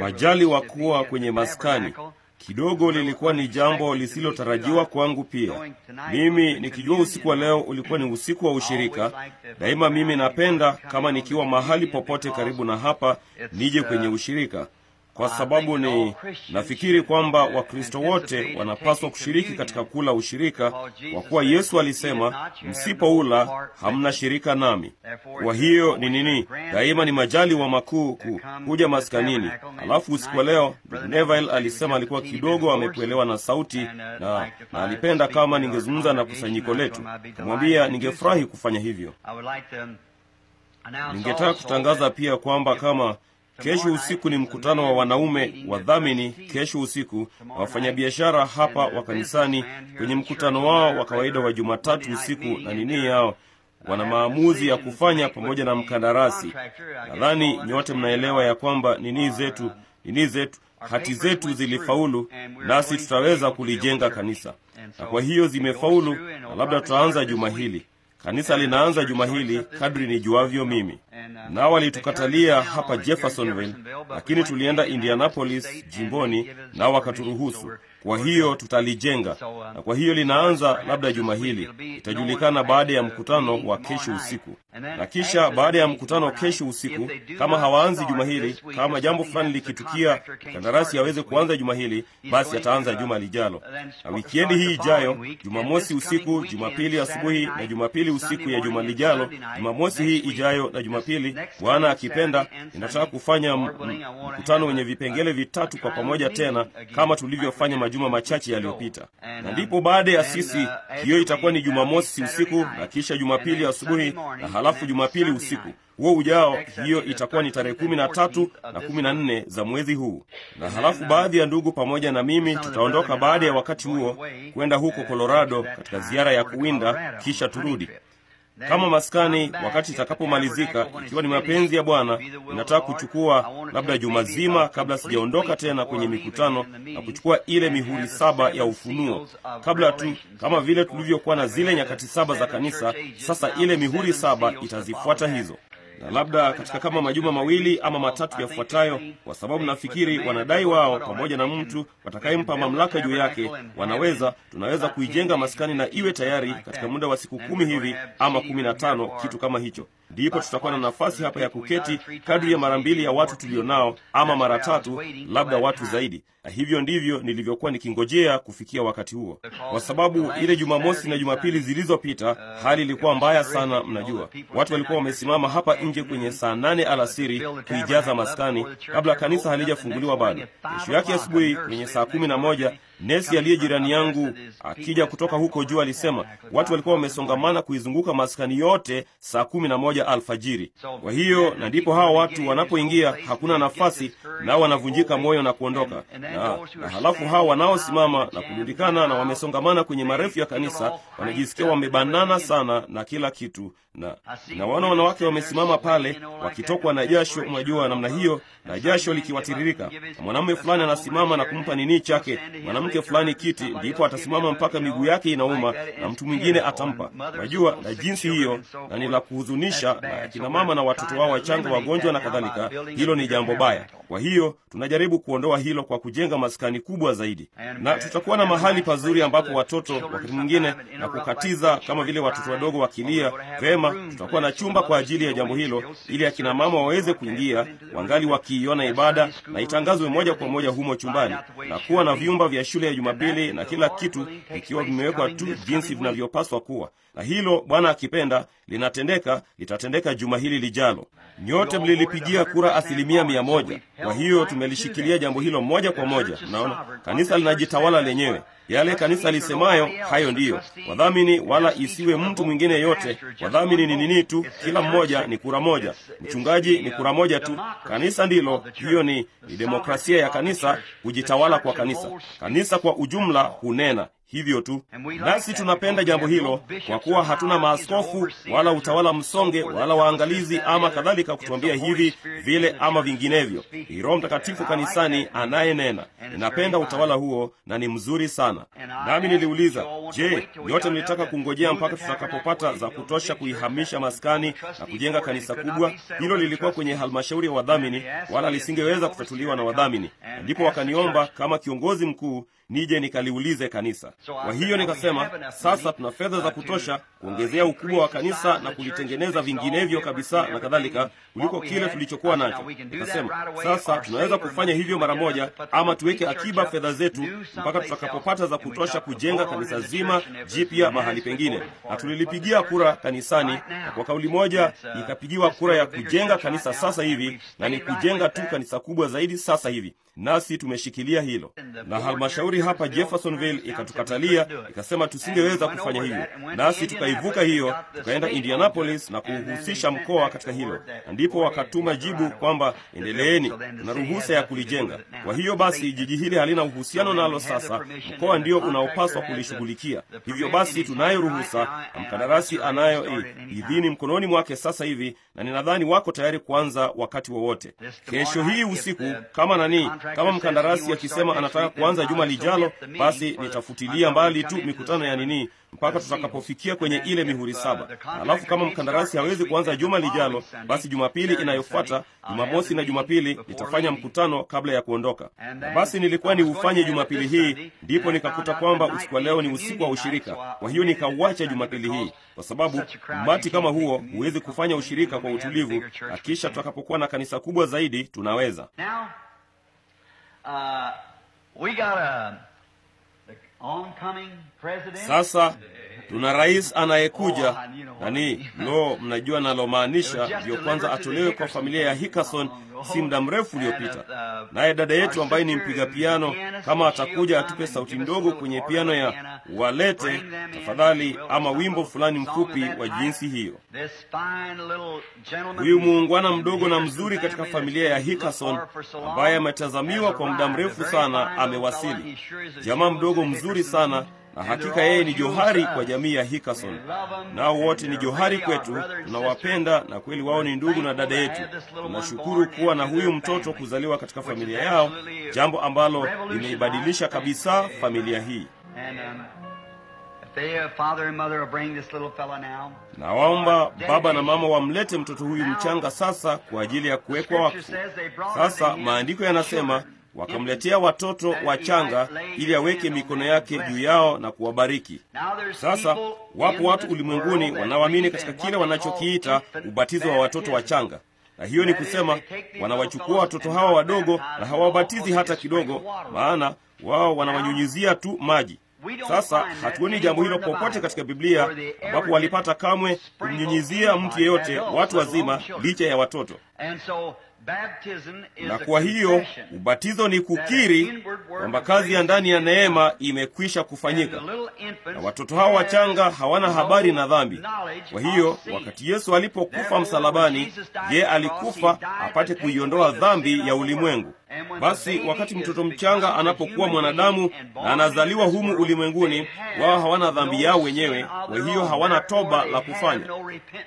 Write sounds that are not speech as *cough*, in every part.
Majali wa kuwa kwenye maskani kidogo lilikuwa ni jambo lisilotarajiwa kwangu pia. Mimi nikijua usiku wa leo ulikuwa ni usiku wa ushirika. Daima mimi napenda kama nikiwa mahali popote karibu na hapa nije kwenye ushirika kwa uh, sababu ni nafikiri kwamba Wakristo wote wanapaswa kushiriki katika kula ushirika, kwa kuwa Yesu alisema, msipoula hamna shirika nami. Kwa hiyo ni nini? Daima ni majali wa makuu kuja maskanini. Alafu usiku wa leo, ndugu Neville alisema alikuwa kidogo amepwelewa na sauti, uh, na, na alipenda kama ningezungumza na kusanyiko uh, letu. Kamwambia ningefurahi kufanya hivyo. Um, Ningetaka kutangaza pia kwamba kama Kesho usiku ni eh, mkutano wa eh, wanaume eh, wadhamini, kesho usiku na wafanyabiashara hapa wa kanisani kwenye mkutano wao wa kawaida wa Jumatatu usiku, na nini yao wana maamuzi ya kufanya pamoja na mkandarasi. Nadhani nyote mnaelewa ya kwamba uh, nini zetu, nini zetu, hati zetu zilifaulu, nasi tutaweza kulijenga kanisa, na kwa hiyo zimefaulu, na labda tutaanza juma hili. Kanisa linaanza juma hili kadri nijuavyo mimi. Uh, na walitukatalia hapa Jeffersonville, lakini tulienda Indianapolis jimboni, nao wakaturuhusu. Kwa hiyo tutalijenga, uh, na kwa hiyo linaanza labda juma hili, itajulikana baada ya mkutano wa kesho usiku, na kisha baada ya mkutano kesho usiku, kama hawaanzi juma hili, kama jambo fulani likitukia kandarasi aweze kuanza juma hili, basi ataanza juma lijalo, na wikiendi hii ijayo, Jumamosi usiku, Jumapili asubuhi na Jumapili usiku ya juma lijalo, Jumamosi hii ijayo na juma Jumapili, Bwana akipenda, ninataka kufanya mkutano wenye vipengele vitatu kwa pamoja tena kama tulivyofanya majuma machache yaliyopita, na um, ndipo baada ya sisi uh, hiyo itakuwa ni Jumamosi usiku na kisha Jumapili asubuhi na halafu Jumapili usiku huo ujao, hiyo itakuwa ni tarehe kumi na tatu na kumi na nne za mwezi huu, na halafu uh, baadhi ya ndugu pamoja na mimi tutaondoka baada ya wakati huo kwenda huko uh, Colorado katika ziara ya kuwinda, kisha turudi kama maskani wakati itakapomalizika, ikiwa ni mapenzi ya Bwana. Ninataka kuchukua labda juma zima kabla sijaondoka tena kwenye mikutano na kuchukua ile mihuri saba ya ufunuo kabla tu, kama vile tulivyokuwa na zile nyakati saba za kanisa. Sasa ile mihuri saba itazifuata hizo na labda katika kama majuma mawili ama matatu yafuatayo, kwa sababu nafikiri wanadai wao pamoja na mtu watakayempa mamlaka juu yake wanaweza, tunaweza kuijenga maskani na iwe tayari katika muda wa siku kumi hivi ama kumi na tano, kitu kama hicho ndipo tutakuwa na nafasi hapa ya kuketi kadri ya mara mbili ya watu tulionao, ama mara tatu, labda watu zaidi. Na hivyo ndivyo nilivyokuwa nikingojea kufikia wakati huo, kwa sababu ile Jumamosi na Jumapili zilizopita hali ilikuwa mbaya sana. Mnajua, watu walikuwa wamesimama hapa nje kwenye saa nane alasiri kuijaza maskani kabla kanisa halijafunguliwa bado. Kesho yake asubuhi kwenye saa kumi na moja Nesi aliye jirani yangu akija kutoka huko juu alisema watu walikuwa wamesongamana kuizunguka maskani yote saa kumi na moja alfajiri. Kwa hiyo na ndipo hawa watu wanapoingia, hakuna nafasi, nao wanavunjika moyo na kuondoka na, na halafu hawa wanaosimama na kurundikana na wamesongamana kwenye marefu ya kanisa wanajisikia wamebanana sana na kila kitu na, na wana wanawake wamesimama pale wakitokwa na jasho, mwajua namna hiyo, na jasho likiwatiririka, na mwanamume fulani anasimama na kumpa nini chake mwanamke fulani kiti, ndipo atasimama mpaka miguu yake inauma, na mtu mwingine atampa, mwajua, na jinsi hiyo, na ni la kuhuzunisha, na kina mama na watoto wao wachanga wagonjwa na kadhalika. Hilo ni jambo baya. Kwa hiyo tunajaribu kuondoa hilo kwa kujenga maskani kubwa zaidi, na tutakuwa na mahali pazuri ambapo watoto wakati mwingine na kukatiza, kama vile watoto wadogo wakilia vema alisema tutakuwa na chumba kwa ajili ya jambo hilo, ili akina mama waweze kuingia wangali wakiiona ibada na itangazwe moja kwa moja humo chumbani, na kuwa na vyumba vya shule ya Jumapili na kila kitu vikiwa vimewekwa tu jinsi vinavyopaswa kuwa, na hilo Bwana akipenda linatendeka, litatendeka juma hili lijalo. Nyote mlilipigia kura asilimia mia moja. Kwa hiyo tumelishikilia jambo hilo moja kwa moja. Naona kanisa linajitawala lenyewe. Yale kanisa lisemayo, hayo ndiyo wadhamini, wala isiwe mtu mwingine yote. Wadhamini ni nini tu? Kila mmoja ni kura moja, mchungaji ni kura uh, moja tu, kanisa ndilo. Hiyo ni, ni demokrasia ya kanisa, kujitawala kwa kanisa. Kanisa kwa ujumla hunena hivyo tu. Nasi tunapenda jambo hilo, kwa kuwa hatuna maaskofu wala utawala msonge wala waangalizi ama kadhalika kutuambia hivi vile ama vinginevyo. Ni Roho Mtakatifu kanisani anayenena. Ninapenda utawala huo na ni mzuri sana. Nami niliuliza, je, nyote mlitaka kungojea mpaka tutakapopata za kutosha kuihamisha maskani na kujenga kanisa kubwa? Hilo lilikuwa kwenye halmashauri ya wadhamini, wala lisingeweza kutatuliwa na wadhamini. Ndipo wakaniomba kama kiongozi mkuu nije nikaliulize kanisa. Kwa hiyo nikasema, sasa tuna fedha za uh, kutosha uh, kuongezea ukubwa wa kanisa na kulitengeneza vinginevyo kabisa na kadhalika, kuliko kile tulichokuwa uh, nacho. Nikasema sasa tunaweza kufanya hivyo mara moja, ama tuweke akiba fedha zetu mpaka tutakapopata za kutosha kujenga kanisa zima jipya mahali pengine. Na tulilipigia kura kanisani, na kwa kauli moja ikapigiwa kura ya kujenga kanisa sasa hivi, na ni kujenga tu kanisa kubwa zaidi sasa hivi nasi tumeshikilia hilo, na halmashauri hapa Jeffersonville ikatukatalia, ikasema tusingeweza kufanya hivyo, nasi tukaivuka hiyo, tukaenda Indianapolis na kuhusisha mkoa katika hilo, na ndipo wakatuma jibu kwamba endeleeni, tuna ruhusa ya kulijenga. Kwa hiyo basi jiji hili halina uhusiano nalo, sasa mkoa ndio unaopaswa kulishughulikia. Hivyo basi tunayo ruhusa na mkandarasi anayo idhini mkononi mwake sasa hivi, na ninadhani wako tayari kuanza wakati wowote wa kesho hii usiku, kama nani kama mkandarasi akisema anataka kuanza juma lijalo, basi nitafutilia mbali tu mikutano ya nini mpaka tutakapofikia kwenye ile mihuri uh, saba. Alafu kama mkandarasi hawezi kuanza juma lijalo, basi Jumapili inayofuata, uh, Jumamosi na Jumapili, nitafanya mkutano kabla ya kuondoka. Uh, na basi nilikuwa niufanye Jumapili hii, ndipo nikakuta kwamba usiku wa leo ni usiku wa ushirika. Kwa hiyo nikauacha Jumapili hii, kwa sababu umati kama huo huwezi kufanya ushirika kwa utulivu, na kisha tutakapokuwa na kanisa kubwa zaidi tunaweza Uh, we got a the oncoming president. Sasa tuna rais anayekuja nani, no, mnajua nalomaanisha. Ndiyo kwanza atolewe kwa familia ya Hickerson si muda mrefu uliopita. Naye dada yetu ambaye ni mpiga piano, kama atakuja atupe sauti ndogo kwenye piano ya walete tafadhali, ama wimbo fulani mfupi wa jinsi hiyo. Huyu muungwana mdogo na mzuri katika familia ya Hickerson ambaye ametazamiwa kwa muda mrefu sana amewasili. Jamaa mdogo mzuri sana na hakika yeye ni johari kwa jamii ya Hikason. Nao wote ni johari kwetu, tunawapenda na kweli wao ni ndugu na dada yetu. Tunashukuru kuwa na huyu mtoto kuzaliwa katika familia yao, jambo ambalo limeibadilisha kabisa familia hii. Um, uh, Nawaomba baba na mama wamlete mtoto huyu mchanga sasa kwa ajili ya kuwekwa wakfu. Sasa maandiko yanasema wakamletea watoto wachanga ili aweke mikono yake juu yao na kuwabariki. Sasa wapo watu ulimwenguni wanaoamini katika kile wanachokiita ubatizo wa watoto wachanga, na hiyo ni kusema wanawachukua watoto hawa wadogo na hawabatizi hata kidogo, maana wao wanawanyunyizia tu maji. Sasa hatuoni jambo hilo popote katika Biblia ambapo walipata kamwe kumnyunyizia mtu yeyote, watu wazima licha ya watoto. Na kwa hiyo ubatizo ni kukiri kwamba kazi ya ndani ya neema imekwisha kufanyika, na watoto hao wachanga hawana habari na dhambi. Kwa hiyo wakati Yesu alipokufa msalabani, je, alikufa apate kuiondoa dhambi ya ulimwengu? Basi wakati mtoto mchanga anapokuwa mwanadamu na anazaliwa humu ulimwenguni, wao hawana dhambi yao wenyewe, kwa hiyo hawana toba la kufanya,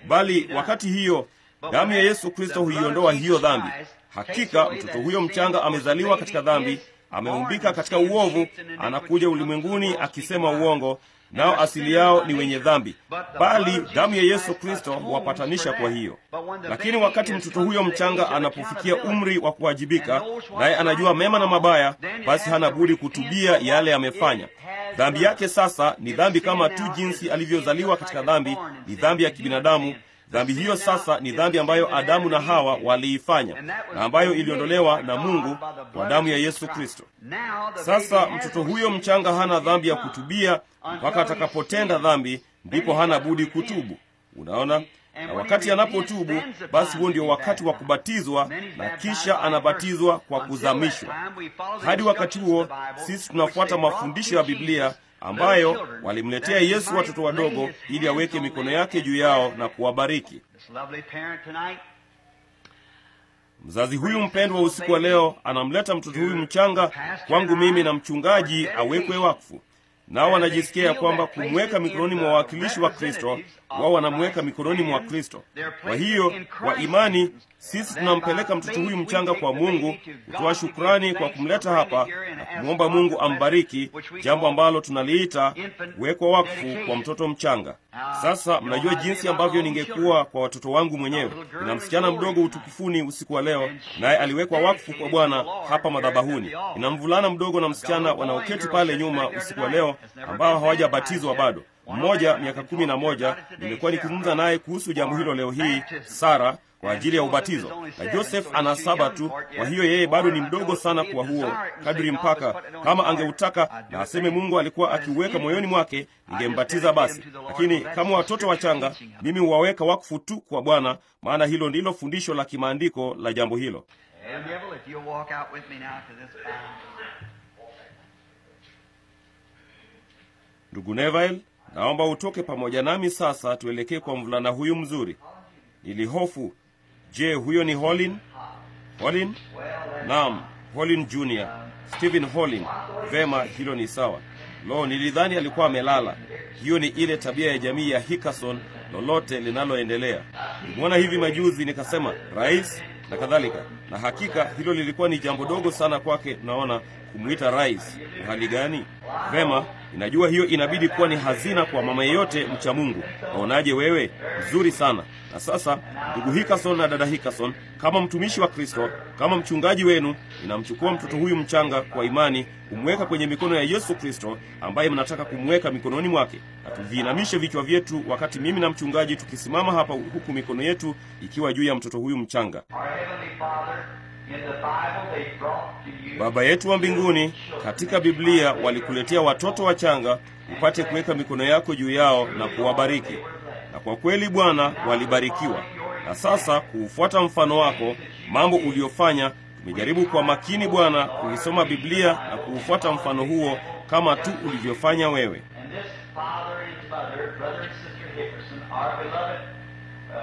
bali wakati hiyo Damu ya Yesu Kristo huiondoa hiyo dhambi. Hakika mtoto huyo mchanga amezaliwa katika dhambi, ameumbika katika uovu, anakuja ulimwenguni akisema uongo, nao asili yao ni wenye dhambi, bali damu ya Yesu Kristo huwapatanisha kwa hiyo. Lakini wakati mtoto huyo mchanga anapofikia umri wa kuwajibika, naye anajua mema na mabaya, basi hana budi kutubia yale amefanya. Dhambi yake sasa ni dhambi kama tu jinsi alivyozaliwa katika dhambi, ni dhambi ya kibinadamu Dhambi hiyo sasa ni dhambi ambayo Adamu na Hawa waliifanya na ambayo iliondolewa na Mungu kwa damu ya Yesu Kristo. Sasa mtoto huyo mchanga hana dhambi ya kutubia mpaka atakapotenda dhambi, ndipo hana budi kutubu. Unaona, na wakati anapotubu, basi huo ndio wakati wa kubatizwa, na kisha anabatizwa kwa kuzamishwa. Hadi wakati huo, sisi tunafuata mafundisho ya Biblia ambayo walimletea Yesu watoto wadogo ili aweke mikono yake juu yao na kuwabariki. Mzazi huyu mpendwa, usiku wa leo, anamleta mtoto huyu mchanga kwangu mimi na mchungaji awekwe wakfu, nao wanajisikia ya kwamba kumweka mikononi mwa wawakilishi wa Kristo wao wanamweka mikononi mwa Kristo. Kwa hiyo kwa imani sisi tunampeleka mtoto huyu mchanga kwa Mungu, kutoa shukrani kwa kumleta hapa na kumwomba Mungu ambariki, jambo ambalo tunaliita kuwekwa wakfu kwa mtoto mchanga. Sasa mnajua jinsi ambavyo ningekuwa kwa watoto wangu mwenyewe. Nina msichana mdogo utukufuni usiku wa leo, naye aliwekwa wakfu kwa Bwana hapa madhabahuni. Nina mvulana mdogo na msichana wanaoketi pale nyuma usiku wa leo, ambao hawajabatizwa bado mmoja miaka kumi na moja nimekuwa nikizungumza naye kuhusu jambo hilo. Leo hii Sara kwa ajili ya ubatizo, na Joseph ana saba tu, kwa hiyo yeye bado ni mdogo sana kwa huo kadri, mpaka kama angeutaka na aseme Mungu alikuwa akiuweka moyoni mwake, ningembatiza basi. Lakini kama watoto wachanga, mimi huwaweka wakfu tu kwa Bwana, maana hilo ndilo fundisho la kimaandiko la jambo hilo. Ndugu Neville naomba utoke pamoja nami sasa, tuelekee kwa mvulana huyu mzuri. Nilihofu, je, huyo ni Holin? Holin? Naam, Holin Junior, Stephen Holin. Vema, hilo ni sawa. Lo, nilidhani alikuwa amelala. Hiyo ni ile tabia ya jamii ya hikason lolote linaloendelea. Nimeona hivi majuzi, nikasema rais na kadhalika, na hakika hilo lilikuwa ni jambo dogo sana kwake, naona kumwita rais. Hali gani? Vema, Ninajua hiyo inabidi kuwa ni hazina kwa mama yeyote mcha Mungu. Naonaje wewe? Nzuri sana. Na sasa, ndugu Hikason na dada Hikason, kama mtumishi wa Kristo, kama mchungaji wenu, ninamchukua mtoto huyu mchanga kwa imani, kumweka kwenye mikono ya Yesu Kristo ambaye mnataka kumweka mikononi mwake, na tuviinamishe vichwa vyetu, wakati mimi na mchungaji tukisimama hapa, huku mikono yetu ikiwa juu ya mtoto huyu mchanga. Baba yetu wa mbinguni, katika Biblia walikuletea watoto wachanga upate kuweka mikono yako juu yao na kuwabariki. Na kwa kweli Bwana, walibarikiwa. Na sasa kuufuata mfano wako, mambo uliyofanya, tumejaribu kwa makini Bwana kuisoma Biblia na kuufuata mfano huo kama tu ulivyofanya wewe. Uh,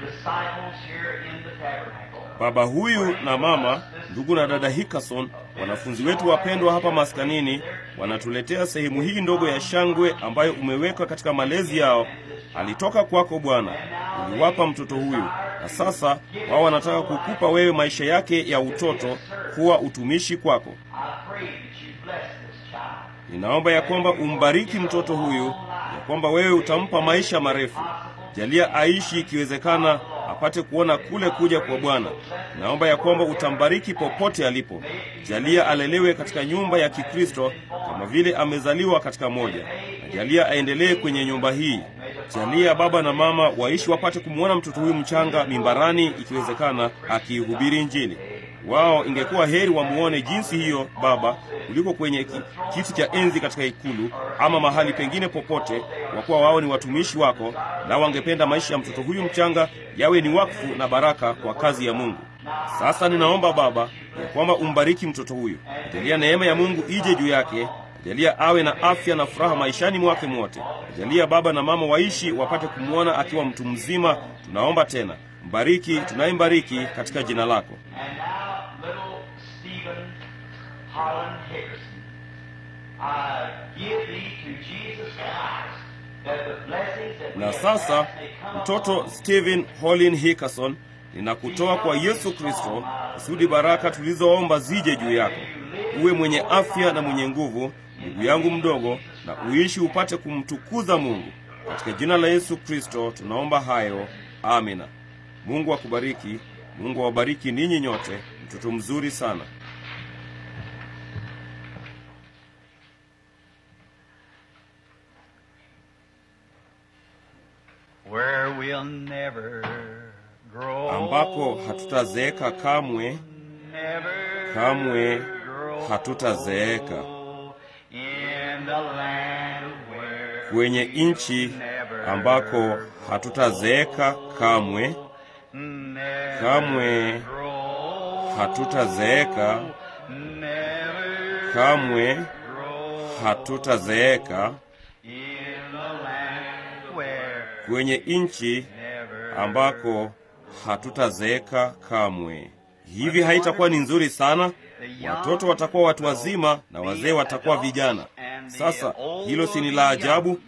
disciples here in the tabernacle. Baba huyu na mama, ndugu na dada Hickerson, wanafunzi wetu wapendwa hapa maskanini, wanatuletea sehemu hii ndogo ya shangwe ambayo umewekwa katika malezi yao. Alitoka kwako Bwana, uliwapa mtoto huyu, na sasa wao wanataka kukupa wewe maisha yake ya utoto kuwa utumishi kwako. Ninaomba ya kwamba umbariki mtoto huyu, ya kwamba wewe utampa maisha marefu. Jalia aishi ikiwezekana, apate kuona kule kuja kwa Bwana. Naomba ya kwamba utambariki popote alipo. Jalia alelewe katika nyumba ya Kikristo kama vile amezaliwa katika moja, na jalia aendelee kwenye nyumba hii. Jalia baba na mama waishi wapate kumwona mtoto huyu mchanga mimbarani, ikiwezekana, akiihubiri Injili. Wao ingekuwa heri wamuone jinsi hiyo Baba kuliko kwenye kiti cha enzi katika ikulu ama mahali pengine popote, kwa kuwa wao ni watumishi wako, na wangependa maisha ya mtoto huyu mchanga yawe ni wakfu na baraka kwa kazi ya Mungu. Sasa ninaomba Baba ya kwamba umbariki mtoto huyu, jalia neema ya Mungu ije juu yake, jalia awe na afya na furaha maishani mwake mwote, jalia baba na mama waishi wapate kumwona akiwa mtu mzima. Tunaomba tena, mbariki tunayembariki katika jina lako. Colin Hickerson. Uh, na sasa mtoto Stephen Holin Hickerson, ninakutoa kwa Yesu Kristo uh, kusudi baraka tulizoomba zije juu yako. Uwe mwenye afya na mwenye nguvu, ndugu yangu mdogo, na uishi upate kumtukuza Mungu. Katika jina la Yesu Kristo tunaomba hayo, amina. Mungu akubariki. Mungu awabariki ninyi nyote. Mtoto mzuri sana. where we'll never grow ambapo hatutazeeka kamwe kamwe hatutazeeka kwenye nchi ambako hatutazeeka kamwe kamwe hatutazeeka kamwe hatutazeeka kwenye nchi ambako hatutazeeka kamwe. Hivi haitakuwa ni nzuri sana? Watoto watakuwa watu wazima na wazee watakuwa vijana. Sasa hilo si ni la ajabu?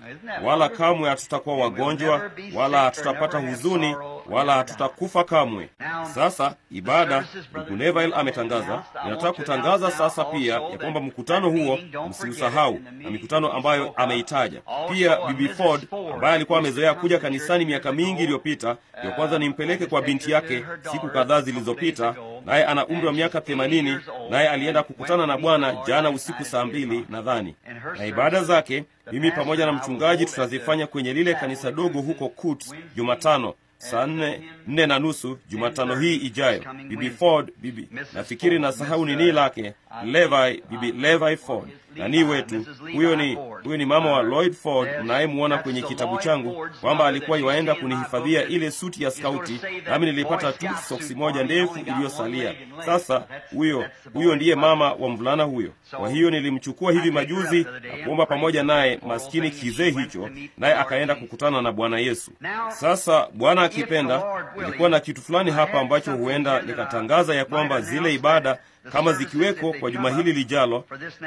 Wala kamwe hatutakuwa wagonjwa wala hatutapata huzuni wala hatutakufa kamwe. Sasa ibada, ndugu Neville ametangaza, ninataka kutangaza sasa pia ya kwamba mkutano huo msiusahau, na mikutano ambayo ameitaja pia. Bibi Ford ambaye alikuwa amezoea kuja kanisani miaka mingi iliyopita, ya kwanza nimpeleke kwa binti yake siku kadhaa zilizopita, naye ana umri wa miaka themanini, naye alienda kukutana na Bwana jana usiku saa mbili nadhani, na ibada zake mimi pamoja na mchungaji tutazifanya kwenye lile kanisa dogo huko Kut Jumatano saa nne nne na nusu Jumatano hii ijayo. Bibi Ford, bibi nafikiri na sahau nini lake Levi, bibi Levi Ford, nanii wetu. Huyo ni huyo ni mama wa Lloyd Ford, mnayemwona kwenye kitabu changu kwamba alikuwa iwaenda kunihifadhia ile suti ya skauti, nami nilipata tu soksi moja ndefu iliyosalia. Sasa huyo huyo ndiye mama wa mvulana huyo. Kwa hiyo nilimchukua hivi majuzi na kuomba pamoja naye, maskini kizee hicho, naye akaenda kukutana na Bwana Yesu. Sasa Bwana akipenda, nilikuwa na kitu fulani hapa ambacho huenda nikatangaza ya kwamba zile ibada kama zikiweko kwa juma hili lijalo,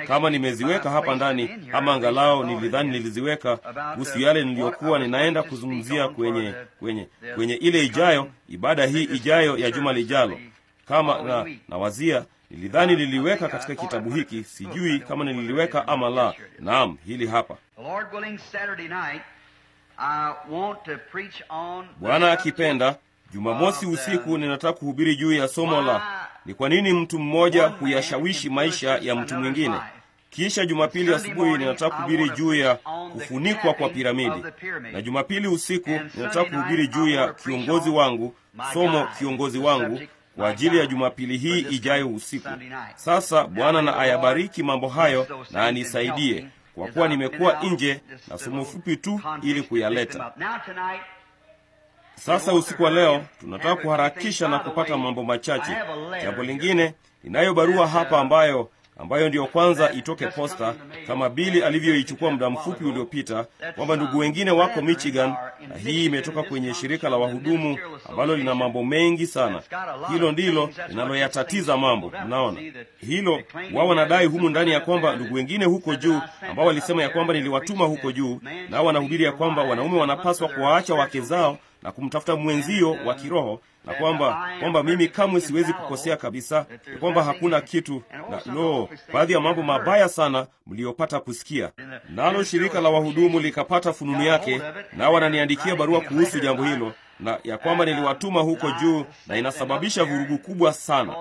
kama nimeziweka hapa ndani, ama angalau nilidhani niliziweka kuhusu yale niliyokuwa ninaenda kuzungumzia kwenye kwenye kwenye ile ijayo, ibada hii ijayo ya juma lijalo, kama na, na wazia nilidhani niliweka katika kitabu hiki, sijui kama nililiweka ama la. Naam, hili hapa. Bwana akipenda Jumamosi usiku ninataka kuhubiri juu ya somo la ni kwa nini mtu mmoja huyashawishi maisha ya mtu mwingine. Kisha Jumapili asubuhi ninataka kuhubiri juu ya kufunikwa kwa piramidi, na Jumapili usiku ninataka kuhubiri juu ya kiongozi wangu, somo kiongozi wangu kwa ajili ya Jumapili hii ijayo usiku. Sasa Bwana na ayabariki mambo hayo na anisaidie, kwa kuwa nimekuwa nje na somo fupi tu ili kuyaleta. Sasa usiku wa leo tunataka kuharakisha na kupata mambo machache. Jambo lingine, ninayo barua hapa ambayo ambayo ndiyo kwanza itoke posta, kama Bili alivyoichukua muda mfupi uliopita, kwamba ndugu wengine wako Michigan, na hii imetoka kwenye shirika la wahudumu ambalo lina mambo mengi sana. Hilo ndilo linaloyatatiza mambo. Mnaona hilo, wao wanadai humu ndani ya kwamba ndugu wengine huko juu ambao walisema ya kwamba niliwatuma huko juu, nao wanahubiri ya kwamba wanaume wanapaswa kuwaacha wake zao na kumtafuta mwenzio wa kiroho na kwamba kwamba mimi kamwe siwezi kukosea kabisa, na kwamba hakuna kitu na lo, baadhi ya mambo mabaya sana mliyopata kusikia. Nalo shirika la wahudumu likapata fununu yake, na wananiandikia barua kuhusu jambo hilo na ya kwamba niliwatuma huko juu, na inasababisha vurugu kubwa sana,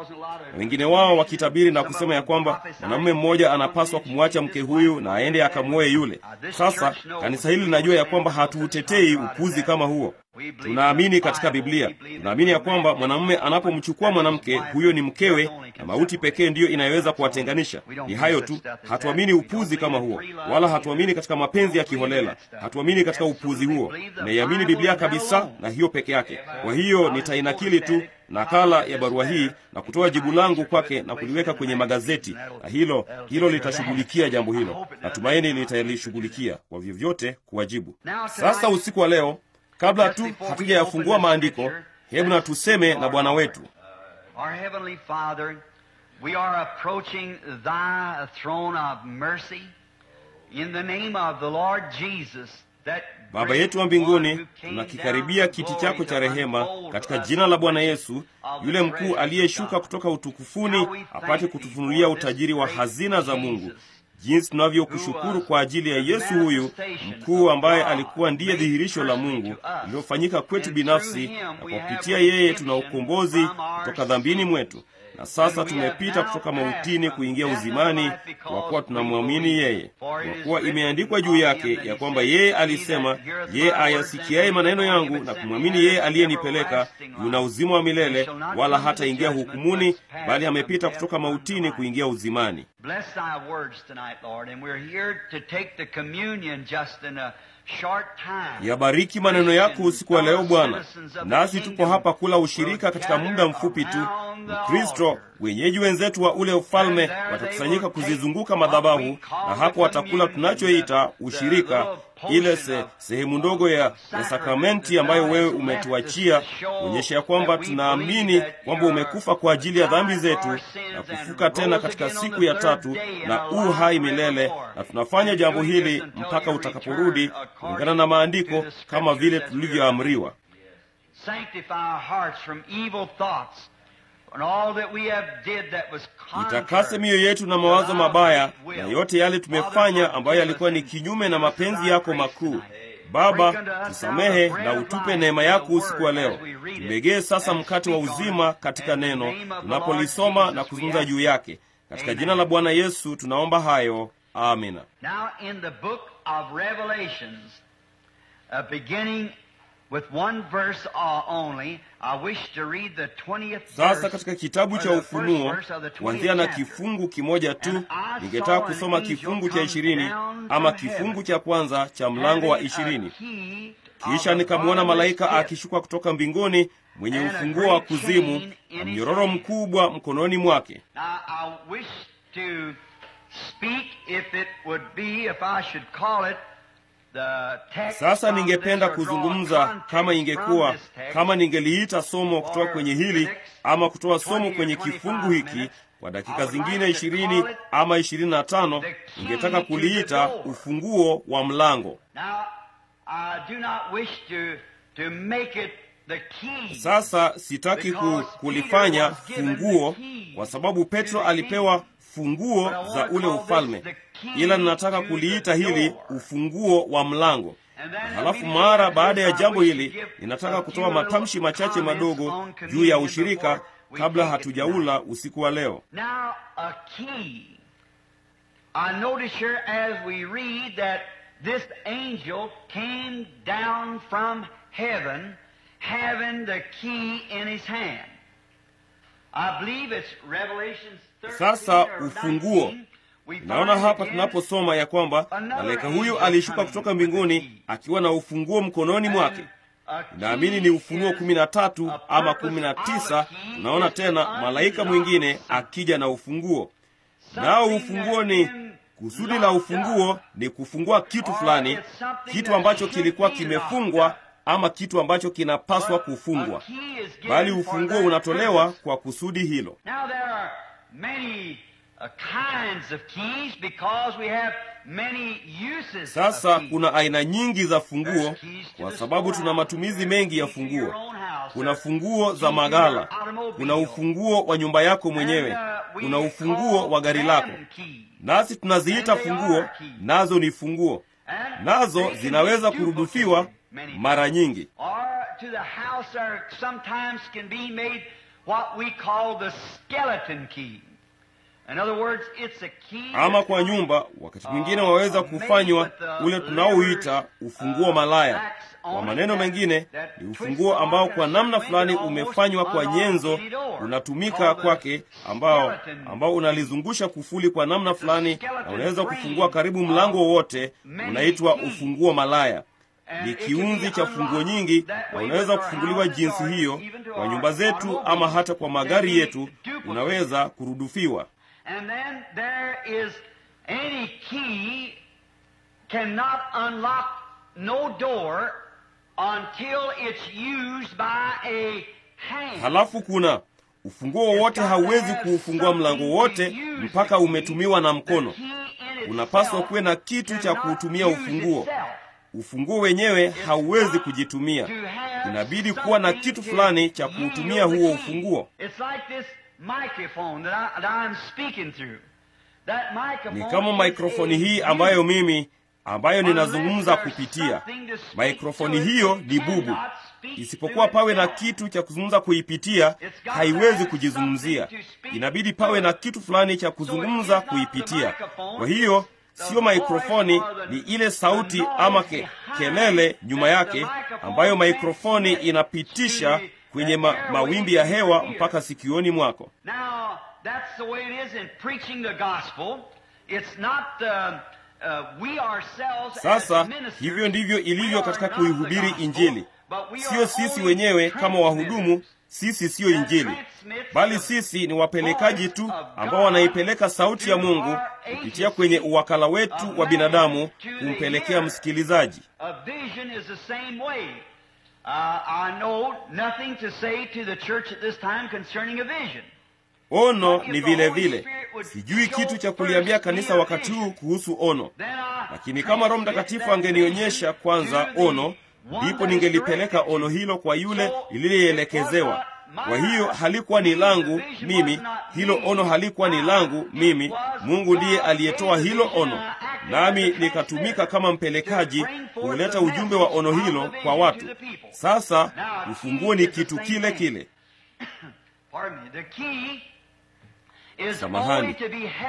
na wengine wao wakitabiri na kusema ya kwamba mwanamume mmoja anapaswa kumwacha mke huyu na aende akamwoe yule. Sasa kanisa hili linajua ya kwamba hatuutetei upuzi kama huo, Tunaamini katika Biblia. Tunaamini ya kwamba mwanamume anapomchukua mwanamke, huyo ni mkewe, na mauti pekee ndiyo inayoweza kuwatenganisha. Ni hayo tu. Hatuamini upuzi kama huo, wala hatuamini katika mapenzi ya kiholela. Hatuamini katika upuzi huo. Naiamini Biblia kabisa, na hiyo peke yake. Kwa hiyo nitainakili tu nakala ya barua hii na kutoa jibu langu kwake na kuliweka kwenye magazeti, na hilo hilo litashughulikia jambo hilo. Natumaini litalishughulikia kwa vyovyote kuwajibu. Sasa usiku wa leo kabla tu hatujayafungua maandiko, hebu na tuseme na Bwana wetu. Uh, Baba yetu wa mbinguni, tunakikaribia kiti chako cha rehema katika jina la Bwana Yesu, yule mkuu aliyeshuka kutoka utukufuni apate kutufunulia utajiri wa hazina za Mungu jinsi tunavyokushukuru kwa ajili ya Yesu huyu mkuu ambaye alikuwa ndiye dhihirisho la Mungu iliyofanyika kwetu binafsi, na kwa kupitia yeye tuna ukombozi kutoka dhambini mwetu na sasa tumepita kutoka mautini kuingia uzimani, kwa kuwa tunamwamini yeye. Kwa kuwa imeandikwa juu yake ya kwamba yeye alisema, yeye ayasikiaye maneno yangu na kumwamini yeye aliyenipeleka yuna uzima wa milele, wala hataingia hukumuni, bali amepita kutoka mautini kuingia uzimani. Yabariki maneno yako usiku wa leo Bwana, nasi tupo hapa kula ushirika katika muda mfupi tu. Mkristo, wenyeji wenzetu wa ule ufalme watakusanyika kuzizunguka madhabahu, na hapo watakula tunachoita ushirika, ile se, sehemu ndogo ya, ya sakramenti ambayo wewe umetuachia, kuonyesha ya kwamba tunaamini kwamba umekufa kwa ajili ya dhambi zetu na kufuka tena katika siku ya tatu na uhai hai milele, na tunafanya jambo hili mpaka utakaporudi kulingana na maandiko kama vile tulivyoamriwa. Sanctify our hearts from evil thoughts Itakase mioyo yetu na mawazo mabaya na yote yale tumefanya ambayo yalikuwa ni kinyume na mapenzi yako makuu. Baba, tusamehe na utupe neema yako usiku wa leo. Tumegee sasa mkate wa uzima katika neno tunapolisoma na kuzungumza juu yake. Katika jina la Bwana Yesu tunaomba hayo, amina. Now in the book of Revelations, uh, beginning Uh, Sasa katika kitabu cha Ufunuo kuanzia na kifungu kimoja tu, ningetaka kusoma kifungu cha ishirini ama kifungu cha kwanza cha mlango wa ishirini. Kisha nikamwona malaika akishuka kutoka mbinguni mwenye ufunguo wa kuzimu na mnyororo mkubwa mkononi mwake. Now, sasa ningependa kuzungumza kama ingekuwa kama ningeliita somo kutoka kwenye hili ama kutoa somo kwenye kifungu hiki kwa dakika zingine ishirini ama ishirini na tano, ningetaka kuliita ufunguo wa mlango. Sasa sitaki ku, kulifanya funguo, kwa sababu Petro alipewa funguo za ule ufalme, ila ninataka kuliita hili ufunguo wa mlango. Halafu mara baada ya jambo hili, ninataka kutoa matamshi machache madogo juu ya ushirika kabla hatujaula usiku wa leo. Sasa ufunguo Naona hapa tunaposoma ya kwamba malaika huyo alishuka kutoka mbinguni akiwa na ufunguo mkononi mwake. Naamini ni Ufunuo kumi na tatu ama kumi na tisa. Tunaona tena malaika mwingine akija na ufunguo, nao ufunguo ni kusudi la ufunguo ni kufungua kitu fulani, kitu ambacho kilikuwa kimefungwa ama kitu ambacho kinapaswa kufungwa, bali ufunguo unatolewa kwa kusudi hilo. Sasa kuna aina nyingi za funguo kwa sababu tuna matumizi mengi ya funguo. Kuna funguo za magala kuna ufunguo wa nyumba yako mwenyewe, uh, kuna ufunguo wa gari lako. Nasi tunaziita funguo, nazo ni funguo, nazo zinaweza kurudufiwa mara nyingi. Ama kwa nyumba, wakati mwingine uh, waweza uh, kufanywa ule tunaoita uh, ufunguo malaya. Kwa maneno mengine, ni ufunguo ambao kwa namna fulani umefanywa kwa nyenzo, unatumika kwake, ambao ambao unalizungusha kufuli kwa namna fulani, na unaweza kufungua karibu mlango wowote. Unaitwa ufunguo malaya ni kiunzi cha funguo nyingi, na unaweza kufunguliwa jinsi hiyo kwa nyumba zetu ama hata kwa magari yetu, unaweza kurudufiwa. Halafu kuna ufunguo wowote hauwezi kuufungua mlango wote mpaka umetumiwa na mkono. Unapaswa kuwe na kitu cha kuutumia ufunguo Ufunguo wenyewe hauwezi kujitumia, inabidi kuwa na kitu fulani cha kuutumia huo ufunguo. Ni kama maikrofoni hii ambayo mimi ambayo ninazungumza kupitia. Maikrofoni hiyo ni bubu, isipokuwa pawe na kitu cha kuzungumza kuipitia, haiwezi kujizungumzia. Inabidi pawe na kitu fulani cha kuzungumza kuipitia. Kwa hiyo siyo maikrofoni, ni ile sauti ama ke, kelele nyuma yake ambayo maikrofoni inapitisha kwenye ma, mawimbi ya hewa mpaka sikioni mwako. Uh, uh, Sasa hivyo ndivyo ilivyo katika kuihubiri Injili. Siyo sisi wenyewe kama wahudumu, sisi siyo Injili, bali sisi ni wapelekaji tu ambao wanaipeleka sauti ya Mungu kupitia kwenye uwakala wetu wa binadamu kumpelekea msikilizaji. Ono ni vile vile. Sijui kitu cha kuliambia kanisa wakati huu kuhusu ono, lakini kama Roho Mtakatifu angenionyesha kwanza ono ndipo ningelipeleka ono hilo kwa yule liliyeelekezewa. Kwa hiyo halikuwa ni langu mimi, hilo ono halikuwa ni langu mimi. Mungu ndiye aliyetoa hilo ono, nami nikatumika kama mpelekaji kuleta ujumbe wa ono hilo kwa watu. Sasa ufunguo ni kitu kile kile samahani,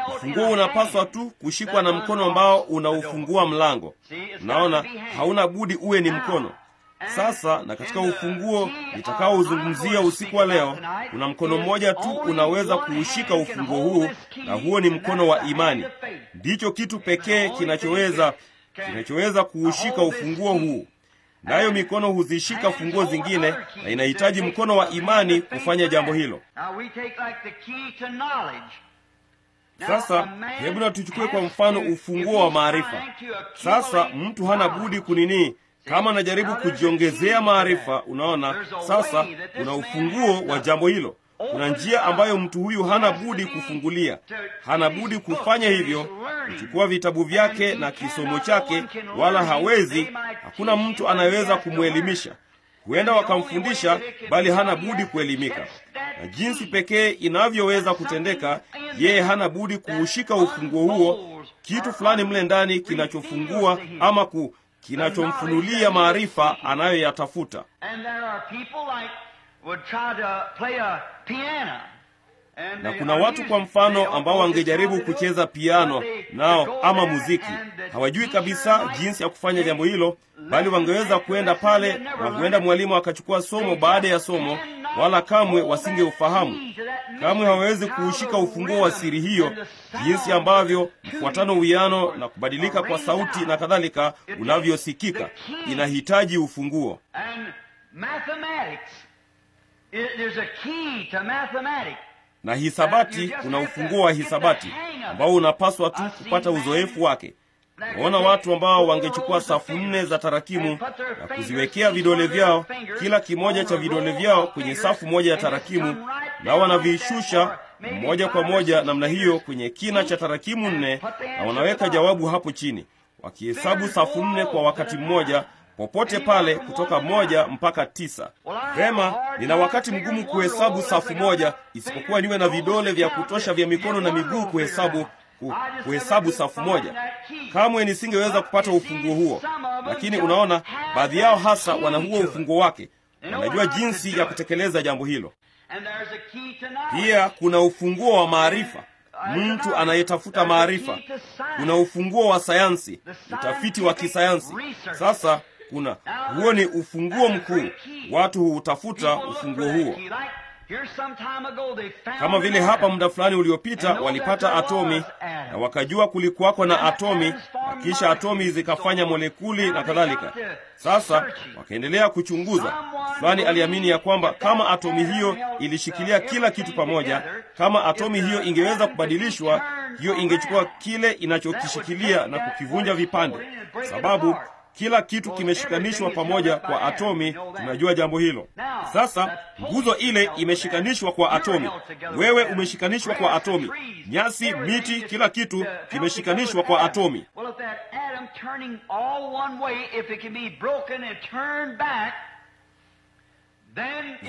ufunguo unapaswa tu kushikwa na mkono ambao unaufungua mlango. Unaona, hauna budi uwe ni mkono. Ah, Sasa na katika ufunguo nitakaouzungumzia usiku wa leo, kuna mkono mmoja tu unaweza kuushika ufunguo huu, na huo ni mkono wa imani. Ndicho kitu pekee kinachoweza kinachoweza kuushika ufunguo huu nayo mikono huzishika funguo zingine, na inahitaji mkono wa imani kufanya jambo hilo. Sasa hebu na tuchukue kwa mfano ufunguo wa maarifa. Sasa mtu hana budi kunini, kama anajaribu kujiongezea maarifa. Unaona, sasa kuna ufunguo wa jambo hilo. Kuna njia ambayo mtu huyu hana budi kufungulia, hana budi kufanya hivyo, kuchukua vitabu vyake na kisomo chake, wala hawezi. Hakuna mtu anayeweza kumwelimisha. Huenda wakamfundisha, bali hana budi kuelimika, na jinsi pekee inavyoweza kutendeka, yeye hana budi kuushika ufunguo huo, kitu fulani mle ndani kinachofungua ama ku kinachomfunulia maarifa anayoyatafuta na kuna watu kwa mfano ambao wangejaribu kucheza piano nao ama muziki, hawajui kabisa jinsi ya kufanya jambo hilo, bali wangeweza kuenda pale na huenda mwalimu akachukua somo baada ya somo, wala kamwe wasingeufahamu. Kamwe hawawezi kuushika ufunguo wa siri hiyo, jinsi ambavyo mfuatano, uwiano na kubadilika kwa sauti na kadhalika unavyosikika. Inahitaji ufunguo na hisabati kuna ufunguo wa hisabati ambao unapaswa tu kupata uzoefu wake. Naona watu ambao wangechukua safu nne za tarakimu na kuziwekea vidole vyao, kila kimoja cha vidole vyao kwenye safu moja ya tarakimu, na wanavishusha moja kwa moja namna hiyo kwenye kina cha tarakimu nne, na wanaweka jawabu hapo chini, wakihesabu safu nne kwa wakati mmoja popote pale kutoka moja mpaka tisa. Vema, nina wakati mgumu kuhesabu safu moja, isipokuwa niwe na vidole vya kutosha vya mikono na miguu kuhesabu kuhesabu safu moja. Kamwe nisingeweza kupata ufunguo huo, lakini unaona, baadhi yao hasa wana huo ufunguo wake, wanajua jinsi ya kutekeleza jambo hilo. Pia kuna ufunguo wa maarifa, mtu anayetafuta maarifa. Kuna ufunguo wa sayansi, utafiti wa kisayansi. Sasa kuna huo ni ufunguo mkuu. Watu huutafuta ufunguo huo, kama vile hapa muda fulani uliopita walipata atomi na wakajua kulikuwako na atomi, na kisha atomi zikafanya molekuli na kadhalika. Sasa wakaendelea kuchunguza. Fulani aliamini ya kwamba kama atomi hiyo ilishikilia kila kitu pamoja, kama atomi hiyo ingeweza kubadilishwa, hiyo ingechukua kile inachokishikilia na kukivunja vipande, sababu kila kitu kimeshikanishwa pamoja kwa atomi, tunajua jambo hilo. Sasa nguzo ile imeshikanishwa kwa atomi, wewe umeshikanishwa kwa atomi, nyasi, miti, kila kitu kimeshikanishwa kwa atomi.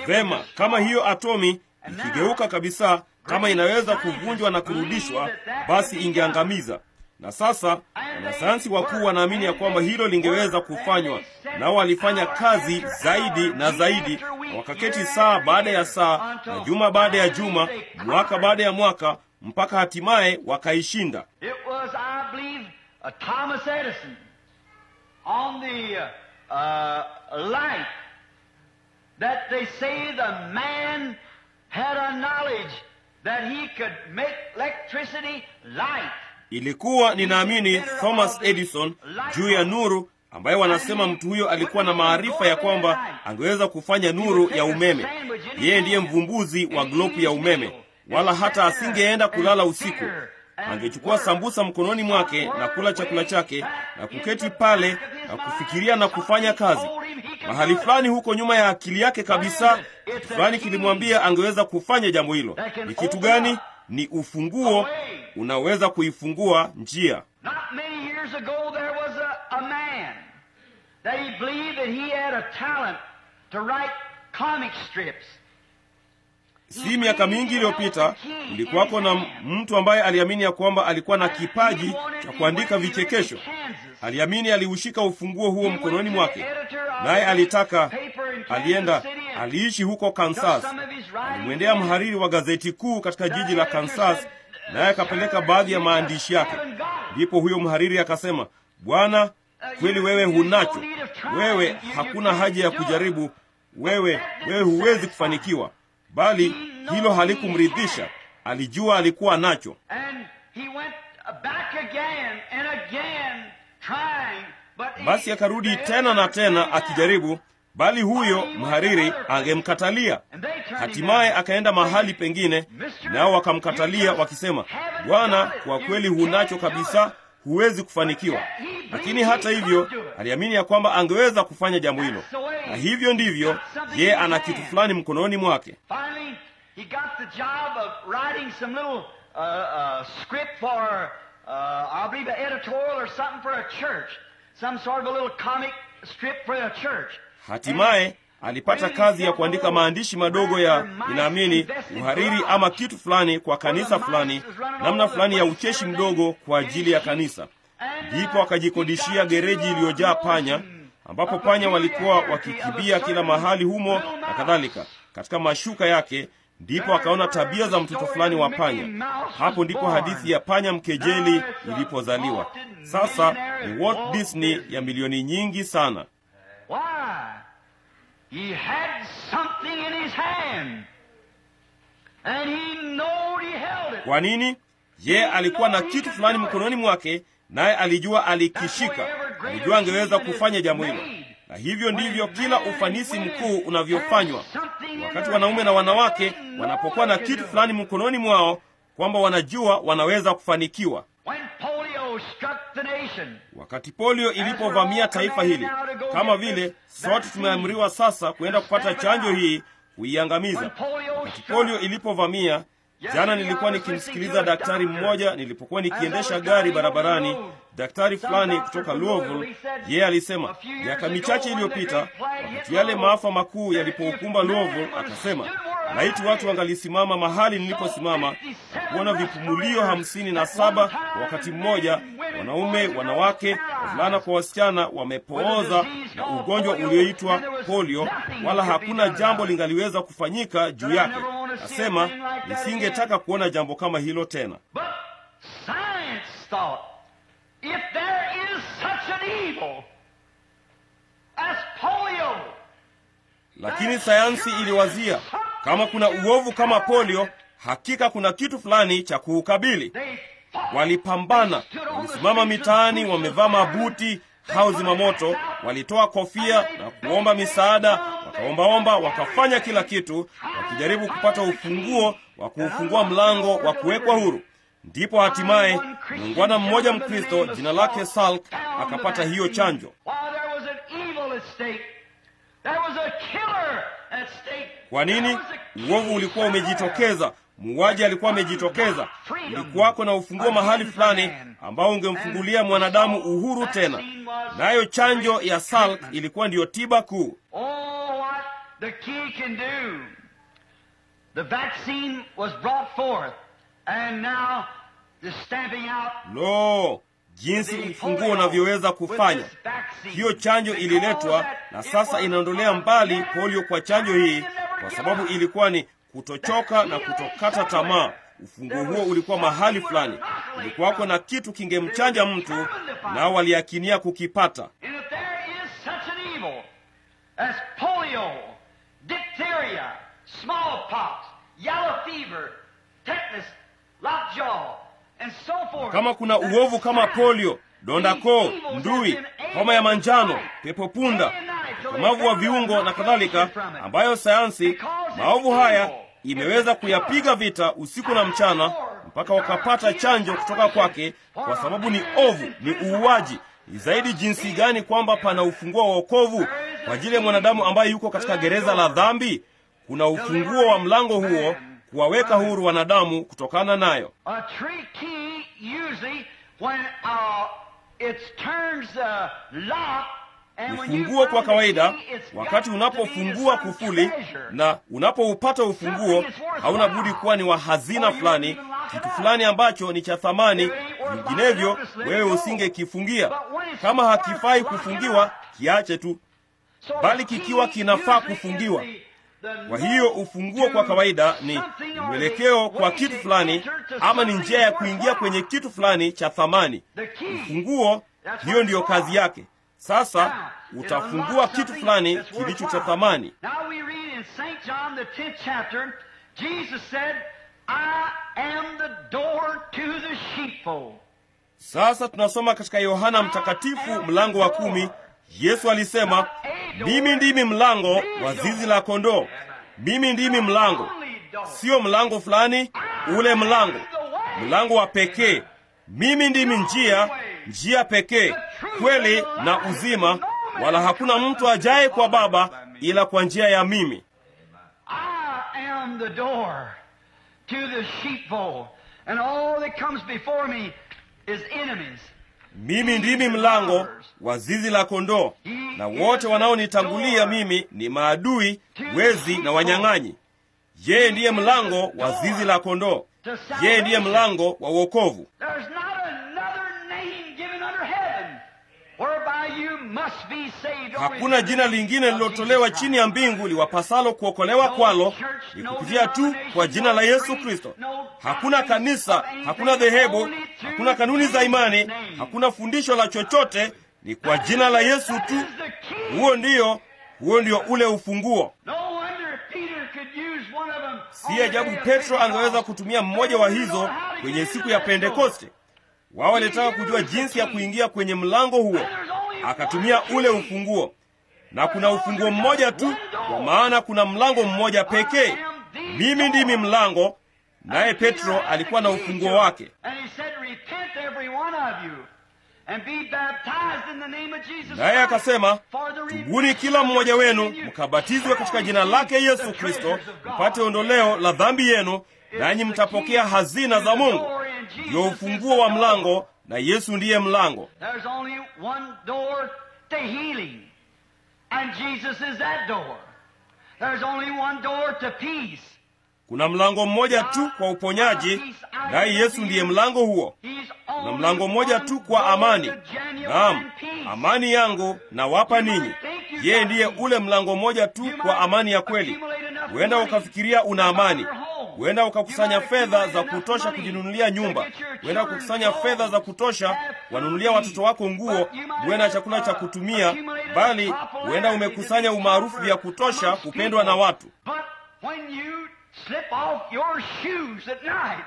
Vema, kama hiyo atomi ikigeuka kabisa, kama inaweza kuvunjwa na kurudishwa, basi ingeangamiza na sasa wanasayansi wakuu wanaamini ya kwamba hilo lingeweza kufanywa, nao walifanya kazi zaidi na zaidi, na wakaketi saa baada ya saa na juma baada ya juma, mwaka baada ya mwaka, mpaka hatimaye wakaishinda. Uh, uh, that he could make electricity light. Ilikuwa ninaamini Thomas Edison juu ya nuru ambaye wanasema mtu huyo alikuwa na maarifa ya kwamba angeweza kufanya nuru ya umeme. Yeye ndiye mvumbuzi wa glopu ya umeme, wala hata asingeenda kulala usiku. Angechukua sambusa mkononi mwake na kula chakula chake na kuketi pale na kufikiria na kufanya kazi. Mahali fulani huko nyuma ya akili yake kabisa, kitu fulani kilimwambia angeweza kufanya jambo hilo. Ni kitu gani? Ni ufunguo unaweza kuifungua njia. Si miaka mingi iliyopita kulikuwako na mtu ambaye aliamini ya kwamba alikuwa na kipaji cha kuandika vichekesho. Aliamini aliushika ufunguo huo mkononi mwake, naye alitaka alienda aliishi huko Kansas. Alimwendea mhariri wa gazeti kuu katika jiji la Kansas naye akapeleka baadhi ya maandishi yake. Ndipo huyo mhariri akasema, Bwana, kweli wewe hunacho, wewe hakuna haja ya kujaribu, wewe wewe huwezi kufanikiwa. Bali hilo halikumridhisha, alijua alikuwa nacho basi akarudi tena na tena akijaribu, bali huyo mhariri angemkatalia. Hatimaye akaenda mahali pengine, nao wakamkatalia wakisema, Bwana, kwa kweli hunacho kabisa, huwezi kufanikiwa. Lakini hata hivyo aliamini ya kwamba angeweza kufanya jambo hilo, na hivyo ndivyo ye ana kitu fulani mkononi mwake. Uh, uh, uh, sort of a little comic strip for a church. Hatimaye alipata kazi ya kuandika maandishi madogo ya inaamini uhariri ama kitu fulani kwa kanisa fulani, namna fulani ya ucheshi mdogo kwa ajili ya kanisa. Ndipo akajikodishia gereji iliyojaa panya, ambapo panya walikuwa wakikibia kila mahali humo na kadhalika. Katika mashuka yake ndipo akaona tabia za mtoto fulani wa panya. Hapo ndipo hadithi ya panya mkejeli ilipozaliwa. Sasa ni Walt Disney ya milioni nyingi sana. Why? He had something in his hand. And he knowed he held it. Kwa nini? Ye alikuwa na kitu fulani mkononi mwake, naye alijua alikishika. Alijua angeweza kufanya jambo hilo, na hivyo ndivyo kila ufanisi mkuu unavyofanywa wakati wanaume na wanawake wanapokuwa na kitu fulani mkononi mwao, kwamba wanajua wanaweza kufanikiwa. Wakati polio ilipovamia taifa hili, kama vile sote tumeamriwa sasa kuenda kupata chanjo hii kuiangamiza. Wakati polio ilipovamia jana, nilikuwa nikimsikiliza daktari mmoja nilipokuwa nikiendesha gari barabarani daktari fulani kutoka Louisville, yeye alisema miaka michache iliyopita, wakati yale maafa makuu yalipoukumba Louisville, akasema laiti watu wangalisimama mahali niliposimama na kuona vipumulio hamsini na saba kwa wakati mmoja, wanaume, wanawake, wavulana kwa wasichana, wamepooza na ugonjwa ulioitwa polio, wala hakuna jambo lingaliweza kufanyika juu yake. Nasema nisingetaka kuona jambo kama hilo tena. If there is such an evil as polio, lakini sayansi iliwazia kama kuna uovu kama polio, hakika kuna kitu fulani cha kuukabili. Walipambana, walisimama mitaani, wamevaa mabuti hao zimamoto, walitoa kofia na kuomba misaada, wakaombaomba, wakafanya kila kitu, wakijaribu kupata ufunguo wa kuufungua mlango wa kuwekwa huru. Ndipo hatimaye muungwana mmoja Mkristo jina lake Salk akapata hiyo chanjo. Kwa nini? Uovu ulikuwa umejitokeza, muuaji alikuwa amejitokeza. Ulikuwako na ufunguo mahali fulani ambao ungemfungulia mwanadamu uhuru tena, nayo chanjo ya Salk ilikuwa ndiyo tiba kuu. Lo, jinsi mfunguo unavyoweza kufanya hiyo. Chanjo ililetwa na sasa inaondolea mbali polio kwa chanjo hii, kwa sababu ilikuwa ni kutochoka na kutokata tamaa. Ufunguo huo ulikuwa mahali fulani, ulikuwako na kitu kingemchanja mtu, nao waliakinia kukipata. Kama kuna uovu kama polio, donda koo, ndui, homa ya manjano, pepo punda, ukomavu wa viungo na kadhalika, ambayo sayansi maovu haya imeweza kuyapiga vita usiku na mchana mpaka wakapata chanjo kutoka kwake, kwa sababu ni ovu, ni uuaji. Ni zaidi jinsi gani kwamba pana ufunguo wa wokovu kwa ajili ya mwanadamu ambaye yuko katika gereza la dhambi. Kuna ufunguo wa mlango huo kuwaweka huru wanadamu kutokana nayo. Uh, uh, ufunguo kwa kawaida, wakati unapofungua kufuli na unapoupata ufunguo, hauna budi kuwa ni wa hazina fulani, kitu fulani ambacho ni cha thamani, vinginevyo wewe usingekifungia. Kama hakifai kufungiwa, kiache tu, bali kikiwa kinafaa kufungiwa kwa hiyo ufunguo kwa kawaida ni mwelekeo kwa kitu fulani, ama ni njia ya kuingia kwenye kitu fulani cha thamani. Ufunguo, hiyo ndiyo kazi yake. Sasa utafungua kitu fulani kilicho cha thamani. Sasa tunasoma katika Yohana Mtakatifu mlango wa kumi Yesu alisema, mimi ndimi mlango wa zizi la kondoo. Mimi ndimi mlango, sio mlango fulani, ule mlango, mlango wa pekee. Mimi ndimi njia, njia pekee, kweli na uzima, wala hakuna mtu ajaye kwa Baba ila kwa njia ya mimi. Mimi ndimi mlango wa zizi la kondoo, na wote wanaonitangulia mimi ni maadui, wezi na wanyang'anyi. Yeye ndiye mlango wa zizi la kondoo. Yeye ndiye mlango wa wokovu. Hakuna jina lingine lililotolewa chini ya mbingu liwapasalo kuokolewa kwalo ni kupitia tu kwa jina la Yesu Kristo. Hakuna kanisa, hakuna dhehebu, hakuna kanuni za imani, hakuna fundisho la chochote, ni kwa jina la Yesu tu. Huo ndiyo, huo ndio ule ufunguo. Si ajabu Petro angeweza kutumia mmoja wa hizo kwenye siku ya Pentekoste. Wao walitaka kujua jinsi ya kuingia kwenye mlango huo akatumia ule ufunguo, na kuna ufunguo mmoja tu, kwa maana kuna mlango mmoja pekee. Mimi ndimi mlango, naye Petro alikuwa na ufunguo wake. Naye akasema, tubuni kila mmoja wenu mkabatizwe katika jina lake Yesu Kristo mpate ondoleo la dhambi yenu, nanyi mtapokea hazina za Mungu. Ndiyo ufunguo wa mlango na Yesu ndiye mlango. There's only one door to healing, and Jesus is that door. There's only one door to peace, Kuna mlango mmoja tu kwa uponyaji, naye Yesu ndiye mlango huo. Kuna mlango mmoja tu kwa amani. Naam, amani yangu nawapa ninyi. Yeye ndiye ule mlango mmoja tu kwa amani ya kweli. Huenda ukafikiria una amani, huenda ukakusanya fedha za kutosha kujinunulia nyumba, huenda ukakusanya fedha za kutosha wanunulia watoto wako nguo, na chakula cha kutumia, bali huenda umekusanya umaarufu vya kutosha kupendwa na watu slip off your shoes at night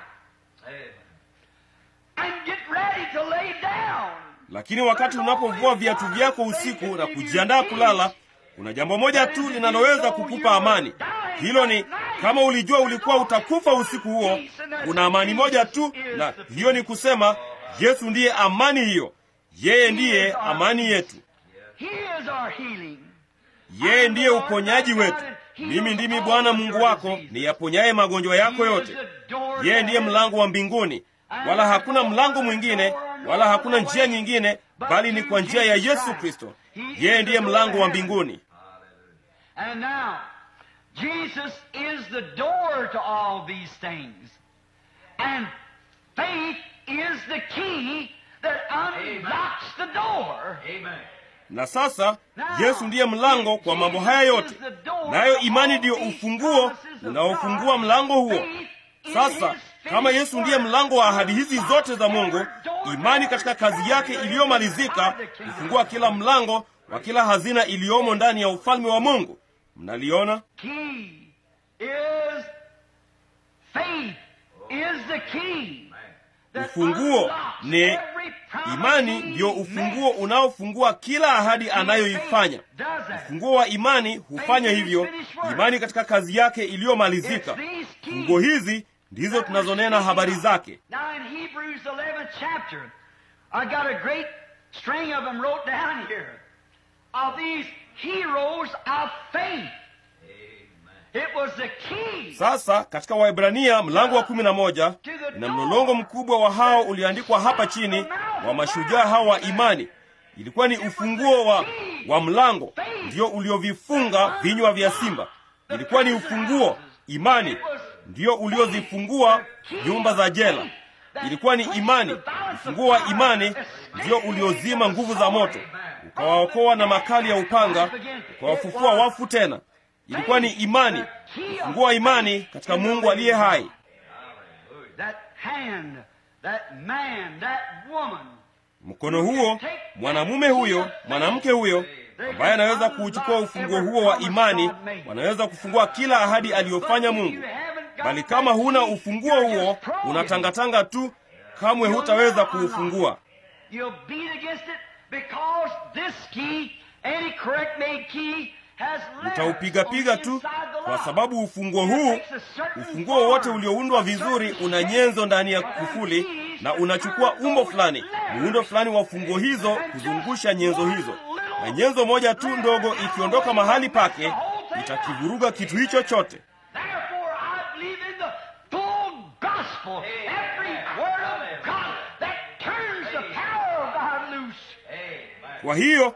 and get ready to lay down. Lakini wakati unapovua viatu vyako usiku na kujiandaa kulala, kuna jambo moja tu linaloweza kukupa amani. Hilo ni kama ulijua ulikuwa utakufa usiku huo, kuna amani moja tu, na hiyo ni kusema Yesu ndiye amani hiyo. Yeye ndiye amani yetu. Yeye ndiye uponyaji wetu. Mimi ndimi Bwana Mungu wako niyaponyaye magonjwa yako yote. Yeye ndiye mlango wa mbinguni, wala hakuna mlango mwingine, wala hakuna njia nyingine, bali ni kwa njia ya Yesu Kristo. Yeye ndiye mlango wa mbinguni. is the key that unlocks the door. Amen. Na sasa Yesu ndiye mlango kwa mambo haya yote, nayo imani ndiyo ufunguo unaofungua mlango huo. Sasa kama Yesu ndiye mlango wa ahadi hizi zote za Mungu, imani katika kazi yake iliyomalizika ufungua kila mlango wa kila hazina iliyomo ndani ya ufalme wa Mungu. Mnaliona? Ufunguo ni Imani ndiyo ufunguo unaofungua kila ahadi anayoifanya. Ufunguo wa imani hufanya hivyo, imani katika kazi yake iliyomalizika. Funguo hizi ndizo tunazonena habari zake. of of these heroes of faith. Sasa katika waibrania mlango wa kumi na moja na mlolongo mkubwa wa hao uliandikwa hapa chini wa mashujaa hao wa imani, ilikuwa ni ufunguo wa, wa mlango ndiyo uliovifunga vinywa vya simba. Ilikuwa ni ufunguo, imani ndiyo uliozifungua nyumba za jela. Ilikuwa ni imani, ufunguo wa imani ndio uliozima nguvu za moto, ukawaokoa na makali ya upanga, ukawafufua wafu tena ilikuwa ni imani, ufunguo wa imani katika Mungu aliye hai. Mkono huo, mwanamume huyo, mwanamke huyo ambaye anaweza kuuchukua ufunguo huo wa imani, wanaweza kufungua kila ahadi aliyofanya Mungu. Bali kama huna ufunguo huo, unatangatanga tu, kamwe hutaweza kuufungua utaupigapiga tu, kwa sababu ufunguo huu, ufunguo wowote ulioundwa vizuri, una nyenzo ndani ya kufuli na unachukua umbo fulani, muundo fulani wa funguo hizo kuzungusha nyenzo hizo, na nyenzo moja tu ndogo ikiondoka mahali pake itakivuruga kitu hicho chote. Kwa hiyo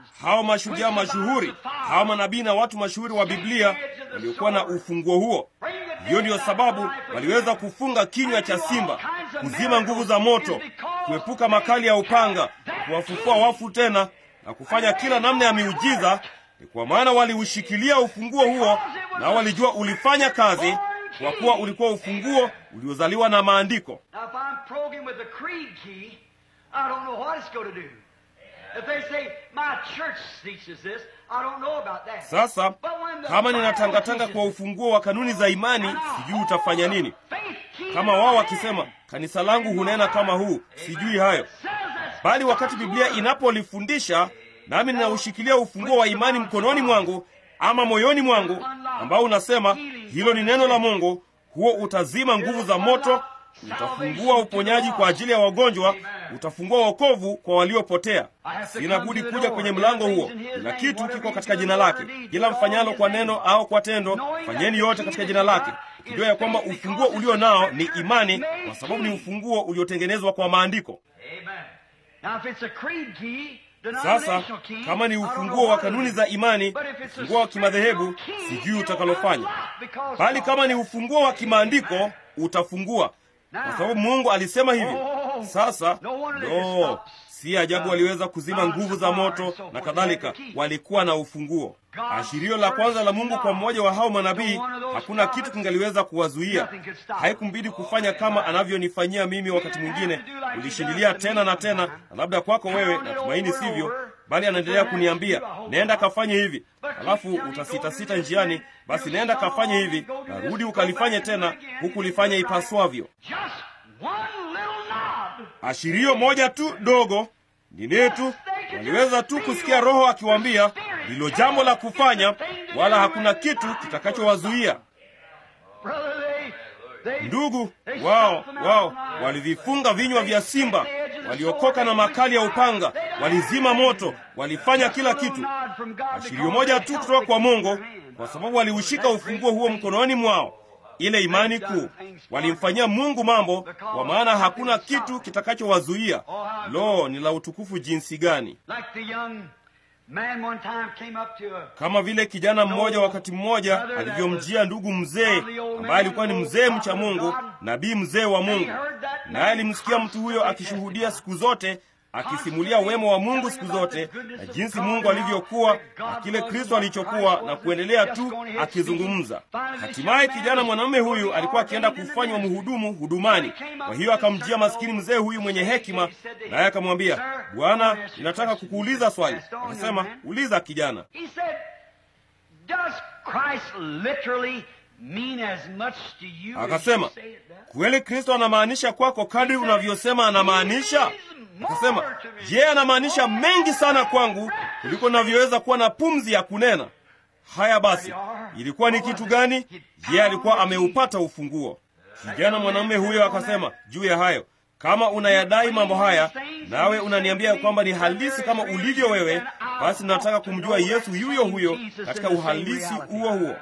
hawa mashujaa mashuhuri, hawa manabii na watu mashuhuri wa Biblia waliokuwa na ufunguo huo. Hiyo ndiyo sababu waliweza kufunga kinywa cha simba, kuzima nguvu za moto, kuepuka makali ya upanga, kuwafufua wafu tena na kufanya kila namna ya miujiza. Ni kwa maana waliushikilia ufunguo huo, na walijua ulifanya kazi, kwa kuwa ulikuwa ufunguo uliozaliwa na Maandiko. Sasa kama ninatangatanga kwa ufunguo wa kanuni za imani, sijui utafanya nini. Kama wao wakisema kanisa langu hunena kama huu, sijui hayo, bali wakati Biblia inapolifundisha nami ninaushikilia ufunguo wa imani mkononi mwangu ama moyoni mwangu, ambao unasema hilo ni neno la Mungu, huo utazima nguvu za moto Utafungua uponyaji kwa ajili ya wagonjwa, utafungua wokovu kwa waliopotea. Sina budi kuja kwenye mlango huo. Kila kitu kiko katika jina lake, kila mfanyalo kwa neno au kwa tendo, fanyeni yote katika jina lake, ukijua ya kwamba ufunguo ulio nao ni imani, kwa sababu ni ufunguo uliotengenezwa kwa maandiko. Sasa kama ni ufunguo wa kanuni za imani, ufunguo wa kimadhehebu, sijui utakalofanya, bali kama ni ufunguo wa kimaandiko, utafungua kwa sababu Mungu alisema hivi. Oh, Sasa no, si ajabu waliweza kuzima nguvu za moto na kadhalika, walikuwa na ufunguo. Ashirio la kwanza la Mungu kwa mmoja wa hao manabii, hakuna kitu kingaliweza kuwazuia. Haikumbidi kufanya oh, kama anavyonifanyia mimi wakati mwingine, ulishindilia tena na tena, na labda kwako wewe, natumaini sivyo, bali anaendelea kuniambia nenda kafanye hivi, alafu utasitasita njiani, basi nenda kafanye hivi, narudi ukalifanye tena, huku lifanye ipaswavyo. Ashirio moja tu dogo nini tu waliweza tu kusikia Roho akiwaambia ndilo jambo la kufanya, wala hakuna kitu kitakachowazuia. Ndugu wao wao walivifunga vinywa vya simba waliokoka na makali ya upanga, walizima moto, walifanya kila kitu. Ashirio moja tu kutoka kwa Mungu, kwa sababu waliushika ufunguo huo mkononi mwao, ile imani kuu. Walimfanyia Mungu mambo, kwa maana hakuna kitu kitakachowazuia. Lo, ni la utukufu jinsi gani! Kama vile kijana mmoja wakati mmoja alivyomjia ndugu mzee ambaye alikuwa ni mzee mcha Mungu, nabii mzee wa Mungu, naye alimsikia mtu huyo akishuhudia siku zote akisimulia uwemo wa Mungu siku zote na jinsi Mungu alivyokuwa na kile Kristo alichokuwa na kuendelea tu akizungumza. Hatimaye kijana mwanamume huyu alikuwa akienda kufanywa mhudumu hudumani. Kwa hiyo akamjia maskini mzee huyu mwenye hekima, naye akamwambia, bwana, ninataka kukuuliza swali. Akasema, uliza kijana. Akasema, kweli Kristo anamaanisha kwako kadri unavyosema anamaanisha. Akasema, je, anamaanisha mengi sana kwangu kuliko navyoweza kuwa na pumzi ya kunena. Haya basi, ilikuwa ni kitu gani? Yeye alikuwa ameupata ufunguo. Kijana mwanamume huyo akasema juu ya hayo, kama unayadai mambo haya nawe unaniambia kwamba ni halisi kama ulivyo wewe, basi nataka kumjua Yesu yuyo huyo katika uhalisi huo huo.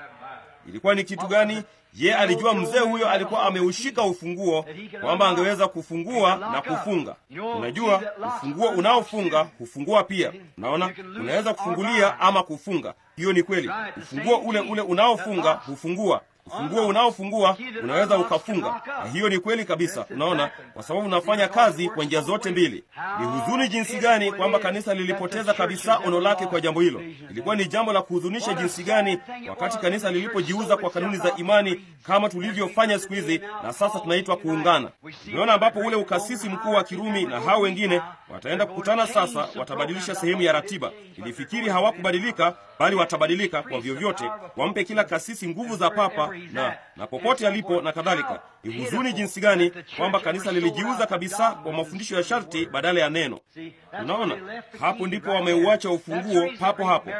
Ilikuwa ni kitu gani? Ye alijua mzee huyo alikuwa ameushika ufunguo, kwamba angeweza kufungua na kufunga. Unajua, ufunguo unaofunga hufungua pia. Unaona, unaweza kufungulia ama kufunga. Hiyo ni kweli. Ufunguo ule ule unaofunga hufungua. Ufunguo unaofungua unaweza ukafunga, na hiyo ni kweli kabisa. Unaona, kwa sababu unafanya kazi kwa njia zote mbili. Ni huzuni jinsi gani kwamba kanisa lilipoteza kabisa ono lake kwa jambo hilo. Ilikuwa ni jambo la kuhuzunisha jinsi gani wakati kanisa lilipojiuza kwa kanuni za imani kama tulivyofanya siku hizi, na sasa tunaitwa kuungana. Umeona, ambapo ule ukasisi mkuu wa Kirumi na hao wengine wataenda kukutana sasa, watabadilisha sehemu ya ratiba. Ilifikiri hawakubadilika, bali watabadilika kwa vyovyote, wampe kila kasisi nguvu za papa na, na popote alipo na kadhalika. Ni huzuni jinsi gani kwamba kanisa lilijiuza kabisa kwa mafundisho ya sharti badala ya neno. Unaona, hapo ndipo wameuacha ufunguo papo hapo.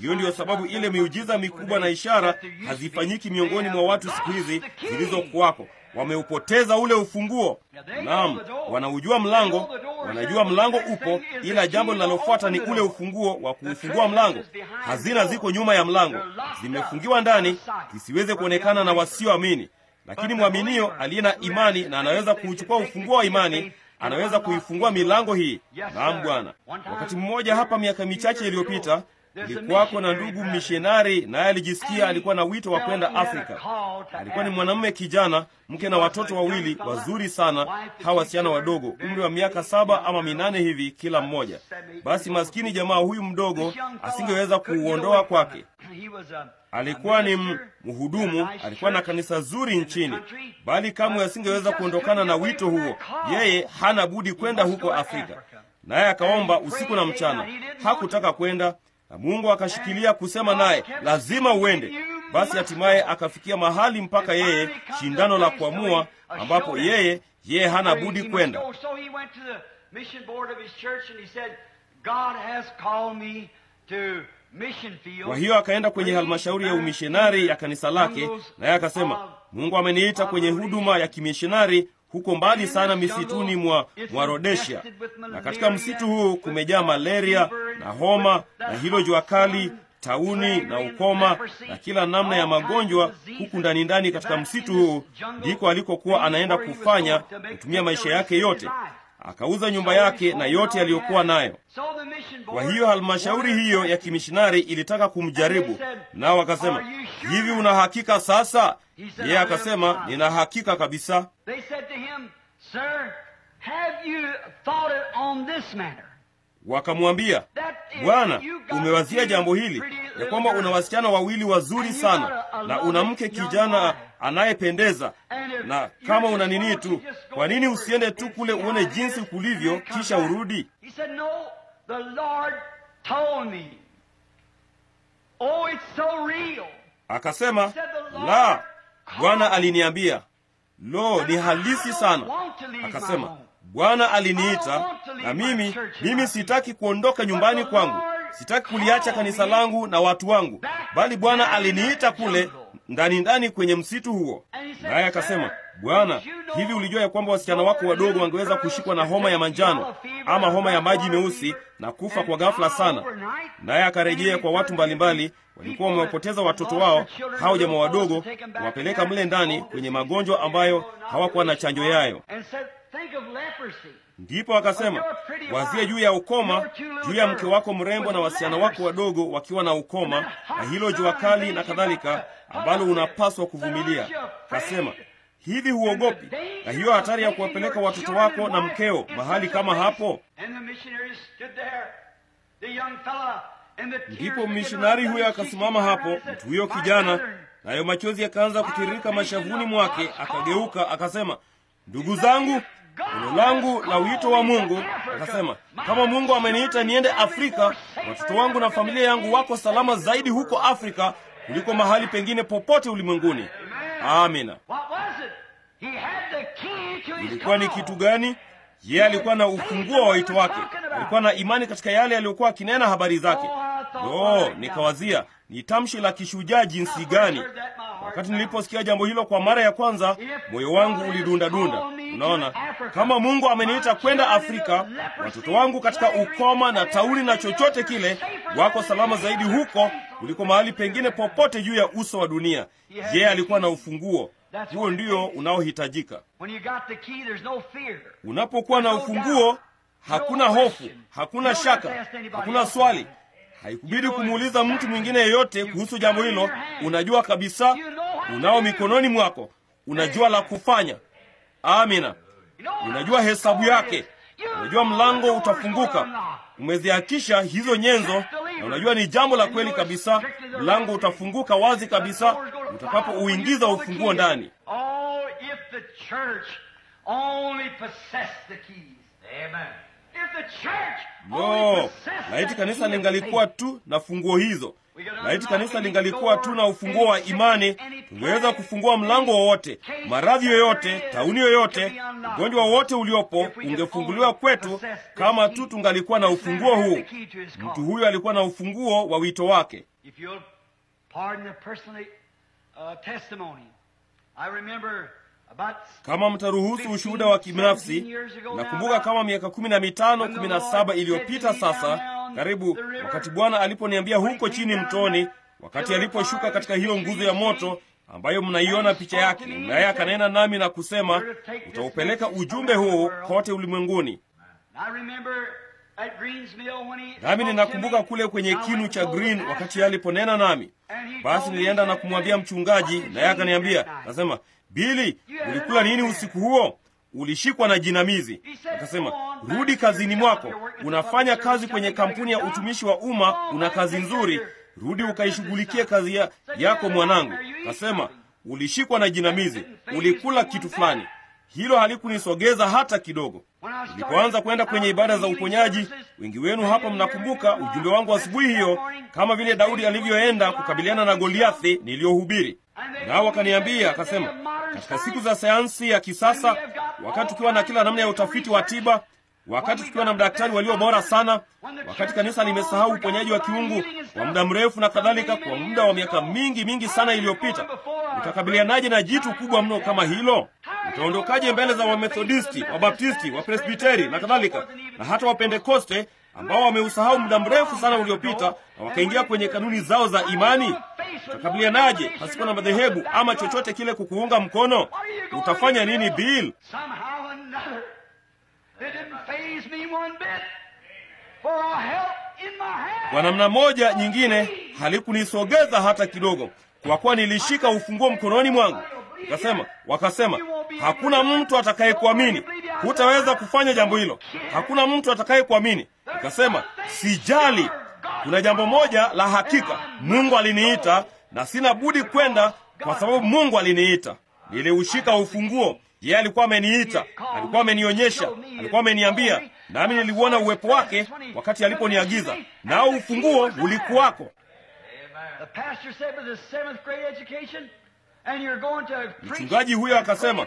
Hiyo ndiyo sababu ile miujiza mikubwa na ishara hazifanyiki miongoni mwa watu siku hizi zilizokuwako wameupoteza ule ufunguo. Naam, wanaujua mlango, wanajua mlango upo, ila jambo linalofuata ni ule ufunguo wa kuufungua mlango. Hazina ziko nyuma ya mlango, zimefungiwa ndani, zisiweze kuonekana na wasioamini. Lakini mwaminio aliye na imani na anaweza kuuchukua ufunguo wa imani anaweza kuifungua milango hii. Naam Bwana. Wakati mmoja hapa miaka michache iliyopita Kulikuwako na ndugu mishonari, naye alijisikia alikuwa na wito wa kwenda Afrika. Alikuwa ni mwanamume kijana, mke na watoto wawili wazuri sana, hawa wasichana wadogo, umri wa miaka saba ama minane hivi kila mmoja. Basi maskini jamaa huyu mdogo asingeweza kuuondoa kwake. Alikuwa ni mhudumu, alikuwa na kanisa zuri nchini, bali kamwe asingeweza kuondokana na wito huo. Yeye hana budi kwenda huko Afrika. Naye akaomba usiku na mchana, hakutaka kwenda na Mungu akashikilia kusema naye, lazima uende. Basi hatimaye akafikia mahali mpaka yeye shindano la kuamua, ambapo yeye yeye hana budi kwenda. Kwa hiyo akaenda kwenye halmashauri ya umishonari ya kanisa lake, naye akasema, Mungu ameniita kwenye huduma ya kimishonari huko mbali sana misituni mwa, mwa Rhodesia. Na katika msitu huu kumejaa malaria na homa na hilo jua kali, tauni na ukoma na kila namna ya magonjwa. Huku ndani ndani katika msitu huu ndiko alikokuwa anaenda kufanya kutumia maisha yake yote akauza nyumba yake na yote yaliyokuwa nayo. Kwa hiyo halmashauri hiyo ya kimishinari ilitaka kumjaribu, nao wakasema, hivi una hakika sasa? Yeye akasema, nina hakika kabisa. Wakamwambia, Bwana, umewazia jambo hili ya kwamba una wasichana wawili wazuri sana, na una mke kijana anayependeza, na kama una nini tu, kwa nini usiende tu kule uone jinsi kulivyo, kisha urudi? Oh, Akasema, la, Bwana aliniambia. Lo, ni halisi sana. Akasema, Bwana aliniita na mimi, mimi sitaki kuondoka nyumbani kwangu, sitaki kuliacha kanisa langu na watu wangu, bali Bwana aliniita kule ndani ndani kwenye msitu huo, naye akasema, Bwana, hivi ulijua ya kwamba wasichana wako wadogo wangeweza kushikwa na homa ya manjano ama homa ya maji meusi na kufa kwa ghafla sana? Naye akarejea kwa watu mbalimbali walikuwa wamewapoteza watoto wao hao jamaa wadogo, wapeleka mle ndani kwenye magonjwa ambayo hawakuwa na chanjo yayo, Ndipo akasema, wazie juu ya ukoma, juu ya mke wako mrembo na wasichana wako wadogo wakiwa na ukoma na hilo jua kali na kadhalika, ambalo unapaswa kuvumilia. Kasema hivi, huogopi na hiyo hatari ya kuwapeleka watoto wako na mkeo mahali kama hapo? Ndipo mishonari huyo akasimama hapo, mtu huyo kijana, nayo machozi yakaanza kutiririka mashavuni mwake. Akageuka akasema, ndugu zangu, Neno langu la wito wa Mungu, akasema, kama Mungu ameniita niende Afrika, watoto wangu na familia yangu wako salama zaidi huko Afrika kuliko mahali pengine popote ulimwenguni. Amina. Ilikuwa ni kitu gani? Yeye alikuwa na ufunguo wa wito wake, alikuwa na imani katika yale aliyokuwa akinena habari zake. Oh, nikawazia ni tamshi la kishujaa jinsi gani! Wakati niliposikia jambo hilo kwa mara ya kwanza, moyo wangu ulidundadunda. Unaona, kama Mungu ameniita kwenda Afrika, watoto wangu katika ukoma na tauni na chochote kile, wako salama zaidi huko kuliko mahali pengine popote juu ya uso wa dunia. Yeye alikuwa na ufunguo huo, ndio unaohitajika. Unapokuwa na ufunguo, hakuna hofu, hakuna shaka, hakuna swali, haikubidi kumuuliza mtu mwingine yeyote kuhusu jambo hilo. Unajua kabisa, unao mikononi mwako, unajua la kufanya. Amina, unajua hesabu yake, unajua mlango utafunguka. Umeziakisha hizo nyenzo na unajua ni jambo la kweli kabisa. Mlango utafunguka wazi kabisa utakapouingiza ufunguo ndani. Oh, No, laiti kanisa lingalikuwa tu na funguo hizo, laiti kanisa lingalikuwa tu na ufunguo wa imani, tungeweza kufungua mlango wowote, maradhi yoyote, tauni yoyote, ugonjwa wowote uliopo ungefunguliwa kwetu, kama tu tungalikuwa na ufunguo huu. Mtu huyu alikuwa na ufunguo wa wito wake. Kama mtaruhusu ushuhuda wa kibinafsi, nakumbuka kama miaka kumi na mitano kumi na saba iliyopita sasa karibu, wakati Bwana aliponiambia huko chini mtoni, wakati aliposhuka katika hiyo nguzo ya moto ambayo mnaiona picha yake, naye akanena nami na kusema, utaupeleka ujumbe huu kote ulimwenguni. Nami ninakumbuka kule kwenye kinu cha Green wakati aliponena nami, basi nilienda na kumwambia mchungaji, naye akaniambia, nasema Bili, ulikula nini usiku huo? Ulishikwa na jinamizi. Akasema, rudi kazini mwako, unafanya kazi kwenye kampuni ya utumishi wa umma, una kazi nzuri, rudi ukaishughulikie kazi ya, yako mwanangu. Akasema, ulishikwa na jinamizi, ulikula kitu fulani. Hilo halikunisogeza hata kidogo. Nilipoanza kwenda kwenye ibada za uponyaji, wengi wenu hapa mnakumbuka ujumbe wangu asubuhi wa hiyo, kama vile Daudi alivyoenda kukabiliana na Goliathi niliyohubiri. Nao wakaniambia akasema, katika siku za sayansi ya kisasa, wakati tukiwa na kila namna ya utafiti wa tiba wakati tukiwa na madaktari walio bora sana, wakati kanisa limesahau uponyaji wa kiungu kwa muda mrefu na kadhalika, kwa muda wa miaka mingi mingi sana iliyopita, utakabilianaje na jitu kubwa mno kama hilo? Utaondokaje mbele za Wamethodisti, Wabaptisti, Wapresbiteri na kadhalika, na hata Wapentekoste ambao wameusahau muda mrefu sana uliopita na wakaingia kwenye kanuni zao za imani. Utakabilianaje pasipo na madhehebu ama chochote kile kukuunga mkono? Utafanya nini, Bill? Kwa namna moja nyingine halikunisogeza hata kidogo, kwa kuwa nilishika ufunguo mkononi mwangu. Kasema, wakasema hakuna mtu atakayekuamini, hutaweza kufanya jambo hilo, hakuna mtu atakayekuamini. ikasema sijali, kuna jambo moja la hakika, Mungu aliniita na sina budi kwenda, kwa sababu Mungu aliniita. Niliushika ufunguo yeye alikuwa ameniita, alikuwa amenionyesha, alikuwa ameniambia, nami niliuona uwepo wake wakati aliponiagiza, nao ufunguo ulikuwako. Mchungaji huyo akasema,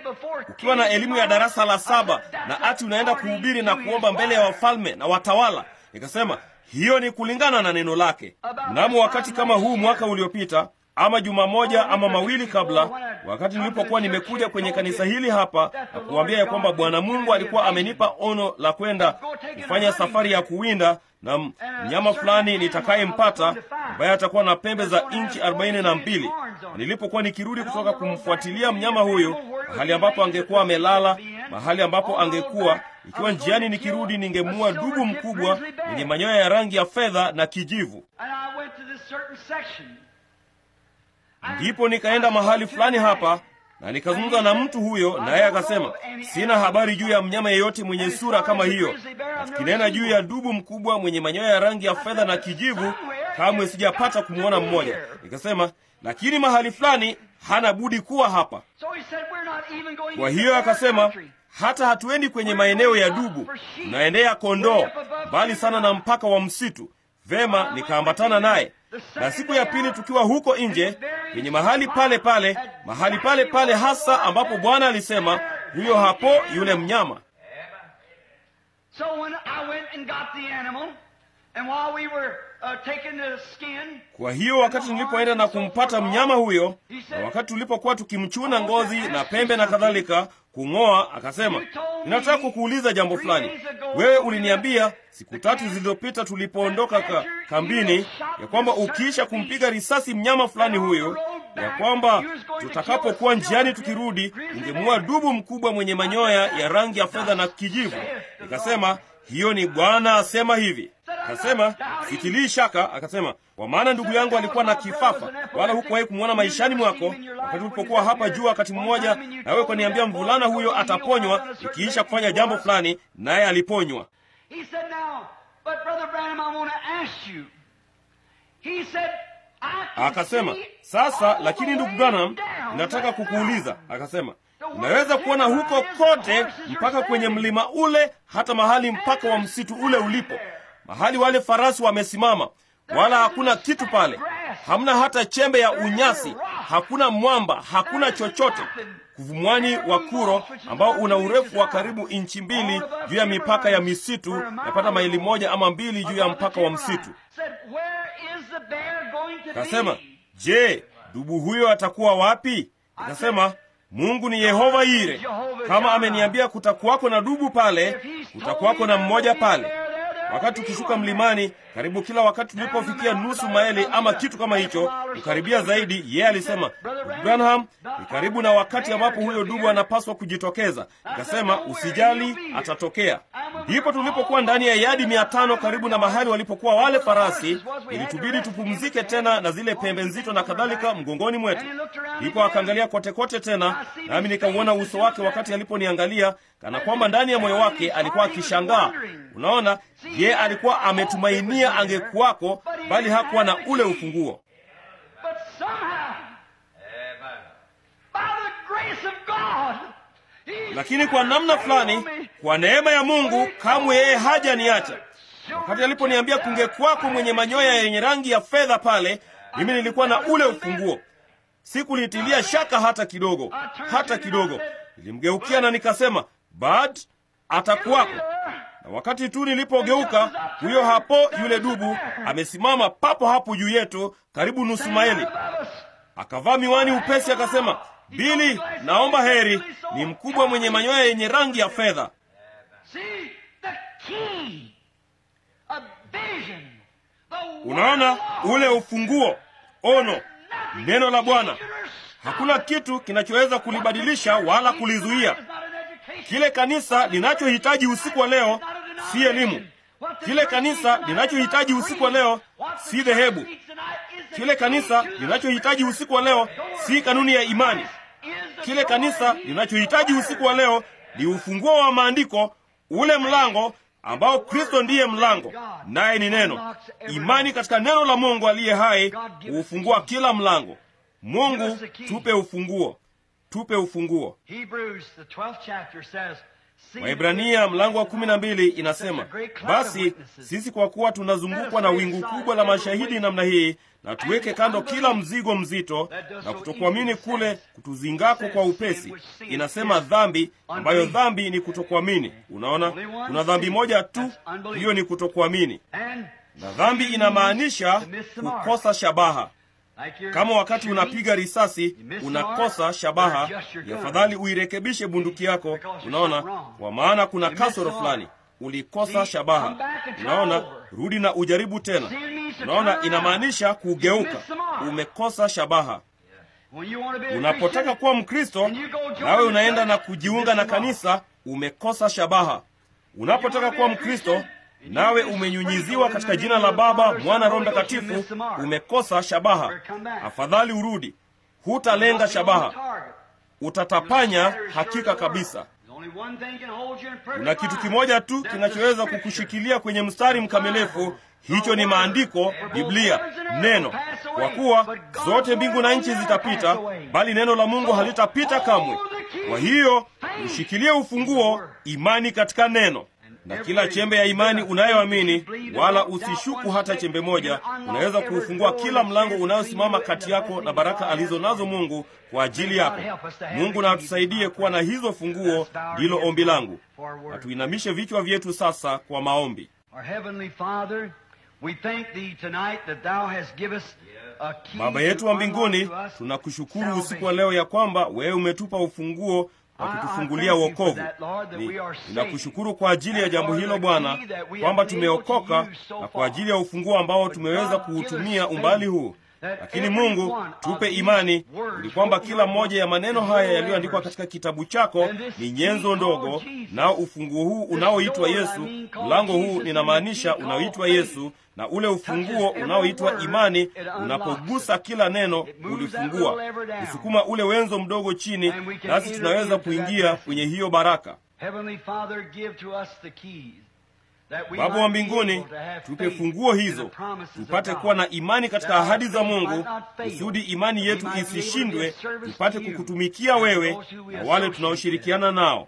ukiwa na elimu ya darasa la saba na ati unaenda kuhubiri na kuomba mbele ya wafalme na watawala. Nikasema hiyo ni kulingana na neno lake. Mnamo wakati kama huu mwaka uliopita ama juma moja ama mawili kabla, wakati nilipokuwa nimekuja kwenye kanisa hili hapa na kuambia ya kwamba Bwana Mungu alikuwa amenipa ono la kwenda kufanya safari ya kuwinda na uh, mnyama fulani nitakayempata ambaye atakuwa na pembe za inchi arobaini na mbili. Nilipokuwa nikirudi kutoka kumfuatilia mnyama huyo, mahali ambapo angekuwa amelala, mahali ambapo angekuwa ikiwa njiani nikirudi, ningemua dubu mkubwa mwenye manyoya ya rangi ya fedha na kijivu. Ndipo nikaenda mahali fulani hapa na nikazungumza na mtu huyo, naye akasema, sina habari juu ya mnyama yeyote mwenye sura kama hiyo. Na tukinena juu ya dubu mkubwa mwenye manyoya ya rangi ya fedha na kijivu, kamwe sijapata kumwona mmoja. Nikasema, lakini mahali fulani hana budi kuwa hapa. Kwa hiyo akasema, hata hatuendi kwenye maeneo ya dubu, naendea kondoo, mbali sana na mpaka wa msitu Vema, nikaambatana naye, na siku ya pili tukiwa huko nje kwenye mahali pale pale, mahali pale pale hasa ambapo Bwana alisema, huyo hapo yule mnyama. Uh, Kwa hiyo wakati nilipoenda na kumpata mnyama huyo, na wakati tulipokuwa tukimchuna ngozi na pembe na *laughs* kadhalika, kung'oa, akasema, ninataka kukuuliza jambo fulani. Wewe uliniambia siku tatu zilizopita tulipoondoka ka, kambini ya kwamba ukiisha kumpiga risasi mnyama fulani huyo, ya kwamba tutakapokuwa njiani tukirudi ungemua dubu mkubwa mwenye manyoya ya rangi ya fedha na kijivu. Nikasema hiyo ni Bwana asema hivi. Akasema sitilii shaka, akasema kwa maana ndugu yangu alikuwa na kifafa, wala hukuwahi kumwona maishani mwako, wakati ulipokuwa hapa juu wakati mmoja, na wewe ukaniambia mvulana huyo ataponywa ikiisha kufanya jambo fulani, naye aliponywa. Akasema sasa, lakini ndugu Branham, nataka kukuuliza. Akasema unaweza kuona huko kote mpaka kwenye mlima ule, hata mahali mpaka wa msitu ule ulipo mahali wale farasi wamesimama, wala hakuna kitu pale, hamna hata chembe ya unyasi, hakuna mwamba, hakuna chochote. Kuvumwani wa Kuro ambao una urefu wa karibu inchi mbili juu ya mipaka ya misitu, yapata maili moja ama mbili juu ya mpaka wa msitu. Kasema, je, dubu huyo atakuwa wapi? Ikasema, Mungu ni Yehova Yire. Kama ameniambia kutakuwako na dubu pale, kutakuwako na mmoja pale. Wakati ukishuka mlimani karibu kila wakati tulipofikia nusu maili ama kitu kama hicho, ukaribia zaidi, yeye yeah, alisema Branham, ni karibu na wakati ambapo huyo dubu anapaswa kujitokeza. Nikasema usijali, atatokea. Ndipo tulipokuwa ndani ya yadi mia tano karibu na mahali walipokuwa wale farasi, ilitubidi tupumzike tena na zile pembe nzito na kadhalika mgongoni mwetu. Ndipo akaangalia kotekote tena, nami nikamwona uso wake wakati aliponiangalia, kana kwamba ndani ya moyo wake alikuwa akishangaa. Unaona, ye alikuwa ametumainia dunia angekuwako, bali hakuwa na ule ufunguo. Lakini kwa namna fulani, kwa neema ya Mungu, kamwe yeye haja hacha Wakati aliponiambia kungekuwako mwenye manyoya yenye rangi ya fedha pale, mimi nilikuwa na ule ufunguo. Sikulitilia shaka hata kidogo, hata kidogo. Nilimgeukia na nikasema, Bad, atakuwako wakati tu nilipogeuka, huyo hapo yule dubu amesimama papo hapo juu yetu, karibu nusu maili. Akavaa miwani upesi, akasema, Bili, naomba heri. Ni mkubwa mwenye manyoya yenye rangi ya fedha. Unaona ule ufunguo, ono, neno la Bwana. Hakuna kitu kinachoweza kulibadilisha wala kulizuia. Kile kanisa linachohitaji usiku wa leo si elimu. Kile kanisa linachohitaji usiku wa leo si dhehebu. Kile kanisa linachohitaji usiku wa leo si kanuni ya imani. Kile kanisa linachohitaji usiku wa leo ni ufunguo wa maandiko, ule mlango ambao Kristo ndiye mlango, naye ni neno. Imani katika neno la Mungu aliye hai hufungua kila mlango. Mungu, tupe ufunguo, tupe ufunguo. Waebrania mlango wa kumi na mbili inasema, basi sisi kwa kuwa tunazungukwa na wingu kubwa la mashahidi namna hii, na tuweke kando kila mzigo mzito na kutokuamini kule kutuzingako kwa upesi. Inasema dhambi, ambayo dhambi ni kutokuamini. Unaona, kuna dhambi moja tu, hiyo ni kutokuamini, na dhambi inamaanisha kukosa shabaha kama wakati unapiga risasi unakosa shabaha, ni afadhali uirekebishe bunduki yako. Unaona, kwa maana kuna kasoro fulani, ulikosa shabaha. Unaona, rudi na ujaribu tena. Unaona, inamaanisha kugeuka, umekosa shabaha. Unapotaka kuwa Mkristo nawe unaenda na kujiunga na kanisa, umekosa shabaha. Unapotaka kuwa Mkristo nawe umenyunyiziwa katika jina la Baba, Mwana, Roho Mtakatifu, umekosa shabaha. Afadhali urudi, hutalenga shabaha, utatapanya hakika kabisa. Kuna kitu kimoja tu kinachoweza kukushikilia kwenye mstari mkamilifu, hicho ni maandiko, Biblia, neno. Kwa kuwa zote mbingu na nchi zitapita, bali neno la Mungu halitapita kamwe. Kwa hiyo ushikilie ufunguo, imani katika neno na kila chembe ya imani unayoamini, wala usishuku hata chembe moja, unaweza kuufungua kila mlango unayosimama kati yako na baraka alizo nazo Mungu kwa ajili yako. Mungu na atusaidie kuwa na hizo funguo, ndilo ombi langu. Na tuinamishe vichwa vyetu sasa kwa maombi. Baba yetu wa mbinguni, tunakushukuru usiku wa leo ya kwamba wewe umetupa ufunguo wakitufungulia wokovu. Ninakushukuru kwa ajili ya jambo hilo Bwana, kwamba tumeokoka na kwa ajili ya ufunguo ambao tumeweza kuutumia umbali huu. Lakini Mungu, tupe imani ili kwamba kila moja ya maneno haya yaliyoandikwa katika kitabu chako ni nyenzo ndogo, nao ufunguo huu unaoitwa Yesu, mlango huu ninamaanisha unaoitwa Yesu, na ule ufunguo unaoitwa imani, unapogusa kila neno ulifungua, kusukuma ule wenzo mdogo chini, nasi tunaweza kuingia kwenye hiyo baraka. Baba wa mbinguni, tupe funguo hizo, tupate kuwa na imani katika ahadi za Mungu, kusudi imani yetu isishindwe, tupate kukutumikia wewe na wale tunaoshirikiana nao.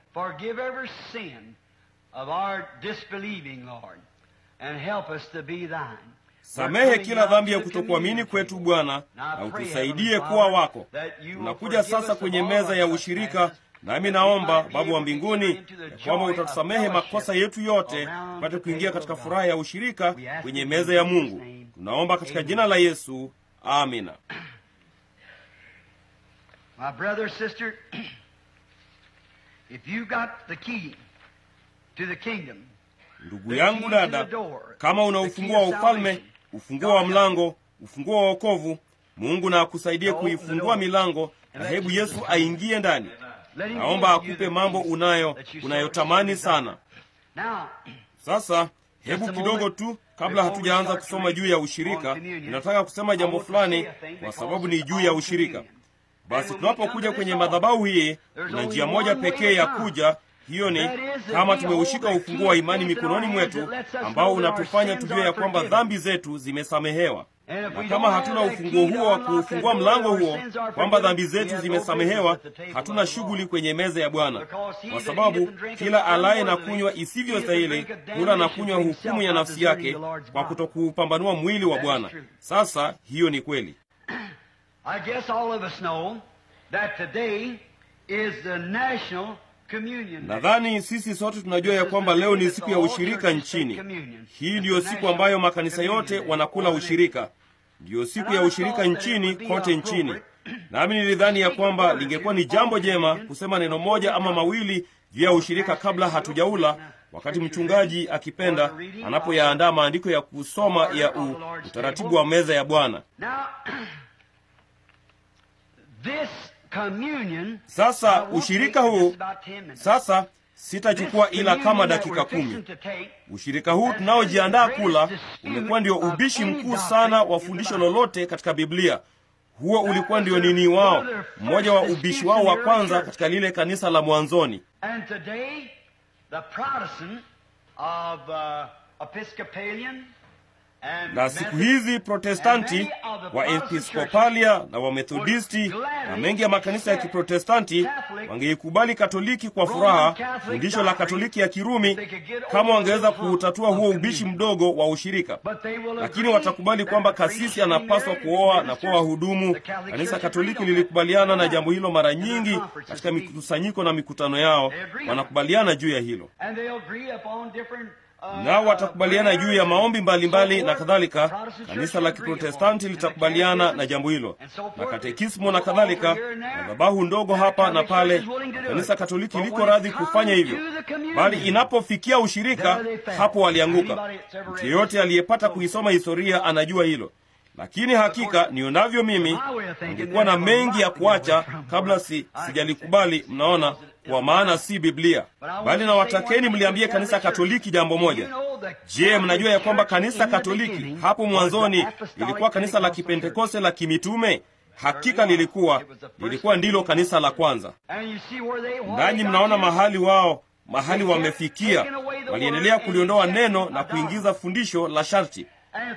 Samehe kila dhambi ya kutokuamini kwetu Bwana, na utusaidie kuwa wako. Tunakuja sasa kwenye meza ya ushirika Nami naomba Baba wa mbinguni kwamba utatusamehe makosa yetu yote, pate kuingia katika furaha ya ushirika kwenye meza ya Mungu. Tunaomba katika jina la Yesu, amina. Ndugu yangu, dada, kama una ufunguo wa ufalme, ufunguo wa mlango, ufunguo wa wokovu, Mungu na akusaidie kuifungua milango na hebu Yesu aingie ndani naomba akupe mambo unayo unayotamani sana. Sasa hebu kidogo tu, kabla hatujaanza kusoma juu ya ushirika, ninataka kusema jambo fulani, kwa sababu ni juu ya ushirika. Basi tunapokuja kwenye madhabahu hii, kuna njia moja pekee ya kuja hiyo ni kama tumeushika ufunguo wa imani mikononi mwetu, ambao unatufanya tujue ya kwamba dhambi zetu zimesamehewa na kama hatuna ufunguo huo wa kuufungua mlango huo, kwamba dhambi zetu zimesamehewa, hatuna shughuli kwenye meza ya Bwana, kwa sababu kila alaye na kunywa isivyo stahili hula na kunywa hukumu ya nafsi yake kwa kutokuupambanua mwili wa Bwana. Sasa hiyo ni kweli. *clears throat* I guess all of us know that today is the national Nadhani sisi sote tunajua ya kwamba leo ni siku ya ushirika nchini. Hii ndiyo siku ambayo makanisa yote wanakula ushirika, ndiyo siku ya ushirika nchini kote nchini. Nami nilidhani ya kwamba lingekuwa ni jambo jema kusema neno moja ama mawili juu ya ushirika kabla hatujaula, wakati mchungaji akipenda anapoyaandaa maandiko ya kusoma ya u, utaratibu wa meza ya Bwana. *clears throat* Sasa uh, ushirika huu sasa sitachukua ila kama dakika kumi. Ushirika huu tunaojiandaa kula umekuwa ndio ubishi mkuu sana wa fundisho lolote katika Biblia. Huo ulikuwa ndio nini wao, mmoja wa ubishi wao wa kwanza katika lile kanisa la mwanzoni na siku hizi Protestanti wa Episkopalia na Wamethodisti na mengi ya makanisa ya Kiprotestanti wangeikubali Katoliki kwa furaha, fundisho la Katoliki ya Kirumi, kama wangeweza kuutatua huo ubishi mdogo wa ushirika. Lakini watakubali kwamba kasisi anapaswa kuoa na kuwa wahudumu. Kanisa Katoliki lilikubaliana na jambo hilo mara nyingi katika mikusanyiko na mikutano yao, wanakubaliana juu ya hilo nao watakubaliana juu ya maombi mbalimbali mbali na kadhalika. Kanisa la Kiprotestanti litakubaliana na jambo hilo na katekismo na kadhalika, madhabahu dhabahu ndogo hapa na pale. Kanisa Katoliki liko radhi kufanya hivyo, bali inapofikia ushirika, hapo walianguka. Mtu yeyote aliyepata kuisoma historia anajua hilo. Lakini hakika nionavyo mimi, ningekuwa na mengi ya kuacha kabla si sijalikubali. Mnaona, kwa maana si Biblia, bali nawatakeni mliambie kanisa Katoliki jambo moja. Je, mnajua ya kwamba kanisa Katoliki hapo mwanzoni lilikuwa kanisa la Kipentekoste la kimitume? Hakika lilikuwa lilikuwa ndilo kanisa la kwanza. Nanyi mnaona mahali wao mahali wamefikia, waliendelea kuliondoa neno na kuingiza fundisho la sharti.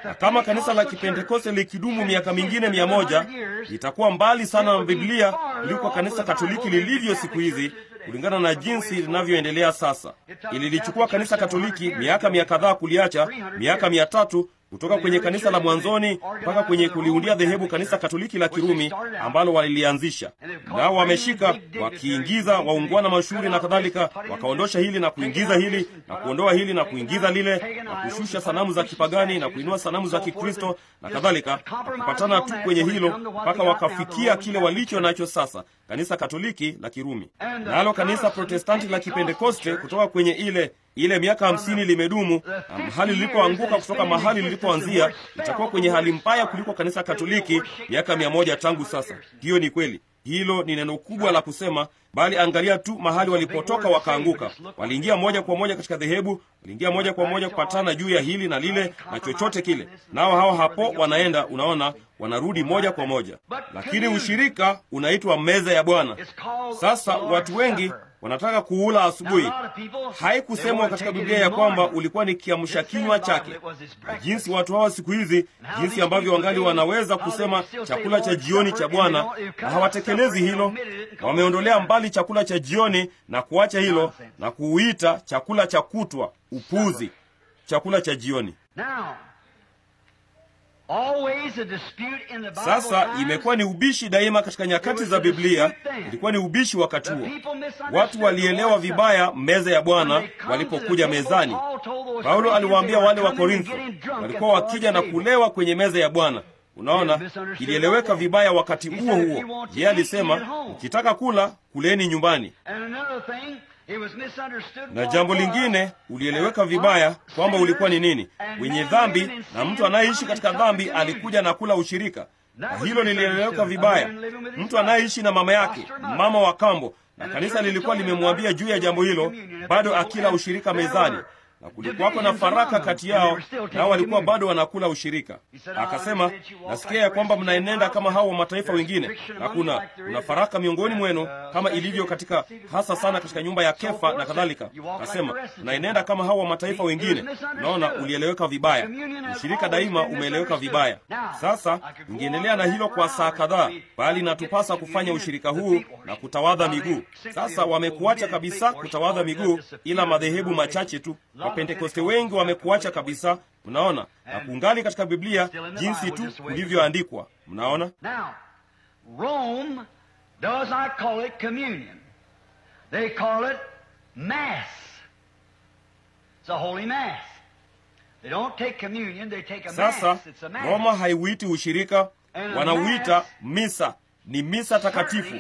Na kama kanisa la Kipentekoste likidumu miaka mingine mia moja litakuwa mbali sana na Biblia kuliko kanisa Katoliki lilivyo siku hizi, kulingana na jinsi linavyoendelea sasa. Ililichukua kanisa Katoliki miaka mia kadhaa kuliacha, miaka mia tatu kutoka kwenye kanisa la mwanzoni mpaka kwenye kuliundia dhehebu kanisa Katoliki la Kirumi ambalo walilianzisha. Nao wameshika wakiingiza waungwana mashuhuri na kadhalika, wakaondosha hili na kuingiza hili na kuondoa hili na kuingiza lile na kushusha sanamu za kipagani na kuinua sanamu za Kikristo na kadhalika, kupatana tu kwenye hilo mpaka wakafikia kile walicho nacho sasa, kanisa Katoliki la Kirumi, uh, nalo kanisa Protestanti la Kipentekoste kutoka kwenye ile ile miaka hamsini limedumu, na mahali lilipoanguka kutoka mahali lilipoanzia litakuwa kwenye hali mbaya kuliko kanisa Katoliki miaka mia moja tangu sasa. Hiyo ni kweli. Hilo ni neno kubwa la kusema, bali angalia tu mahali walipotoka wakaanguka. Waliingia moja kwa moja katika dhehebu, waliingia moja kwa moja kupatana juu ya hili na lile na chochote kile, nao hawa hapo wanaenda, unaona, wanarudi moja kwa moja. Lakini ushirika unaitwa meza ya Bwana. Sasa watu wengi wanataka kuula asubuhi. Haikusemwa katika Biblia ya kwamba ulikuwa ni kiamsha kinywa chake, jinsi watu hawa siku hizi, jinsi ambavyo wangali wanaweza kusema chakula cha jioni cha Bwana, na hawatekelezi hilo, na wameondolea mbali chakula cha jioni na kuacha hilo na kuuita chakula cha kutwa. Upuzi! Chakula cha jioni. Sasa imekuwa ni ubishi daima katika nyakati za Biblia, ilikuwa ni ubishi wakati huo. Watu walielewa vibaya meza ya Bwana walipokuja mezani. Paulo aliwaambia wale wa Korintho walikuwa wakija na kulewa kwenye meza ya Bwana. Unaona, ilieleweka vibaya wakati huo huo. Yeye alisema, ukitaka kula kuleni nyumbani. Na jambo lingine, ulieleweka vibaya kwamba ulikuwa ni nini, wenye dhambi, na mtu anayeishi katika dhambi alikuja na kula ushirika, na hilo lilieleweka vibaya. Mtu anayeishi na mama yake, mama wa kambo, na kanisa lilikuwa limemwambia juu ya jambo hilo, bado akila ushirika mezani kulikuwako na faraka kati yao, nao walikuwa bado wanakula ushirika. Akasema, nasikia ya kwamba mnaenenda kama hao wa mataifa wengine, na kuna kuna faraka miongoni mwenu, kama ilivyo katika hasa sana katika nyumba ya Kefa na kadhalika. Akasema, mnaenenda kama hao wa mataifa wengine. Naona ulieleweka vibaya, ushirika daima umeeleweka vibaya. Sasa ningeendelea na hilo kwa saa kadhaa, bali natupasa kufanya ushirika huu na kutawadha miguu. Sasa wamekuacha kabisa kutawadha miguu, ila madhehebu machache tu wapentekoste wengi wamekuacha kabisa mnaona na kungali katika biblia jinsi tu ulivyoandikwa mnaona Sasa, Roma haiuiti ushirika, wanauita misa. Ni misa takatifu.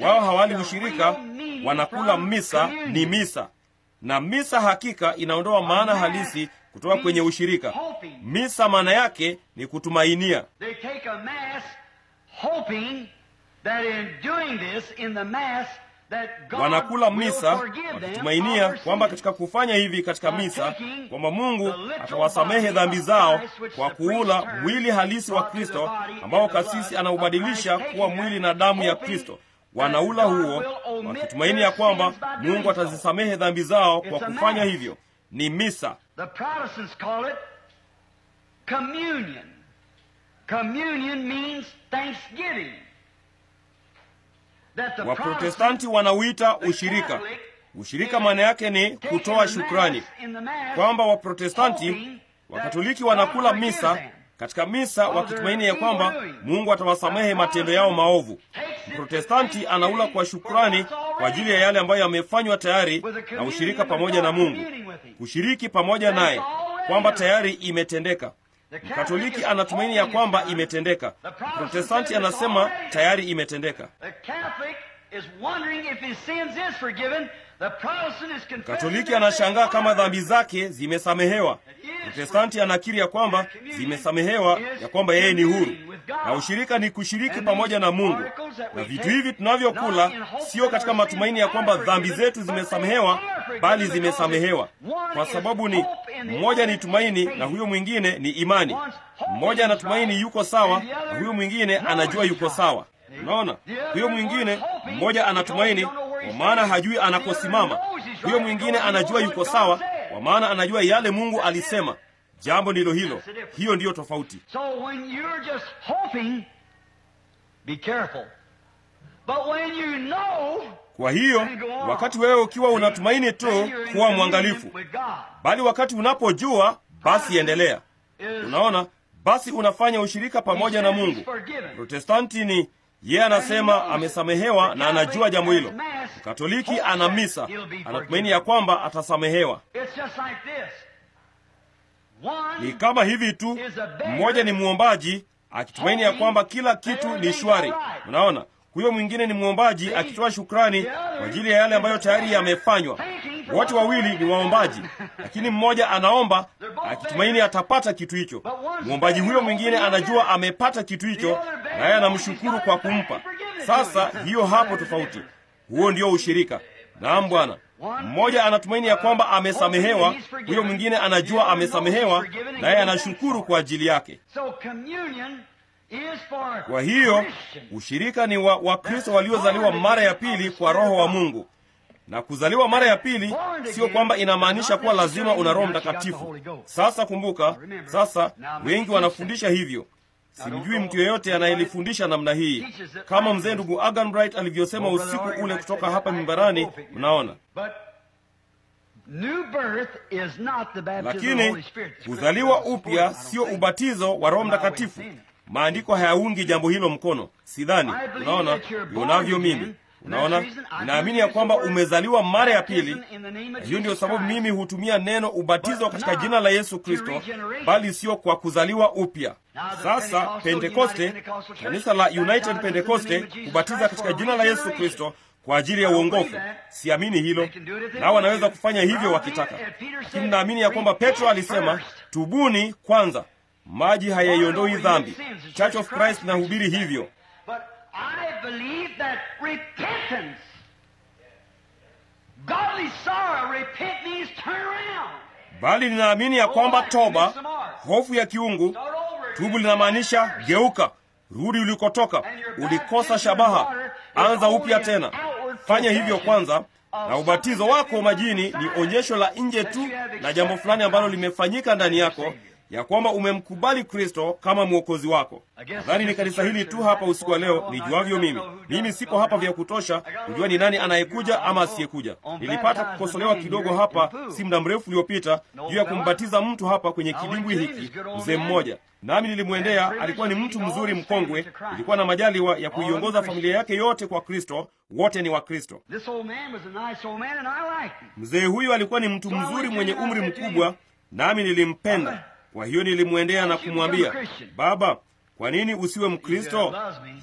Wao hawali ushirika, wanakula misa, ni misa na misa hakika inaondoa maana halisi kutoka kwenye ushirika. Misa maana yake ni kutumainia. Wanakula misa wakitumainia kwamba katika kufanya hivi katika misa kwamba Mungu atawasamehe dhambi zao kwa kuula mwili halisi wa Kristo ambao kasisi anaubadilisha kuwa mwili na damu ya Kristo wanaula huo wakitumaini ya kwamba Mungu atazisamehe dhambi zao kwa kufanya hivyo. Ni misa. Waprotestanti wanauita ushirika. Ushirika maana yake ni kutoa shukrani, kwamba Waprotestanti Wakatoliki wanakula misa katika misa wakitumaini ya kwamba Mungu atawasamehe matendo yao maovu. Mprotestanti anaula kwa shukrani kwa ajili ya yale ambayo yamefanywa tayari na ushirika pamoja na Mungu, kushiriki pamoja naye, kwamba tayari imetendeka. Mkatoliki anatumaini ya kwamba imetendeka. Mprotestanti anasema tayari imetendeka. Katoliki anashangaa kama dhambi zake zimesamehewa. Protestanti anakiri ya kwamba zimesamehewa, ya kwamba yeye ni huru, na ushirika ni kushiriki pamoja na Mungu. Na vitu hivi tunavyokula sio katika matumaini ya kwamba dhambi zetu zimesamehewa, bali zimesamehewa kwa sababu ni mmoja ni tumaini na huyo mwingine ni imani. Mmoja anatumaini yuko sawa, na huyo mwingine anajua yuko sawa. Unaona, huyo mwingine mmoja anatumaini kwa maana hajui anakosimama. Huyo mwingine anajua yuko sawa, kwa maana anajua yale Mungu alisema. Jambo ndilo hilo, hiyo ndiyo tofauti. Kwa hiyo wakati wewe ukiwa unatumaini tu, kuwa mwangalifu, bali wakati unapojua, basi endelea. Unaona, basi unafanya ushirika pamoja na Mungu. Protestanti ni yeye anasema amesamehewa na anajua jambo hilo. Katoliki ana misa, anatumaini ya kwamba atasamehewa. Ni kama hivi tu, mmoja ni mwombaji akitumaini ya kwamba kila kitu ni shwari. Unaona, huyo mwingine ni mwombaji akitoa shukrani kwa ajili ya yale ambayo tayari yamefanywa. Wote wawili ni waombaji, lakini mmoja anaomba akitumaini atapata kitu hicho. Mwombaji huyo mwingine anajua amepata kitu hicho, naye anamshukuru kwa kumpa. Sasa hiyo hapo tofauti. Huo ndio ushirika. Naam, Bwana. Mmoja anatumaini ya kwamba amesamehewa, huyo mwingine anajua amesamehewa, naye anashukuru kwa ajili yake. Kwa hiyo ushirika ni wa Wakristo waliozaliwa mara ya pili kwa Roho wa Mungu. Na kuzaliwa mara ya pili sio kwamba inamaanisha kuwa lazima una Roho Mtakatifu. Sasa kumbuka, sasa wengi wanafundisha hivyo. Simjui mtu yeyote anayelifundisha namna hii kama mzee ndugu Agan Bright alivyosema oh, usiku ule kutoka hapa mimbarani. Mnaona, lakini kuzaliwa upya sio ubatizo wa Roho Mtakatifu. Maandiko hayaungi jambo hilo mkono, sidhani. Unaona ionavyo mimi Unaona, naamini ya kwamba umezaliwa mara ya pili. Hiyo ndio sababu mimi hutumia neno ubatizo katika jina la Yesu Kristo, bali sio kwa kuzaliwa upya. Sasa Pentekoste, kanisa la United Pentekoste hubatiza katika jina la Yesu Kristo kwa ajili ya uongofu. Siamini hilo, nao wanaweza kufanya hivyo wakitaka, lakini naamini ya kwamba Petro alisema tubuni kwanza, maji hayaiondoi dhambi. Church of Christ nahubiri hivyo believe that repentance, godly sorrow, repent means turn around. Bali ninaamini ya kwamba toba, hofu ya kiungu, tubu linamaanisha geuka, rudi ulikotoka, ulikosa shabaha, anza upya tena. Fanya hivyo kwanza, na ubatizo wako majini ni onyesho la nje tu na jambo fulani ambalo limefanyika ndani yako ya kwamba umemkubali Kristo kama mwokozi wako. Nadhani ni kanisa hili tu hapa usiku wa leo nijuavyo mimi. Mimi siko hapa vya kutosha kujua ni nani anayekuja ama asiyekuja. Nilipata kukosolewa kidogo hapa si muda mrefu uliopita juu ya kumbatiza mtu hapa kwenye kidimbwi hiki, mzee mmoja nami nilimwendea. Alikuwa ni mtu mzuri mkongwe, ilikuwa na majaliwa ya kuiongoza familia yake yote kwa Kristo, wote ni Wakristo. Mzee huyu alikuwa ni mtu mzuri mwenye umri mkubwa, nami nilimpenda kwa hiyo nilimwendea na kumwambia, Baba, kwa nini usiwe Mkristo?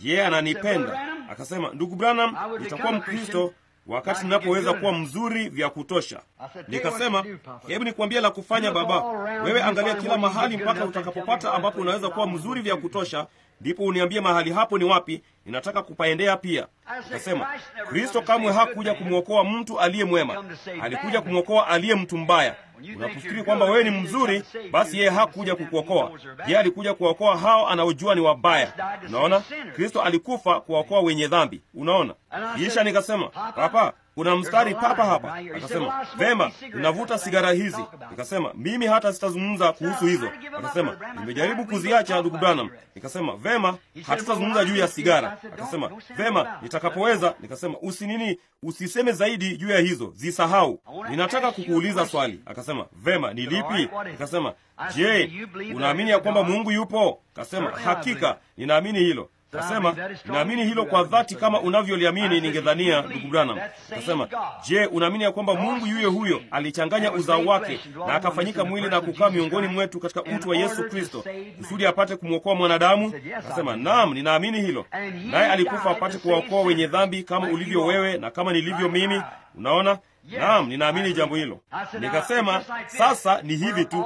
Yeye yeah, ananipenda. Akasema, ndugu Branham, nitakuwa Mkristo wakati ninapoweza kuwa mzuri vya kutosha. Nikasema, hebu nikwambie la kufanya baba, wewe angalia kila mahali mpaka utakapopata ambapo unaweza kuwa mzuri vya kutosha ndipo uniambie mahali hapo ni wapi, ninataka kupaendea pia. Nasema Kristo kamwe hakuja kumwokoa mtu aliye mwema, alikuja kumwokoa aliye mtu mbaya. Unapofikiri kwamba wewe ni mzuri, basi yeye hakuja kukuokoa. Yeye alikuja kuwaokoa hao anaojua ni wabaya. Unaona, Kristo alikufa kuwaokoa wenye dhambi. Unaona, kisha nikasema papa kuna mstari papa hapa. Akasema vema, unavuta sigara hizi. Nikasema mimi hata sitazungumza kuhusu hizo. Akasema nimejaribu kuziacha, ndugu Branham. Nikasema vema, hatutazungumza juu ya sigara. Akasema vema, nitakapoweza. Nikasema usinini, usiseme zaidi juu ya hizo, zisahau. Ninataka kukuuliza swali. Akasema vema, ni lipi? Nikasema je, unaamini ya kwamba Mungu yupo? Akasema hakika, ninaamini hilo. Kasema, naamini hilo kwa dhati kama unavyoliamini. Ningedhania ndugu Branham kasema, je, unaamini ya kwamba Mungu yuye huyo alichanganya uzao wake na akafanyika mwili na kukaa miongoni mwetu katika utu wa Yesu Kristo kusudi apate kumwokoa mwanadamu? Kasema, naam, ninaamini hilo. Naye alikufa apate kuwaokoa wenye dhambi kama ulivyo wewe na kama nilivyo mimi. Unaona? Naam, ninaamini jambo hilo. Nikasema sasa ni hivi tu,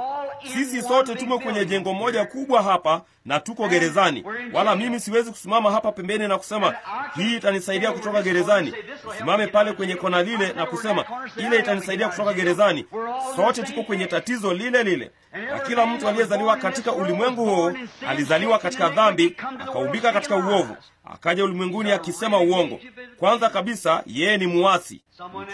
sisi sote tumo kwenye jengo moja kubwa hapa na tuko gerezani, wala mimi siwezi kusimama hapa pembeni na kusema hii itanisaidia kutoka gerezani. Usimame pale kwenye kona lile na kusema ile itanisaidia kutoka gerezani. Sote tuko kwenye tatizo lile lile, na kila mtu aliyezaliwa katika ulimwengu huu alizaliwa katika dhambi, akaumbika katika uovu akaja ulimwenguni akisema uongo. Kwanza kabisa, yeye ni muasi.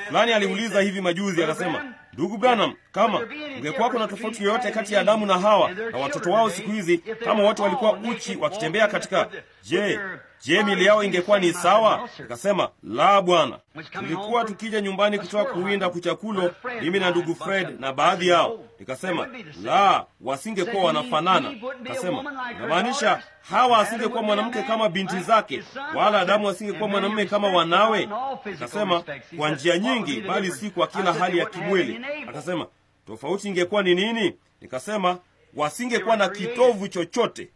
Fulani aliuliza hivi majuzi, akasema Ndugu Branham, kama ungekuwa kuna tofauti yoyote kati ya Adamu na Hawa na watoto wao siku hizi, kama wote walikuwa uchi wakitembea katika, je, Je, mili yao ingekuwa ni sawa? Nikasema la, bwana. Tulikuwa tukija nyumbani kutoka kuwinda kuchakulo, mimi na ndugu Fred na baadhi yao. Nikasema la, wasingekuwa wanafanana. Kasema namaanisha Hawa asingekuwa mwanamke kama binti zake, wala Adamu asingekuwa mwanamume kama wanawe. Akasema kwa njia nyingi, bali si kwa kila hali ya kimwili. Akasema tofauti ingekuwa ni nini? Nikasema wasingekuwa na kitovu chochote,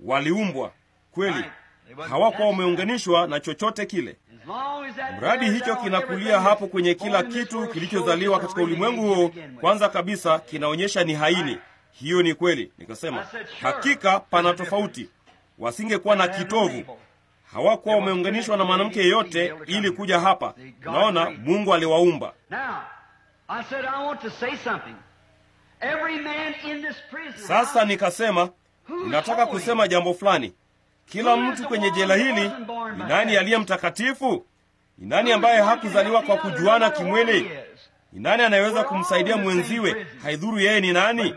waliumbwa kweli hawakuwa wameunganishwa na chochote kile. Mradi hicho kinakulia hapo kwenye kila kitu kilichozaliwa katika ulimwengu huo, kwanza kabisa kinaonyesha ni haini. Hiyo ni kweli. Nikasema hakika pana tofauti. Wasingekuwa na kitovu, hawakuwa wameunganishwa na mwanamke yeyote ili kuja hapa. Naona Mungu aliwaumba. Sasa nikasema nataka kusema jambo fulani. Kila mtu kwenye jela hili, ni nani aliye mtakatifu? Ni nani ambaye hakuzaliwa kwa kujuana kimwili? Ni nani anayeweza kumsaidia mwenziwe, haidhuru yeye ni nani?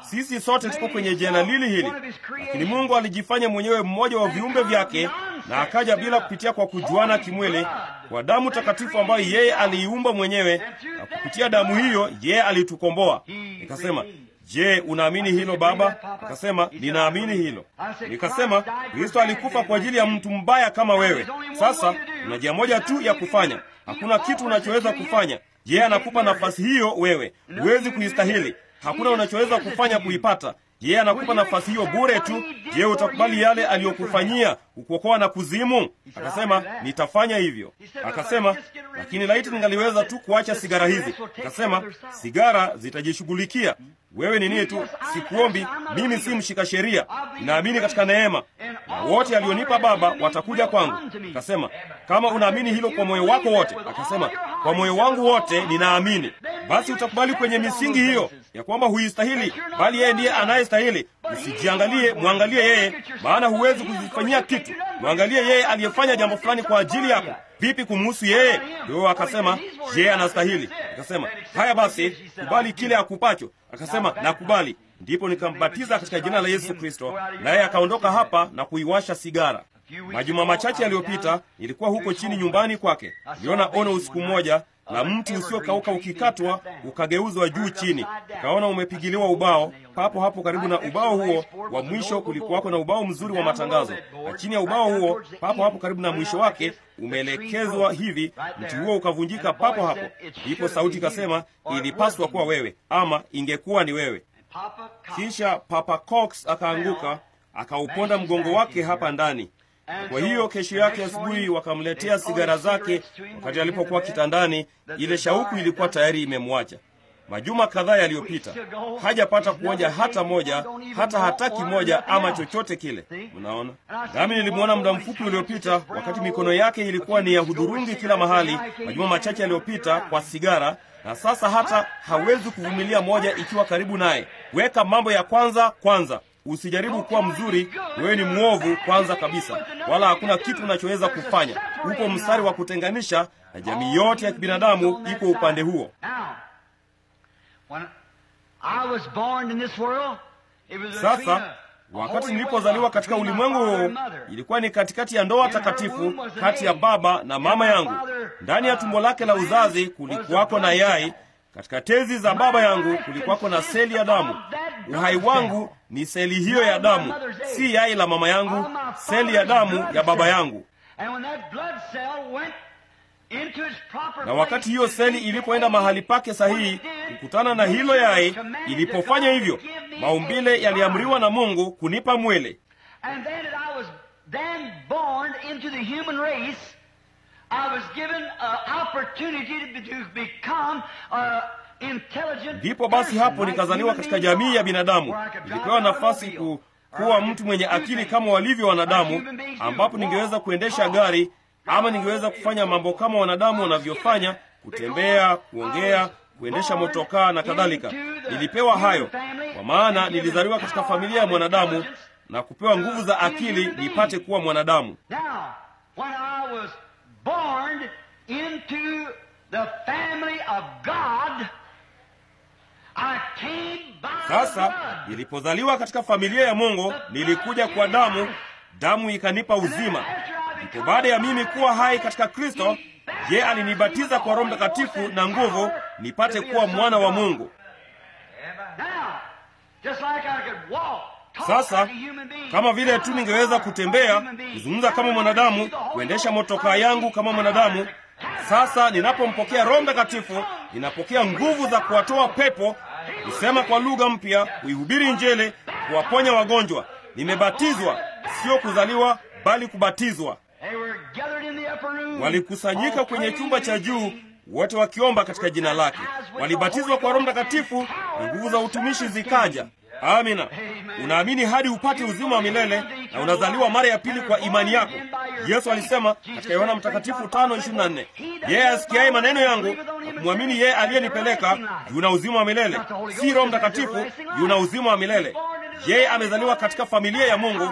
Sisi sote tuko kwenye jela lili hili, lakini Mungu alijifanya mwenyewe mmoja wa viumbe vyake na akaja bila kupitia kwa kujuana kimwili, kwa damu takatifu ambayo yeye aliiumba mwenyewe, na kupitia damu hiyo yeye alitukomboa. Nikasema Je, unaamini hilo baba? Akasema, ninaamini hilo. Nikasema, Kristo alikufa kwa ajili ya mtu mbaya kama wewe. Sasa una njia moja tu ya kufanya, hakuna kitu unachoweza kufanya. Je, anakupa nafasi hiyo wewe, huwezi kuistahili. Hakuna unachoweza kufanya kuipata. Yeye anakupa nafasi hiyo bure tu. Je, utakubali yale aliyokufanyia kukuokoa na kuzimu? Akasema, nitafanya hivyo. Akasema, lakini laiti ningaliweza tu kuacha sigara hizi. Akasema, sigara zitajishughulikia wewe. Ni nini tu, sikuombi mimi, si mshika sheria, naamini katika neema, na wote alionipa Baba watakuja kwangu. Akasema, kama unaamini hilo kwa moyo wako wote. Akasema, kwa moyo wangu wote ninaamini basi utakubali kwenye misingi hiyo ya kwamba huistahili, bali yeye ndiye anayestahili. Usijiangalie, mwangalie yeye, maana huwezi kujifanyia kitu. Mwangalie yeye aliyefanya jambo fulani kwa ajili yako. Vipi kumuhusu yeye? Ndio akasema yeye anastahili. Akasema haya basi, kubali kile akupacho. Akasema nakubali. Ndipo nikambatiza katika jina la Yesu Kristo, naye akaondoka hapa na kuiwasha sigara. Majuma machache yaliyopita nilikuwa huko chini nyumbani kwake. Niliona ono usiku mmoja na mti usiokauka ukikatwa ukageuzwa juu chini, ukaona umepigiliwa ubao. Papo hapo karibu na ubao huo wa mwisho kulikuwako na ubao mzuri wa matangazo, na chini ya ubao huo papo hapo karibu na mwisho wake umeelekezwa hivi, mti huo ukavunjika papo hapo. Ndipo sauti ikasema, ilipaswa kuwa wewe, ama ingekuwa ni wewe. Kisha Papa Cox akaanguka akauponda mgongo wake hapa ndani kwa hiyo kesho yake asubuhi wakamletea sigara zake wakati alipokuwa kitandani. Ile shauku ilikuwa tayari imemwacha. Majuma kadhaa yaliyopita hajapata kuonja hata moja, hata hataki moja ama chochote kile. Mnaona, nami nilimwona muda mfupi uliopita, wakati mikono yake ilikuwa ni ya hudhurungi kila mahali, majuma machache yaliyopita, kwa sigara, na sasa hata hawezi kuvumilia moja ikiwa karibu naye. Weka mambo ya kwanza kwanza. Usijaribu kuwa mzuri, wewe ni mwovu kwanza kabisa, wala hakuna kitu unachoweza kufanya. Upo mstari wa kutenganisha, na jamii yote ya kibinadamu iko upande huo. Sasa wakati nilipozaliwa katika ulimwengu huu, ilikuwa ni katikati ya ndoa takatifu kati ya baba na mama yangu. Ndani ya tumbo lake la uzazi kulikuwako na yai, katika tezi za baba yangu kulikuwako na seli ya damu. Uhai wangu ni seli hiyo ya damu, si yai la mama yangu, seli ya damu ya baba yangu. Na wakati hiyo seli ilipoenda mahali pake sahihi kukutana na hilo yai, ilipofanya hivyo, maumbile yaliamriwa na Mungu kunipa mwili Ndipo basi hapo nikazaliwa katika jamii ya binadamu, nilipewa nafasi ku kuwa mtu mwenye akili kama walivyo wanadamu, ambapo ningeweza kuendesha gari ama ningeweza kufanya mambo kama wanadamu wanavyofanya, kutembea, kuongea, kuendesha motokaa na kadhalika. Nilipewa hayo kwa maana nilizaliwa katika familia ya mwanadamu na kupewa nguvu za akili nipate kuwa mwanadamu. Now, sasa nilipozaliwa katika familia ya Mungu, nilikuja kwa damu, damu ikanipa uzima. Ndipo baada ya mimi kuwa hai katika Kristo, ye alinibatiza kwa Roho Mtakatifu na nguvu, nipate kuwa mwana wa Mungu. Sasa kama vile tu ningeweza kutembea, kuzungumza kama mwanadamu, kuendesha motokaa yangu kama mwanadamu, sasa ninapompokea Roho Mtakatifu, ninapokea nguvu za kuwatoa pepo, kusema kwa lugha mpya, kuihubiri Injili, kuwaponya wagonjwa. Nimebatizwa, sio kuzaliwa, bali kubatizwa. Walikusanyika kwenye chumba cha juu, wote wakiomba katika jina lake. Walibatizwa kwa Roho Mtakatifu, nguvu za utumishi zikaja. Amina. Unaamini hadi upate uzima wa milele na unazaliwa mara ya pili kwa imani yako. Yesu alisema katika Yohana Mtakatifu tano ishirini na nne yeye asikiaye maneno yangu mwamini yeye aliyenipeleka yuna uzima wa milele, si Roho Mtakatifu, yuna uzima wa milele. Yeye amezaliwa katika familia ya Mungu,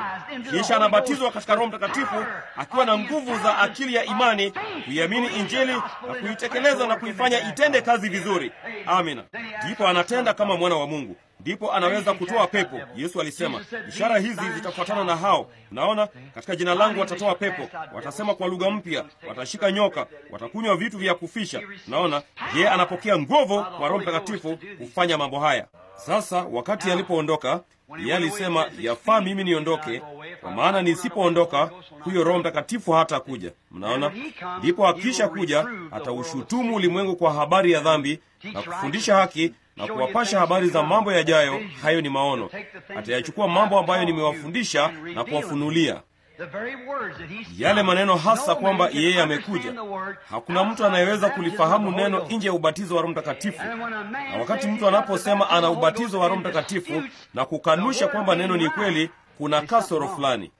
kisha anabatizwa katika Roho Mtakatifu akiwa na nguvu za akili ya imani kuiamini Injili na kuitekeleza na kuifanya itende kazi vizuri. Amina. Ndipo anatenda kama mwana wa Mungu ndipo anaweza kutoa pepo. Yesu alisema ishara hizi zitafuatana na hao, naona katika jina langu watatoa pepo, watasema kwa lugha mpya, watashika nyoka, watakunywa vitu vya kufisha. Naona yeye anapokea nguvu kwa Roho Mtakatifu kufanya mambo haya. Sasa wakati alipoondoka, yeye alisema yafaa mimi niondoke, kwa maana nisipoondoka huyo Roho Mtakatifu hata kuja. Mnaona, ndipo akisha kuja ataushutumu ulimwengu kwa habari ya dhambi na kufundisha haki na kuwapasha habari za mambo yajayo. Hayo ni maono. Atayachukua mambo ambayo nimewafundisha na kuwafunulia yale maneno hasa kwamba yeye amekuja. Hakuna mtu anayeweza kulifahamu neno nje ya ubatizo wa Roho Mtakatifu. Na wakati mtu anaposema ana ubatizo wa Roho Mtakatifu na kukanusha kwamba neno ni kweli, kuna kasoro fulani.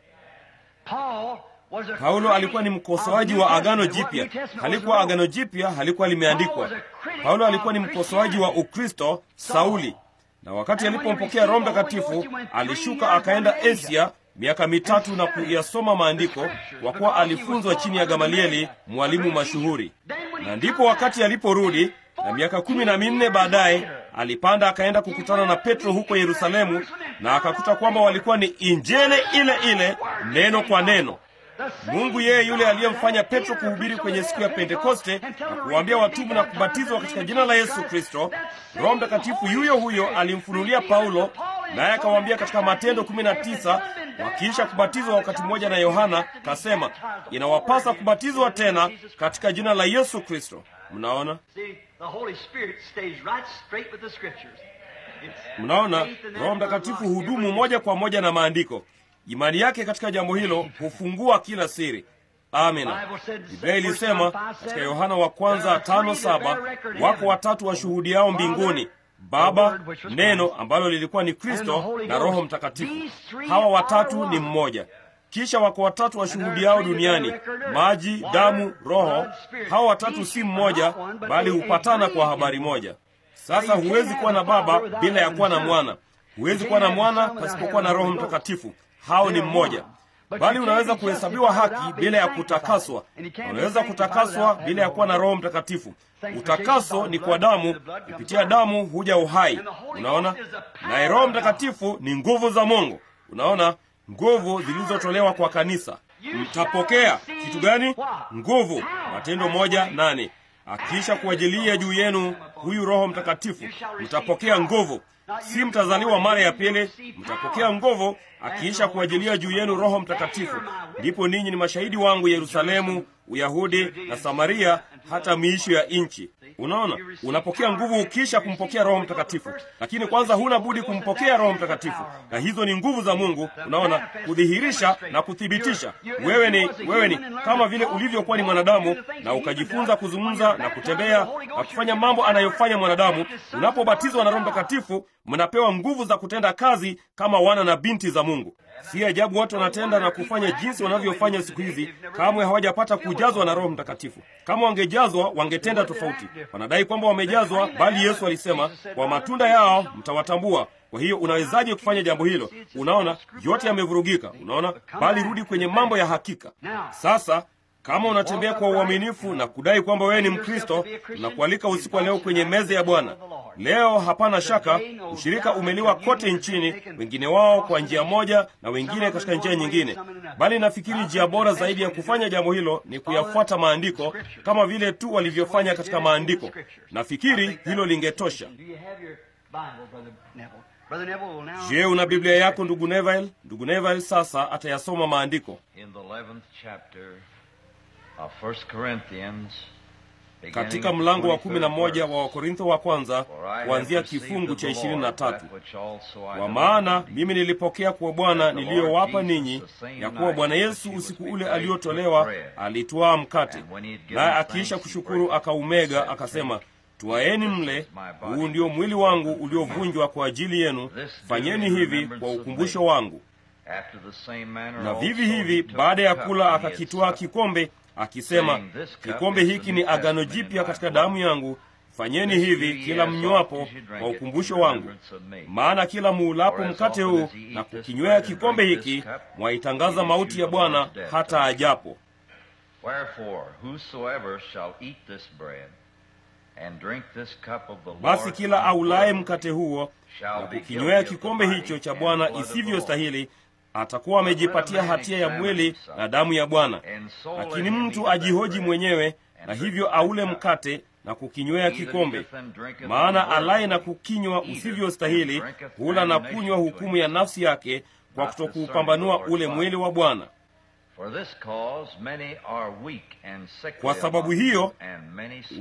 Paulo alikuwa ni mkosoaji wa agano jipya. Halikuwa agano jipya, halikuwa limeandikwa. Paulo alikuwa ni mkosoaji wa Ukristo, Sauli. Na wakati alipompokea Roho Mtakatifu, alishuka akaenda Asia miaka mitatu na kuyasoma maandiko, kwa kuwa alifunzwa chini ya Gamalieli, mwalimu mashuhuri. Na ndipo wakati aliporudi na miaka kumi na minne baadaye alipanda akaenda kukutana na Petro huko Yerusalemu, na akakuta kwamba walikuwa ni injili ile ile neno kwa neno. Mungu yeye yule aliyemfanya Petro kuhubiri kwenye siku ya Pentekoste na kuwaambia watubu na kubatizwa katika jina la Yesu Kristo. Roho Mtakatifu yuyo huyo alimfunulia Paulo, naye akamwambia katika Matendo 19 wakiisha kubatizwa wakati mmoja na Yohana, kasema inawapasa kubatizwa tena katika jina la Yesu Kristo. Mnaona, mnaona Roho Mtakatifu hudumu moja kwa moja na maandiko. Imani yake katika jambo hilo hufungua kila siri. Amina. Biblia ilisema katika Yohana wa kwanza tano saba wako watatu washuhudiao mbinguni, Baba, neno ambalo lilikuwa ni Kristo na Roho Mtakatifu. Hawa watatu ni mmoja. Kisha wako watatu washuhudiao duniani, maji, damu, roho. Hawa watatu si mmoja, bali hupatana kwa habari moja. Sasa huwezi kuwa na Baba bila ya kuwa na Mwana, huwezi kuwa na Mwana pasipokuwa na Roho Mtakatifu hao ni mmoja, bali unaweza kuhesabiwa haki bila ya kutakaswa, unaweza kutakaswa bila ya kuwa na Roho Mtakatifu. Utakaso ni kwa damu, kupitia damu huja uhai. Unaona, naye Roho Mtakatifu ni nguvu za Mungu. Unaona, nguvu zilizotolewa kwa kanisa. Mtapokea kitu gani? Nguvu. Matendo moja nane. Akiisha kuajilia juu yenu huyu Roho Mtakatifu, mtapokea nguvu si mtazaliwa mara ya pili, mtapokea nguvu, akiisha kuajilia juu yenu Roho Mtakatifu, ndipo ninyi ni mashahidi wangu Yerusalemu Uyahudi na Samaria, hata miisho ya nchi. Unaona, unapokea nguvu ukisha kumpokea Roho Mtakatifu, lakini kwanza huna budi kumpokea Roho Mtakatifu, na hizo ni nguvu za Mungu. Unaona, kudhihirisha na kuthibitisha. Wewe ni wewe ni kama vile ulivyokuwa ni mwanadamu na ukajifunza kuzungumza na kutembea na kufanya mambo anayofanya mwanadamu. Unapobatizwa na Roho Mtakatifu, mnapewa nguvu za kutenda kazi kama wana na binti za Mungu. Si ajabu watu wanatenda na kufanya jinsi wanavyofanya siku hizi, kamwe hawajapata kujazwa na Roho Mtakatifu. Kama wangejazwa, wangetenda tofauti. Wanadai kwamba wamejazwa, bali Yesu alisema kwa matunda yao mtawatambua. Kwa hiyo unawezaje kufanya jambo hilo? Unaona, yote yamevurugika. Unaona, bali rudi kwenye mambo ya hakika sasa. Kama unatembea kwa uaminifu na kudai kwamba wewe ni Mkristo, tunakualika usiku wa leo kwenye meza ya Bwana. Leo hapana shaka ushirika umeliwa kote nchini, wengine wao kwa njia moja na wengine katika njia nyingine, bali nafikiri njia bora zaidi ya kufanya jambo hilo ni kuyafuata maandiko kama vile tu walivyofanya katika maandiko. Nafikiri hilo lingetosha. Je, una Biblia yako ndugu Neville? Ndugu Neville sasa atayasoma maandiko. In the 11th chapter katika mlango wa kumi na moja wa Wakorintho wa kwanza kuanzia kifungu cha ishirini na tatu kwa maana mimi nilipokea kwa Bwana niliyowapa ninyi, ya kuwa Bwana Yesu usiku ule aliotolewa alitwaa mkate, naye akiisha kushukuru akaumega, akasema, twaeni mle, huu ndio mwili wangu uliovunjwa kwa ajili yenu, fanyeni hivi kwa ukumbusho wangu. Na vivi hivi baada ya kula akakitwaa kikombe akisema, kikombe hiki ni agano jipya katika damu yangu, fanyeni hivi kila mnywapo kwa ukumbusho wangu. Maana kila muulapo mkate huu na kukinywea kikombe hiki, mwaitangaza mauti ya Bwana hata ajapo. Basi kila aulaye mkate huo na kukinywea kikombe hicho cha Bwana isivyostahili atakuwa amejipatia hatia ya mwili na damu ya Bwana. Lakini mtu ajihoji mwenyewe, na hivyo aule mkate na kukinywea kikombe. Maana alaye na kukinywa usivyostahili hula na kunywa hukumu ya nafsi yake, kwa kutokuupambanua ule mwili wa Bwana. Kwa sababu hiyo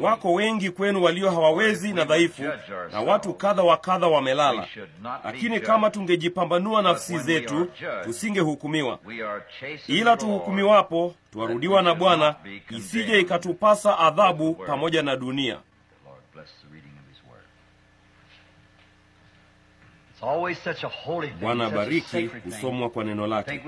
wako wengi kwenu walio hawawezi na dhaifu, na watu kadha wa kadha wamelala. Lakini kama tungejipambanua nafsi zetu, tusingehukumiwa; ila tuhukumiwapo, twarudiwa na Bwana, isije ikatupasa adhabu pamoja na dunia. Bwana bariki kusomwa kwa neno lake.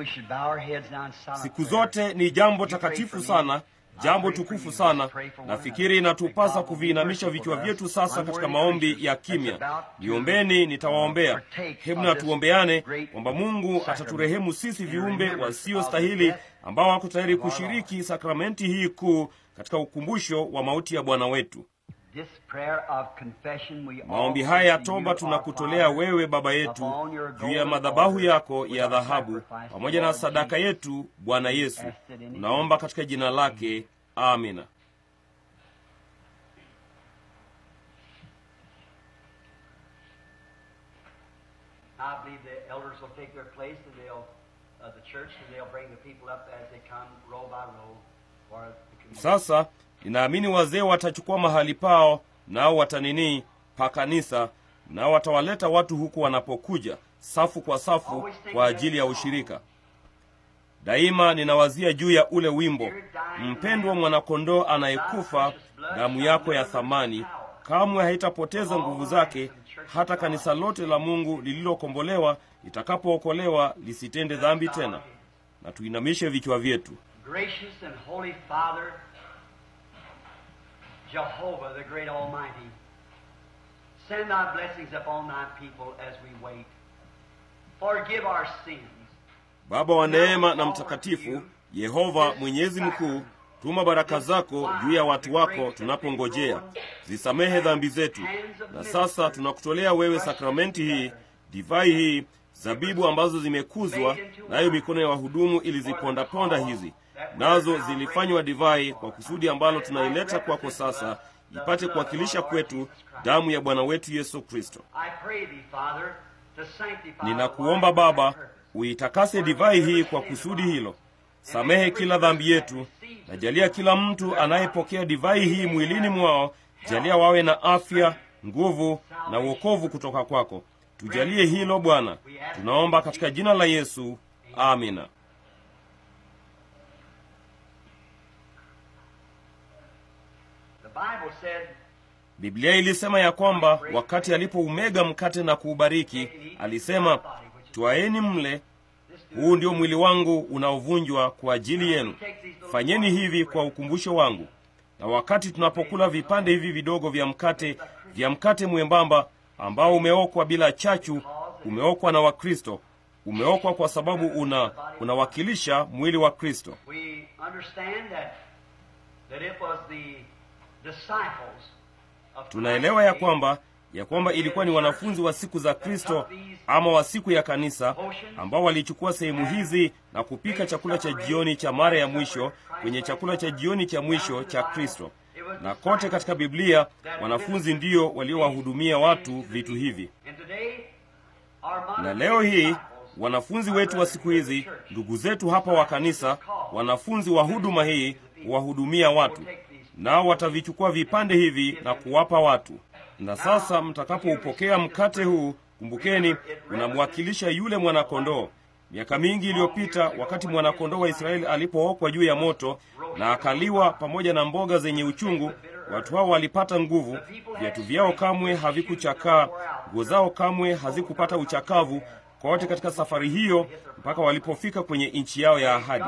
Siku zote ni jambo takatifu sana, jambo tukufu sana. Nafikiri inatupasa kuviinamisha vichwa vyetu sasa katika maombi ya kimya. Niombeni, nitawaombea. Hebu natuombeane kwamba Mungu ataturehemu sisi viumbe wasiostahili ambao wako tayari kushiriki sakramenti hii kuu katika ukumbusho wa mauti ya Bwana wetu. Maombi haya ya toba tunakutolea wewe Baba yetu juu ya madhabahu yako ya dhahabu pamoja na sadaka yetu, Bwana Yesu. Tunaomba katika jina lake, amina. Uh, Sasa ninaamini wazee watachukua mahali pao nao watanini pa kanisa na watawaleta watu huku wanapokuja safu kwa safu kwa ajili ya ushirika daima ninawazia juu ya ule wimbo mpendwa mwanakondoo anayekufa damu yako ya thamani kamwe haitapoteza nguvu zake hata kanisa lote la mungu lililokombolewa litakapookolewa lisitende dhambi tena na tuinamishe vichwa vyetu Jehovah, the great Almighty, send thy blessings upon thy people as we wait. Forgive our sins. Baba wa neema na mtakatifu, Yehova Mwenyezi mkuu, tuma baraka zako juu ya watu wako tunapongojea, zisamehe dhambi zetu. Na sasa tunakutolea wewe sakramenti hii, divai hii, zabibu ambazo zimekuzwa nayo mikono ya wahudumu ilizipondaponda hizi nazo zilifanywa divai kwa kusudi ambalo tunaileta kwako sasa, ipate kuwakilisha kwetu damu ya Bwana wetu Yesu Kristo. Ninakuomba Baba, uitakase divai hii kwa kusudi hilo. Samehe kila dhambi yetu, na jalia kila mtu anayepokea divai hii mwilini mwao, jalia wawe na afya, nguvu na uokovu kutoka kwako. Tujalie hilo Bwana, tunaomba katika jina la Yesu, amina. Biblia ilisema ya kwamba wakati alipoumega mkate na kuubariki, alisema twaeni mle, huu ndio mwili wangu unaovunjwa kwa ajili yenu, fanyeni hivi kwa ukumbusho wangu. Na wakati tunapokula vipande hivi vidogo vya mkate vya mkate mwembamba ambao umeokwa bila chachu, umeokwa na Wakristo, umeokwa kwa sababu una unawakilisha mwili wa Kristo. Tunaelewa ya kwamba ya kwamba ilikuwa ni wanafunzi wa siku za Kristo ama wa siku ya kanisa ambao walichukua sehemu hizi na kupika chakula cha jioni cha mara ya mwisho kwenye chakula cha jioni cha mwisho cha Kristo. Na kote katika Biblia wanafunzi ndio waliowahudumia watu vitu hivi. Na leo hii wanafunzi wetu wa siku hizi, ndugu zetu hapa wa kanisa, wanafunzi wa huduma hii, huwahudumia watu nao watavichukua vipande hivi na kuwapa watu. Na sasa mtakapoupokea mkate huu, kumbukeni, unamwakilisha yule mwanakondoo. Miaka mingi iliyopita, wakati mwanakondoo wa Israeli alipookwa juu ya moto na akaliwa pamoja na mboga zenye uchungu, watu hao walipata nguvu, viatu vyao kamwe havikuchakaa, nguo zao kamwe hazikupata uchakavu kote katika safari hiyo mpaka walipofika kwenye nchi yao ya ahadi.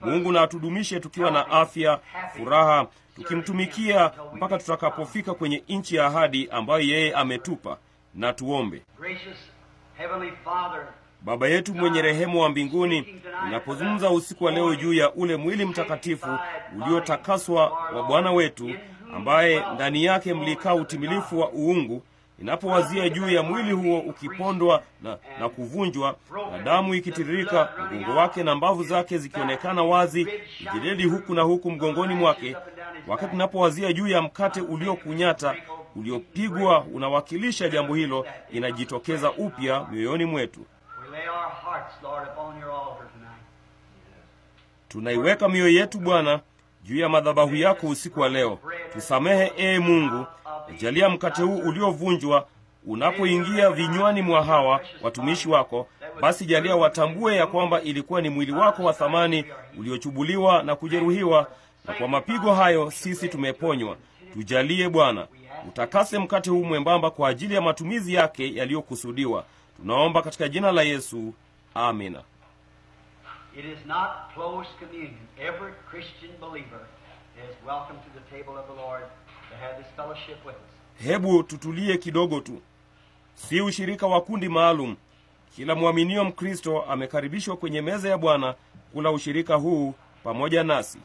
Mungu na atudumishe tukiwa na afya, furaha tukimtumikia mpaka tutakapofika kwenye nchi ya ahadi ambayo yeye ametupa. Na tuombe. Baba yetu mwenye rehemu wa mbinguni, inapozungumza usiku wa leo juu ya ule mwili mtakatifu uliotakaswa wa Bwana wetu ambaye ndani yake mlikaa utimilifu wa uungu inapowazia juu ya mwili huo ukipondwa na, na kuvunjwa na damu ikitiririka, mgongo wake na mbavu zake zikionekana wazi, ijeledi huku na huku mgongoni mwake, wakati inapowazia juu ya mkate uliokunyata uliopigwa unawakilisha jambo hilo, inajitokeza upya mioyoni mwetu. Tunaiweka mioyo yetu Bwana juu ya madhabahu yako usiku wa leo. Tusamehe ee Mungu, jalia mkate huu uliovunjwa unapoingia vinywani mwa hawa watumishi wako, basi jalia watambue ya kwamba ilikuwa ni mwili wako wa thamani uliochubuliwa na kujeruhiwa, na kwa mapigo hayo sisi tumeponywa. Tujalie Bwana, utakase mkate huu mwembamba kwa ajili ya matumizi yake yaliyokusudiwa. Tunaomba katika jina la Yesu, amina. It is not close communion. Every Christian believer is welcome to the table of the Lord to have this fellowship with us. Hebu tutulie kidogo tu, si ushirika wa kundi maalum. Kila mwaminio Mkristo amekaribishwa kwenye meza ya Bwana kula ushirika huu pamoja nasi.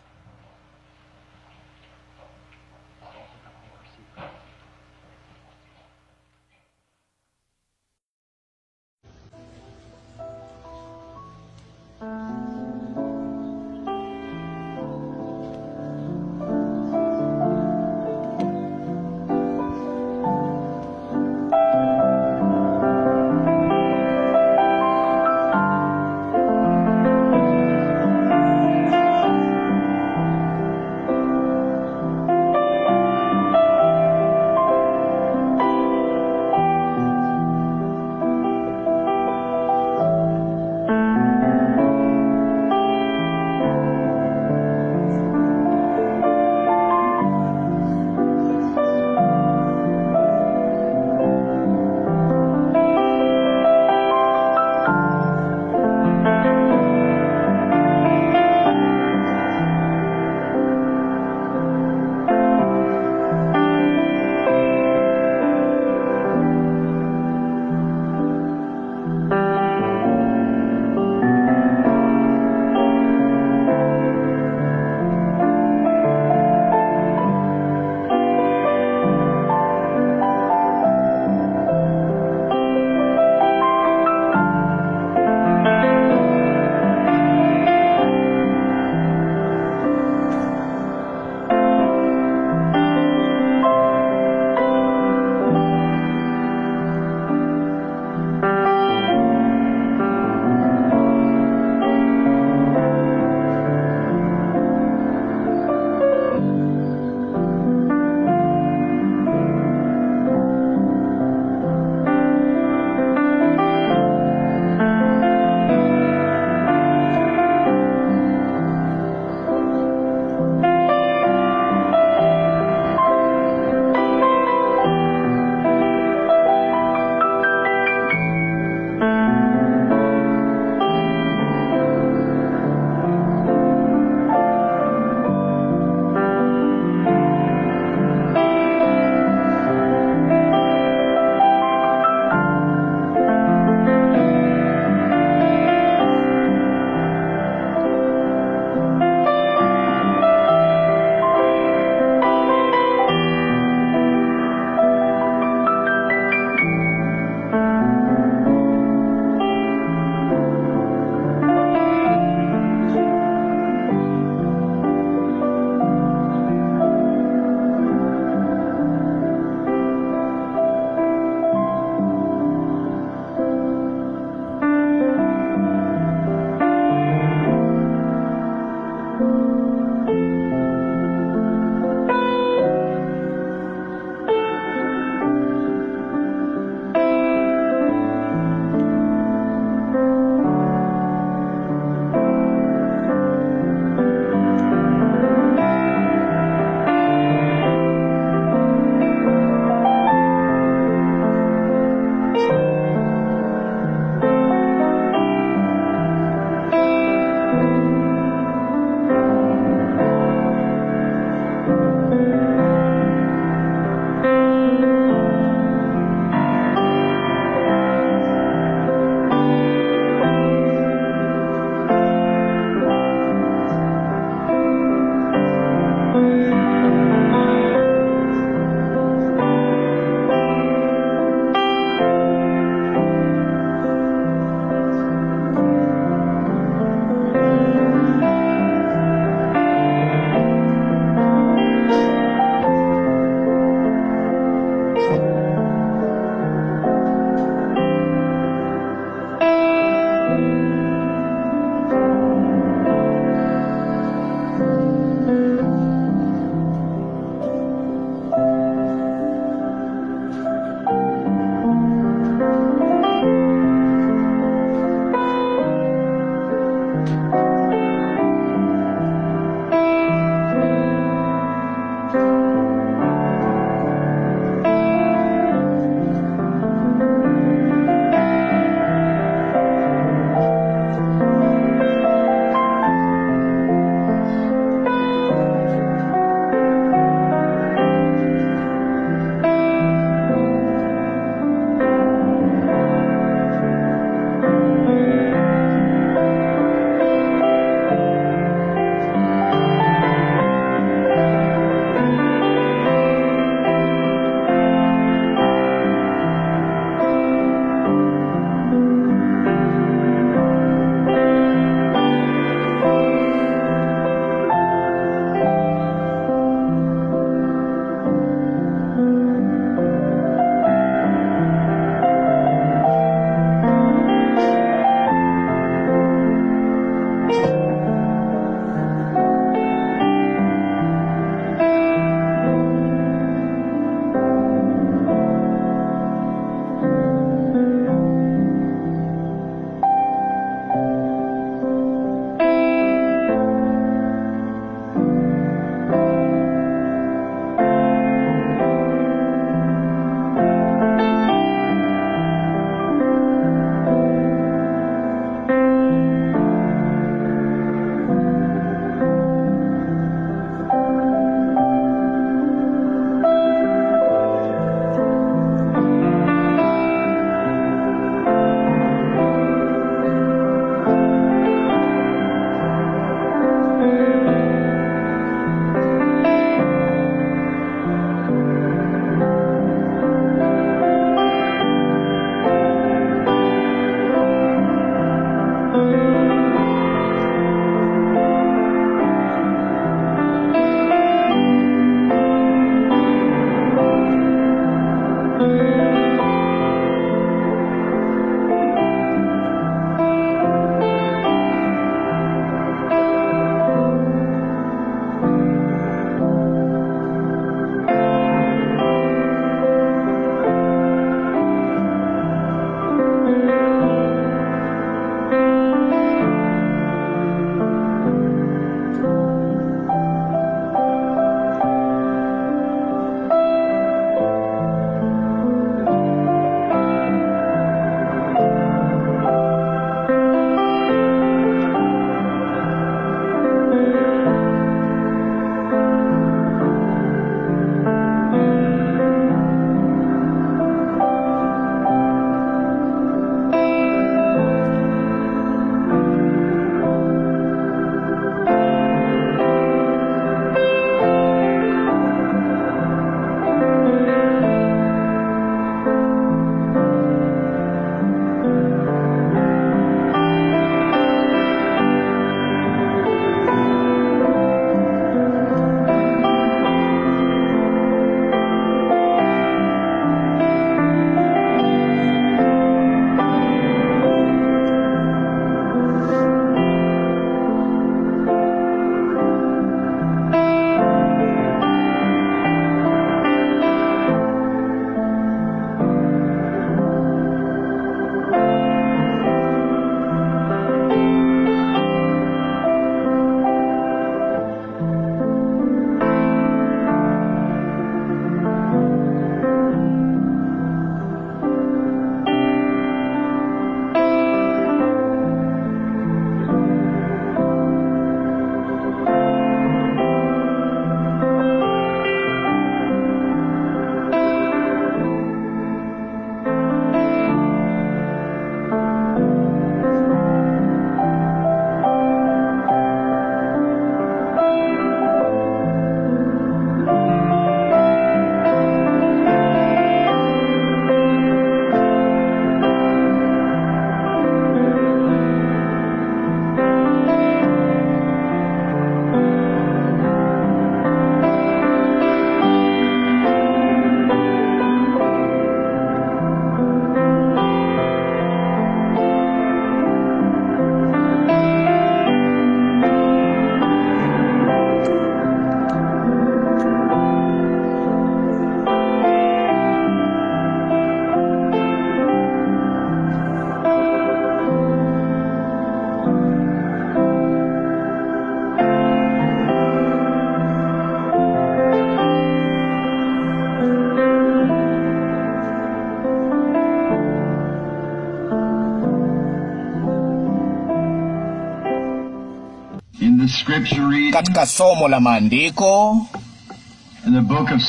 katika somo la maandiko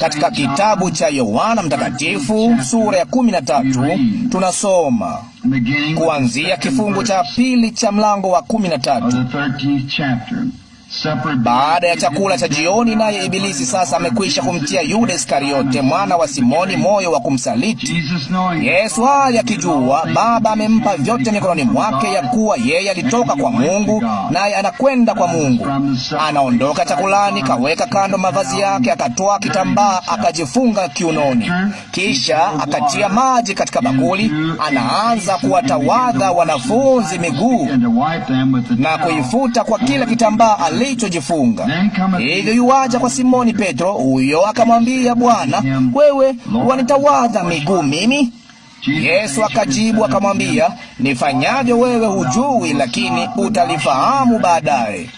katika kitabu cha Yohana Mtakatifu sura ya kumi na tatu tunasoma kuanzia kifungu cha pili cha mlango wa kumi na tatu baada ya chakula cha jioni, naye Ibilisi sasa amekwisha kumtia Yuda Iskariote mwana wa Simoni moyo wa kumsaliti Yesu. Haya, akijua Baba amempa vyote mikononi mwake, ya kuwa yeye alitoka kwa Mungu naye anakwenda kwa Mungu, anaondoka chakulani, kaweka kando mavazi yake, akatoa kitambaa akajifunga kiunoni, kisha akatia maji katika bakuli, anaanza kuwatawadha wanafunzi miguu na kuifuta kwa kila kitambaa ali alichojifunga. Hivyo yuwaja kwa Simoni Petro, huyo akamwambia, Bwana, wewe wanitawadha miguu mimi? Yesu akajibu akamwambia, nifanyavyo wewe hujui, lakini utalifahamu baadaye.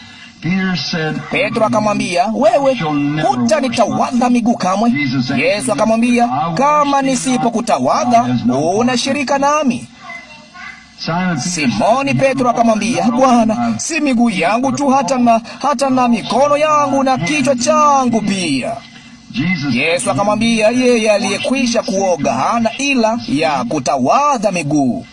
Petro akamwambia, wewe hutanitawadha miguu kamwe. Yesu akamwambia, kama nisipokutawadha, una shirika nami. Simoni Petro akamwambia, Bwana, si miguu yangu tu, hata na, hata na mikono yangu na kichwa changu pia. Yesu akamwambia, yeye aliyekwisha kuoga hana ila ya kutawadha miguu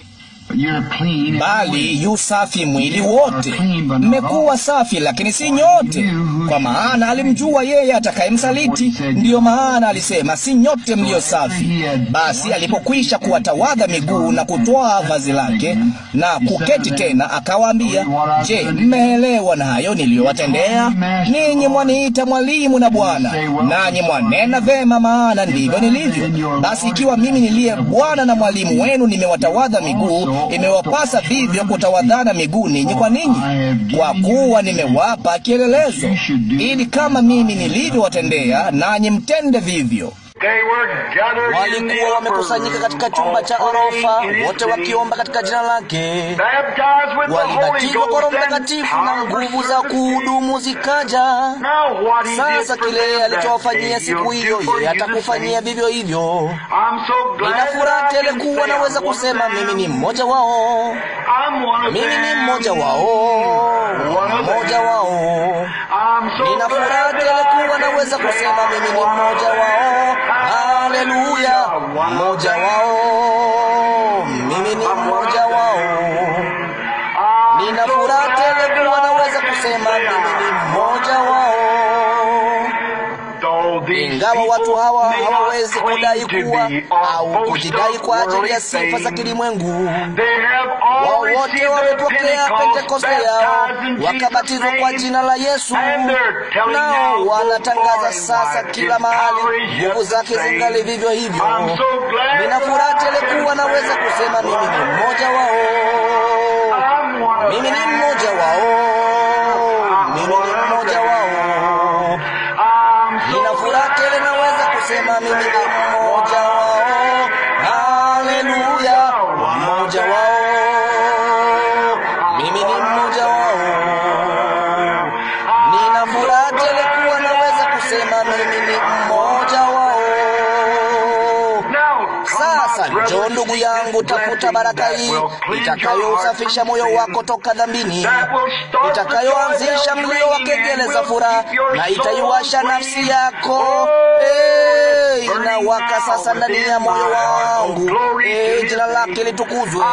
bali yu safi mwili wote. Mmekuwa safi, lakini si nyote, kwa maana alimjua yeye atakayemsaliti. Ndiyo maana alisema si nyote mlio safi. Basi alipokwisha kuwatawadha miguu na kutwaa vazi lake na kuketi tena, akawaambia, je, mmeelewa na hayo niliyowatendea ninyi? Mwaniita mwalimu na Bwana, nanyi mwanena vema, maana ndivyo nilivyo. Basi ikiwa mimi niliye Bwana na mwalimu wenu nimewatawadha miguu imewapasa vivyo kutawadhana miguu ninyi kwa ninyi, kwa kuwa nimewapa kielelezo, ili kama mimi nilivyowatendea nanyi mtende vivyo walikuwa wamekusanyika katika chumba cha orofa, wote wakiomba katika jina lake. Walibatizwa kwa Roho Mtakatifu na nguvu za kuhudumu zikaja. Sasa kile alichowafanyia siku hiyo, yeye atakufanyia vivyo hivyo. Nina furaha tele kuwa naweza kusema mimi ni mmoja wao, mimi ni mmoja wao, mmoja wao. Nina furaha tele kuwa naweza kusema mimi ni mmoja wao. Haleluya! Mmoja wao, mimi ni mmoja wao. Nina furaha tele kuwa naweza kusema mimi ni mmoja wao. Ingawa watu hawa hawawezi kudai kuwa au kujidai kwa ajili ya sifa za kilimwengu, wao wote wamepokea Pentekoste yao, wakabatizwa kwa jina la Yesu, nao wanatangaza sasa kila mahali nguvu zake zingali vivyo hivyo. Nina furaha tele kuwa naweza kusema mimi ni mmoja wao, mimi ni mmoja wao. Sema mimi na utavuta baraka hii itakayousafisha moyo wako toka dhambini, itakayoanzisha mlio wa kengele za furaha na itaiwasha nafsi yako. Oh, hey, inawaka sasa ndani ya moyo oh, wangu. Hey, jina lake litukuzwe.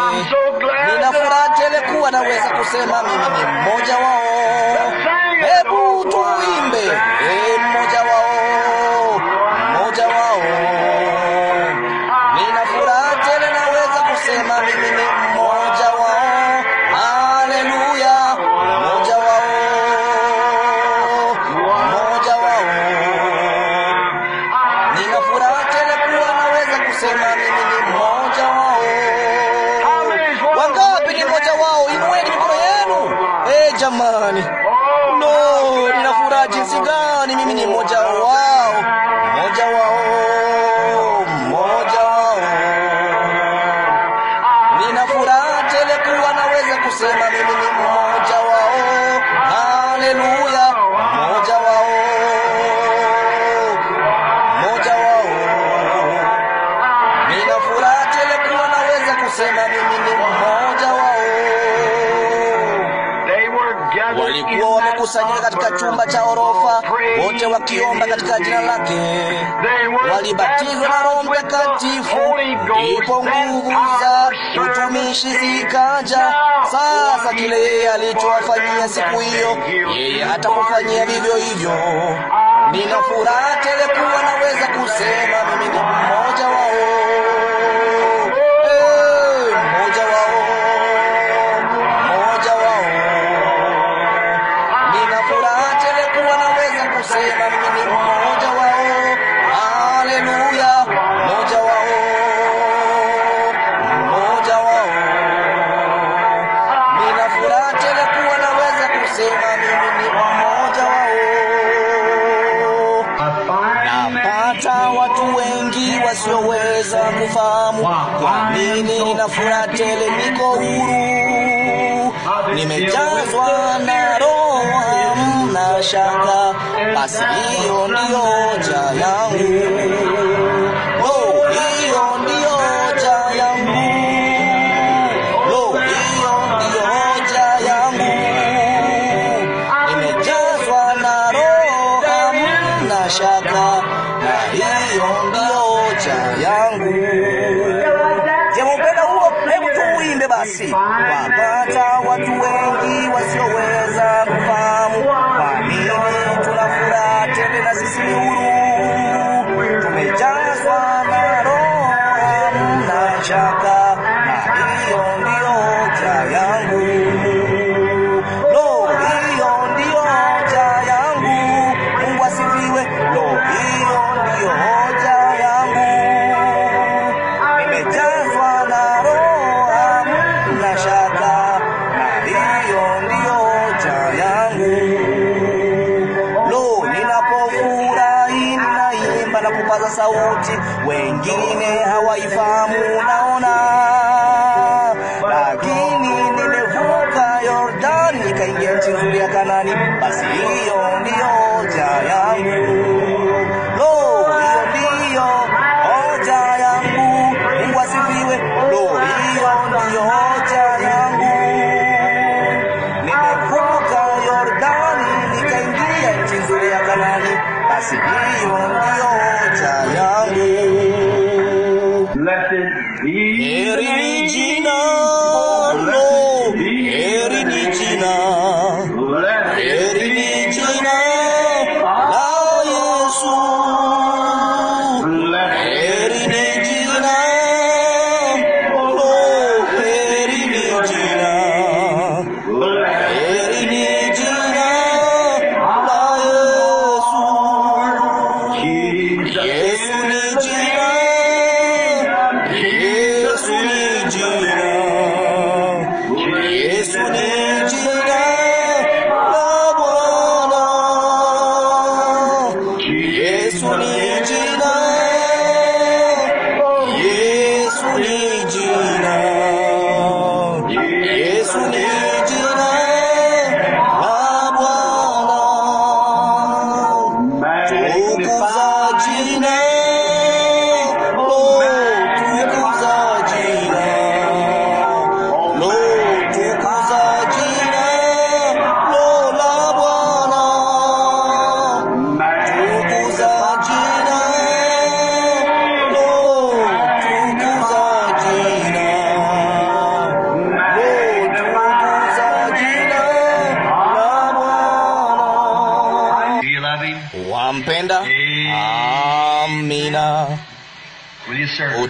Nina furaha tele kuwa naweza kusema mimi ni mmoja wao. Hebu tuimbe. Hey, alibatizwa na Roho Mtakatifu, ndipo nguvu za utumishi zikaja. Sasa kile yeye alichowafanyia siku hiyo, yeye atakufanyia vivyo hivyo. Ah, Nina furaha tele kuwa naweza kusema mimi ni mmoja wao. possibly.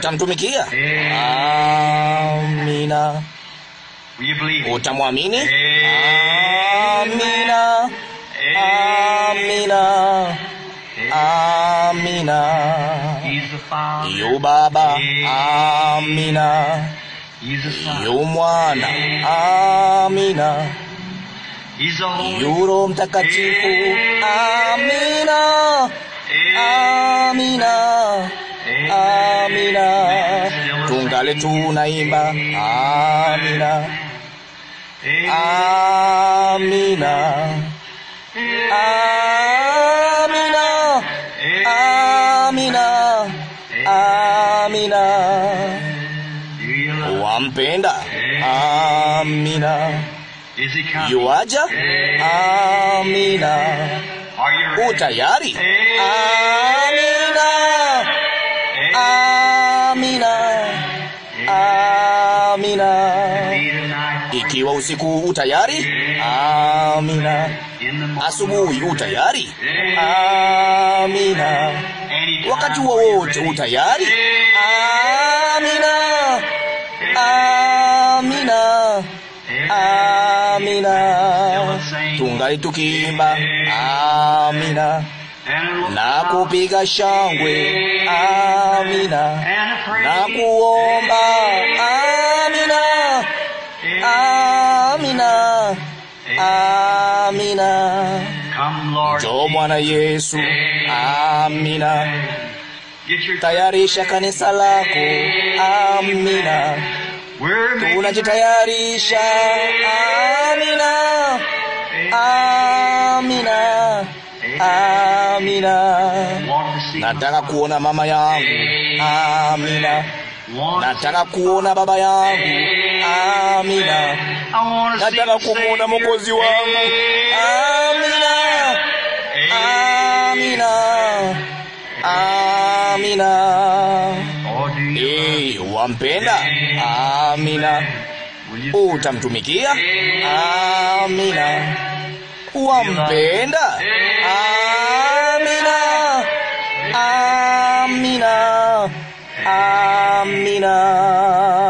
utamtumikia? Amina. Utamwamini? Amina. Amina. Amina. Yu Baba. Amina. Yu Mwana. Amina. Yu Roho Mtakatifu. Amina. Amina. pale tunaimba amina, amina, amina, amina, amina. Wampenda amina, yuaja amina. Utayari? usiku utayari? Amina. Asubuhi utayari? Amina. Wakati wowote utayari? Amina. Amina. Amina. Tungali tukimba amina na kupiga shangwe amina na kuomba Bwana Yesu. Amina. Tayarisha kanisa lako. Amina. Tunajitayarisha. Amina. Amina. Amina. Nataka kuona mama yangu. Amina. Nataka kuona baba yangu. Amina. Nataka kumwona mwokozi wangu. Amina. Amina, amina. E, wampenda? Amina. Utamtumikia? Amina. Wampenda? Amina, amina, amina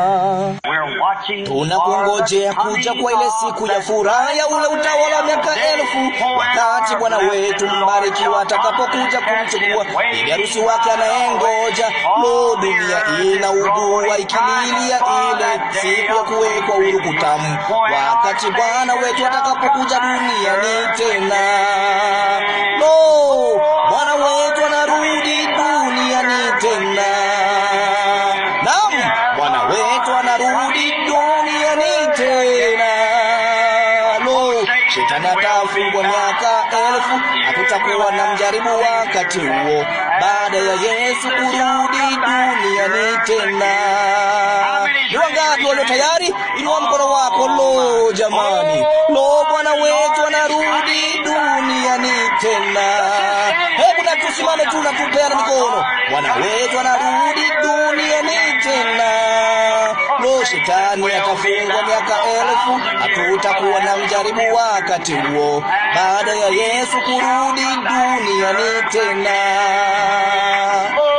tunakungojea kuja kwa ile siku ya furaha ya ule utawala wa miaka elfu, wakati Bwana wetu mbarikiwa atakapokuja kumchukua bibi harusi wake anayengoja. Lo, dunia ugua ikililia ile siku ya kuwekwa huru kutamu, wakati Bwana wetu atakapokuja duniani tena. Lo, wakati huo, baada ya Yesu kurudi duniani tena. Ni wangapi walio tayari? Inua mkono wako. Lo, jamani! Lo, Bwana wetu anarudi duniani tena. Hebu na tusimame tu na tupeana mikono. Bwana wetu anarudi duniani tena shetani atafungwa miaka elfu. Hatutakuwa na mjaribu wakati huo, baada ya Yesu kurudi duniani tena.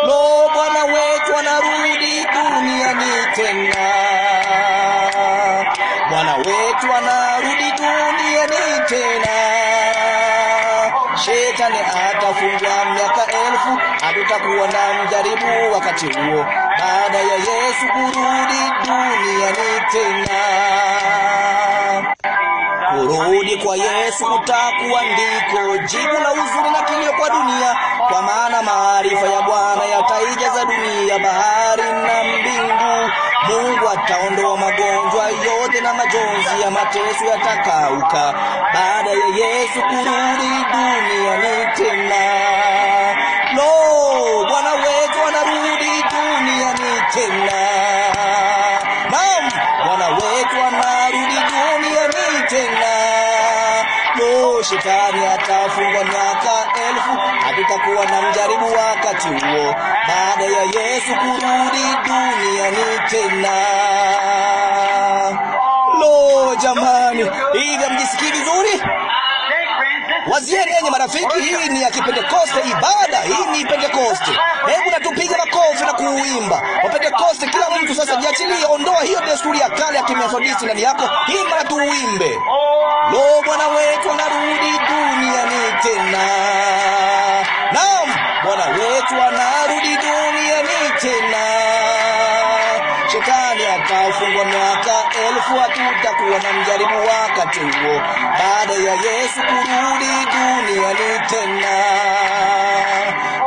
Lo, Bwana wetu anarudi duniani tena, Bwana wetu anarudi duniani tena. Shetani atafungwa miaka elfu, hatutakuwa na mjaribu wakati huo Bwana ya Yesu kurudi duniani tena. Kurudi kwa Yesu kutakuwa ndiko jibu la huzuni na kilio kwa dunia, kwa maana maarifa ya Bwana yataijaza dunia, bahari na mbingu. Mungu ataondoa magonjwa yote na majonzi ya mateso yatakauka, baada ya Yesu kurudi duniani dunia duniani tena. Lo, jamani, hivi mjisikii vizuri? Wazieni enye marafiki, hii ni ya Kipentekoste. Ibada hii ni Pentekoste. Hebu natupiga makofi na kuuimba Wapentekoste. Kila mtu sasa jiachilie, ondoa hiyo desturi ya kale ya kimethodisti ndani yako. Imba na Lo, Bwana wetu anarudi duniani tena. hofu hatutakuwa na mjaribu wakati huo, baada ya Yesu kurudi duniani tena.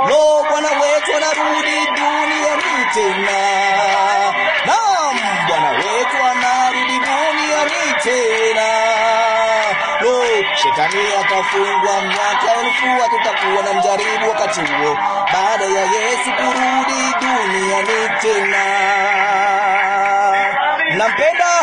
Lo, Bwana wetu anarudi duniani tena. Naam, Bwana wetu anarudi duniani tena. Lo, shetani atafungwa miaka elfu, hatutakuwa na mjaribu wakati huo, baada ya Yesu kurudi duniani tena. Nampenda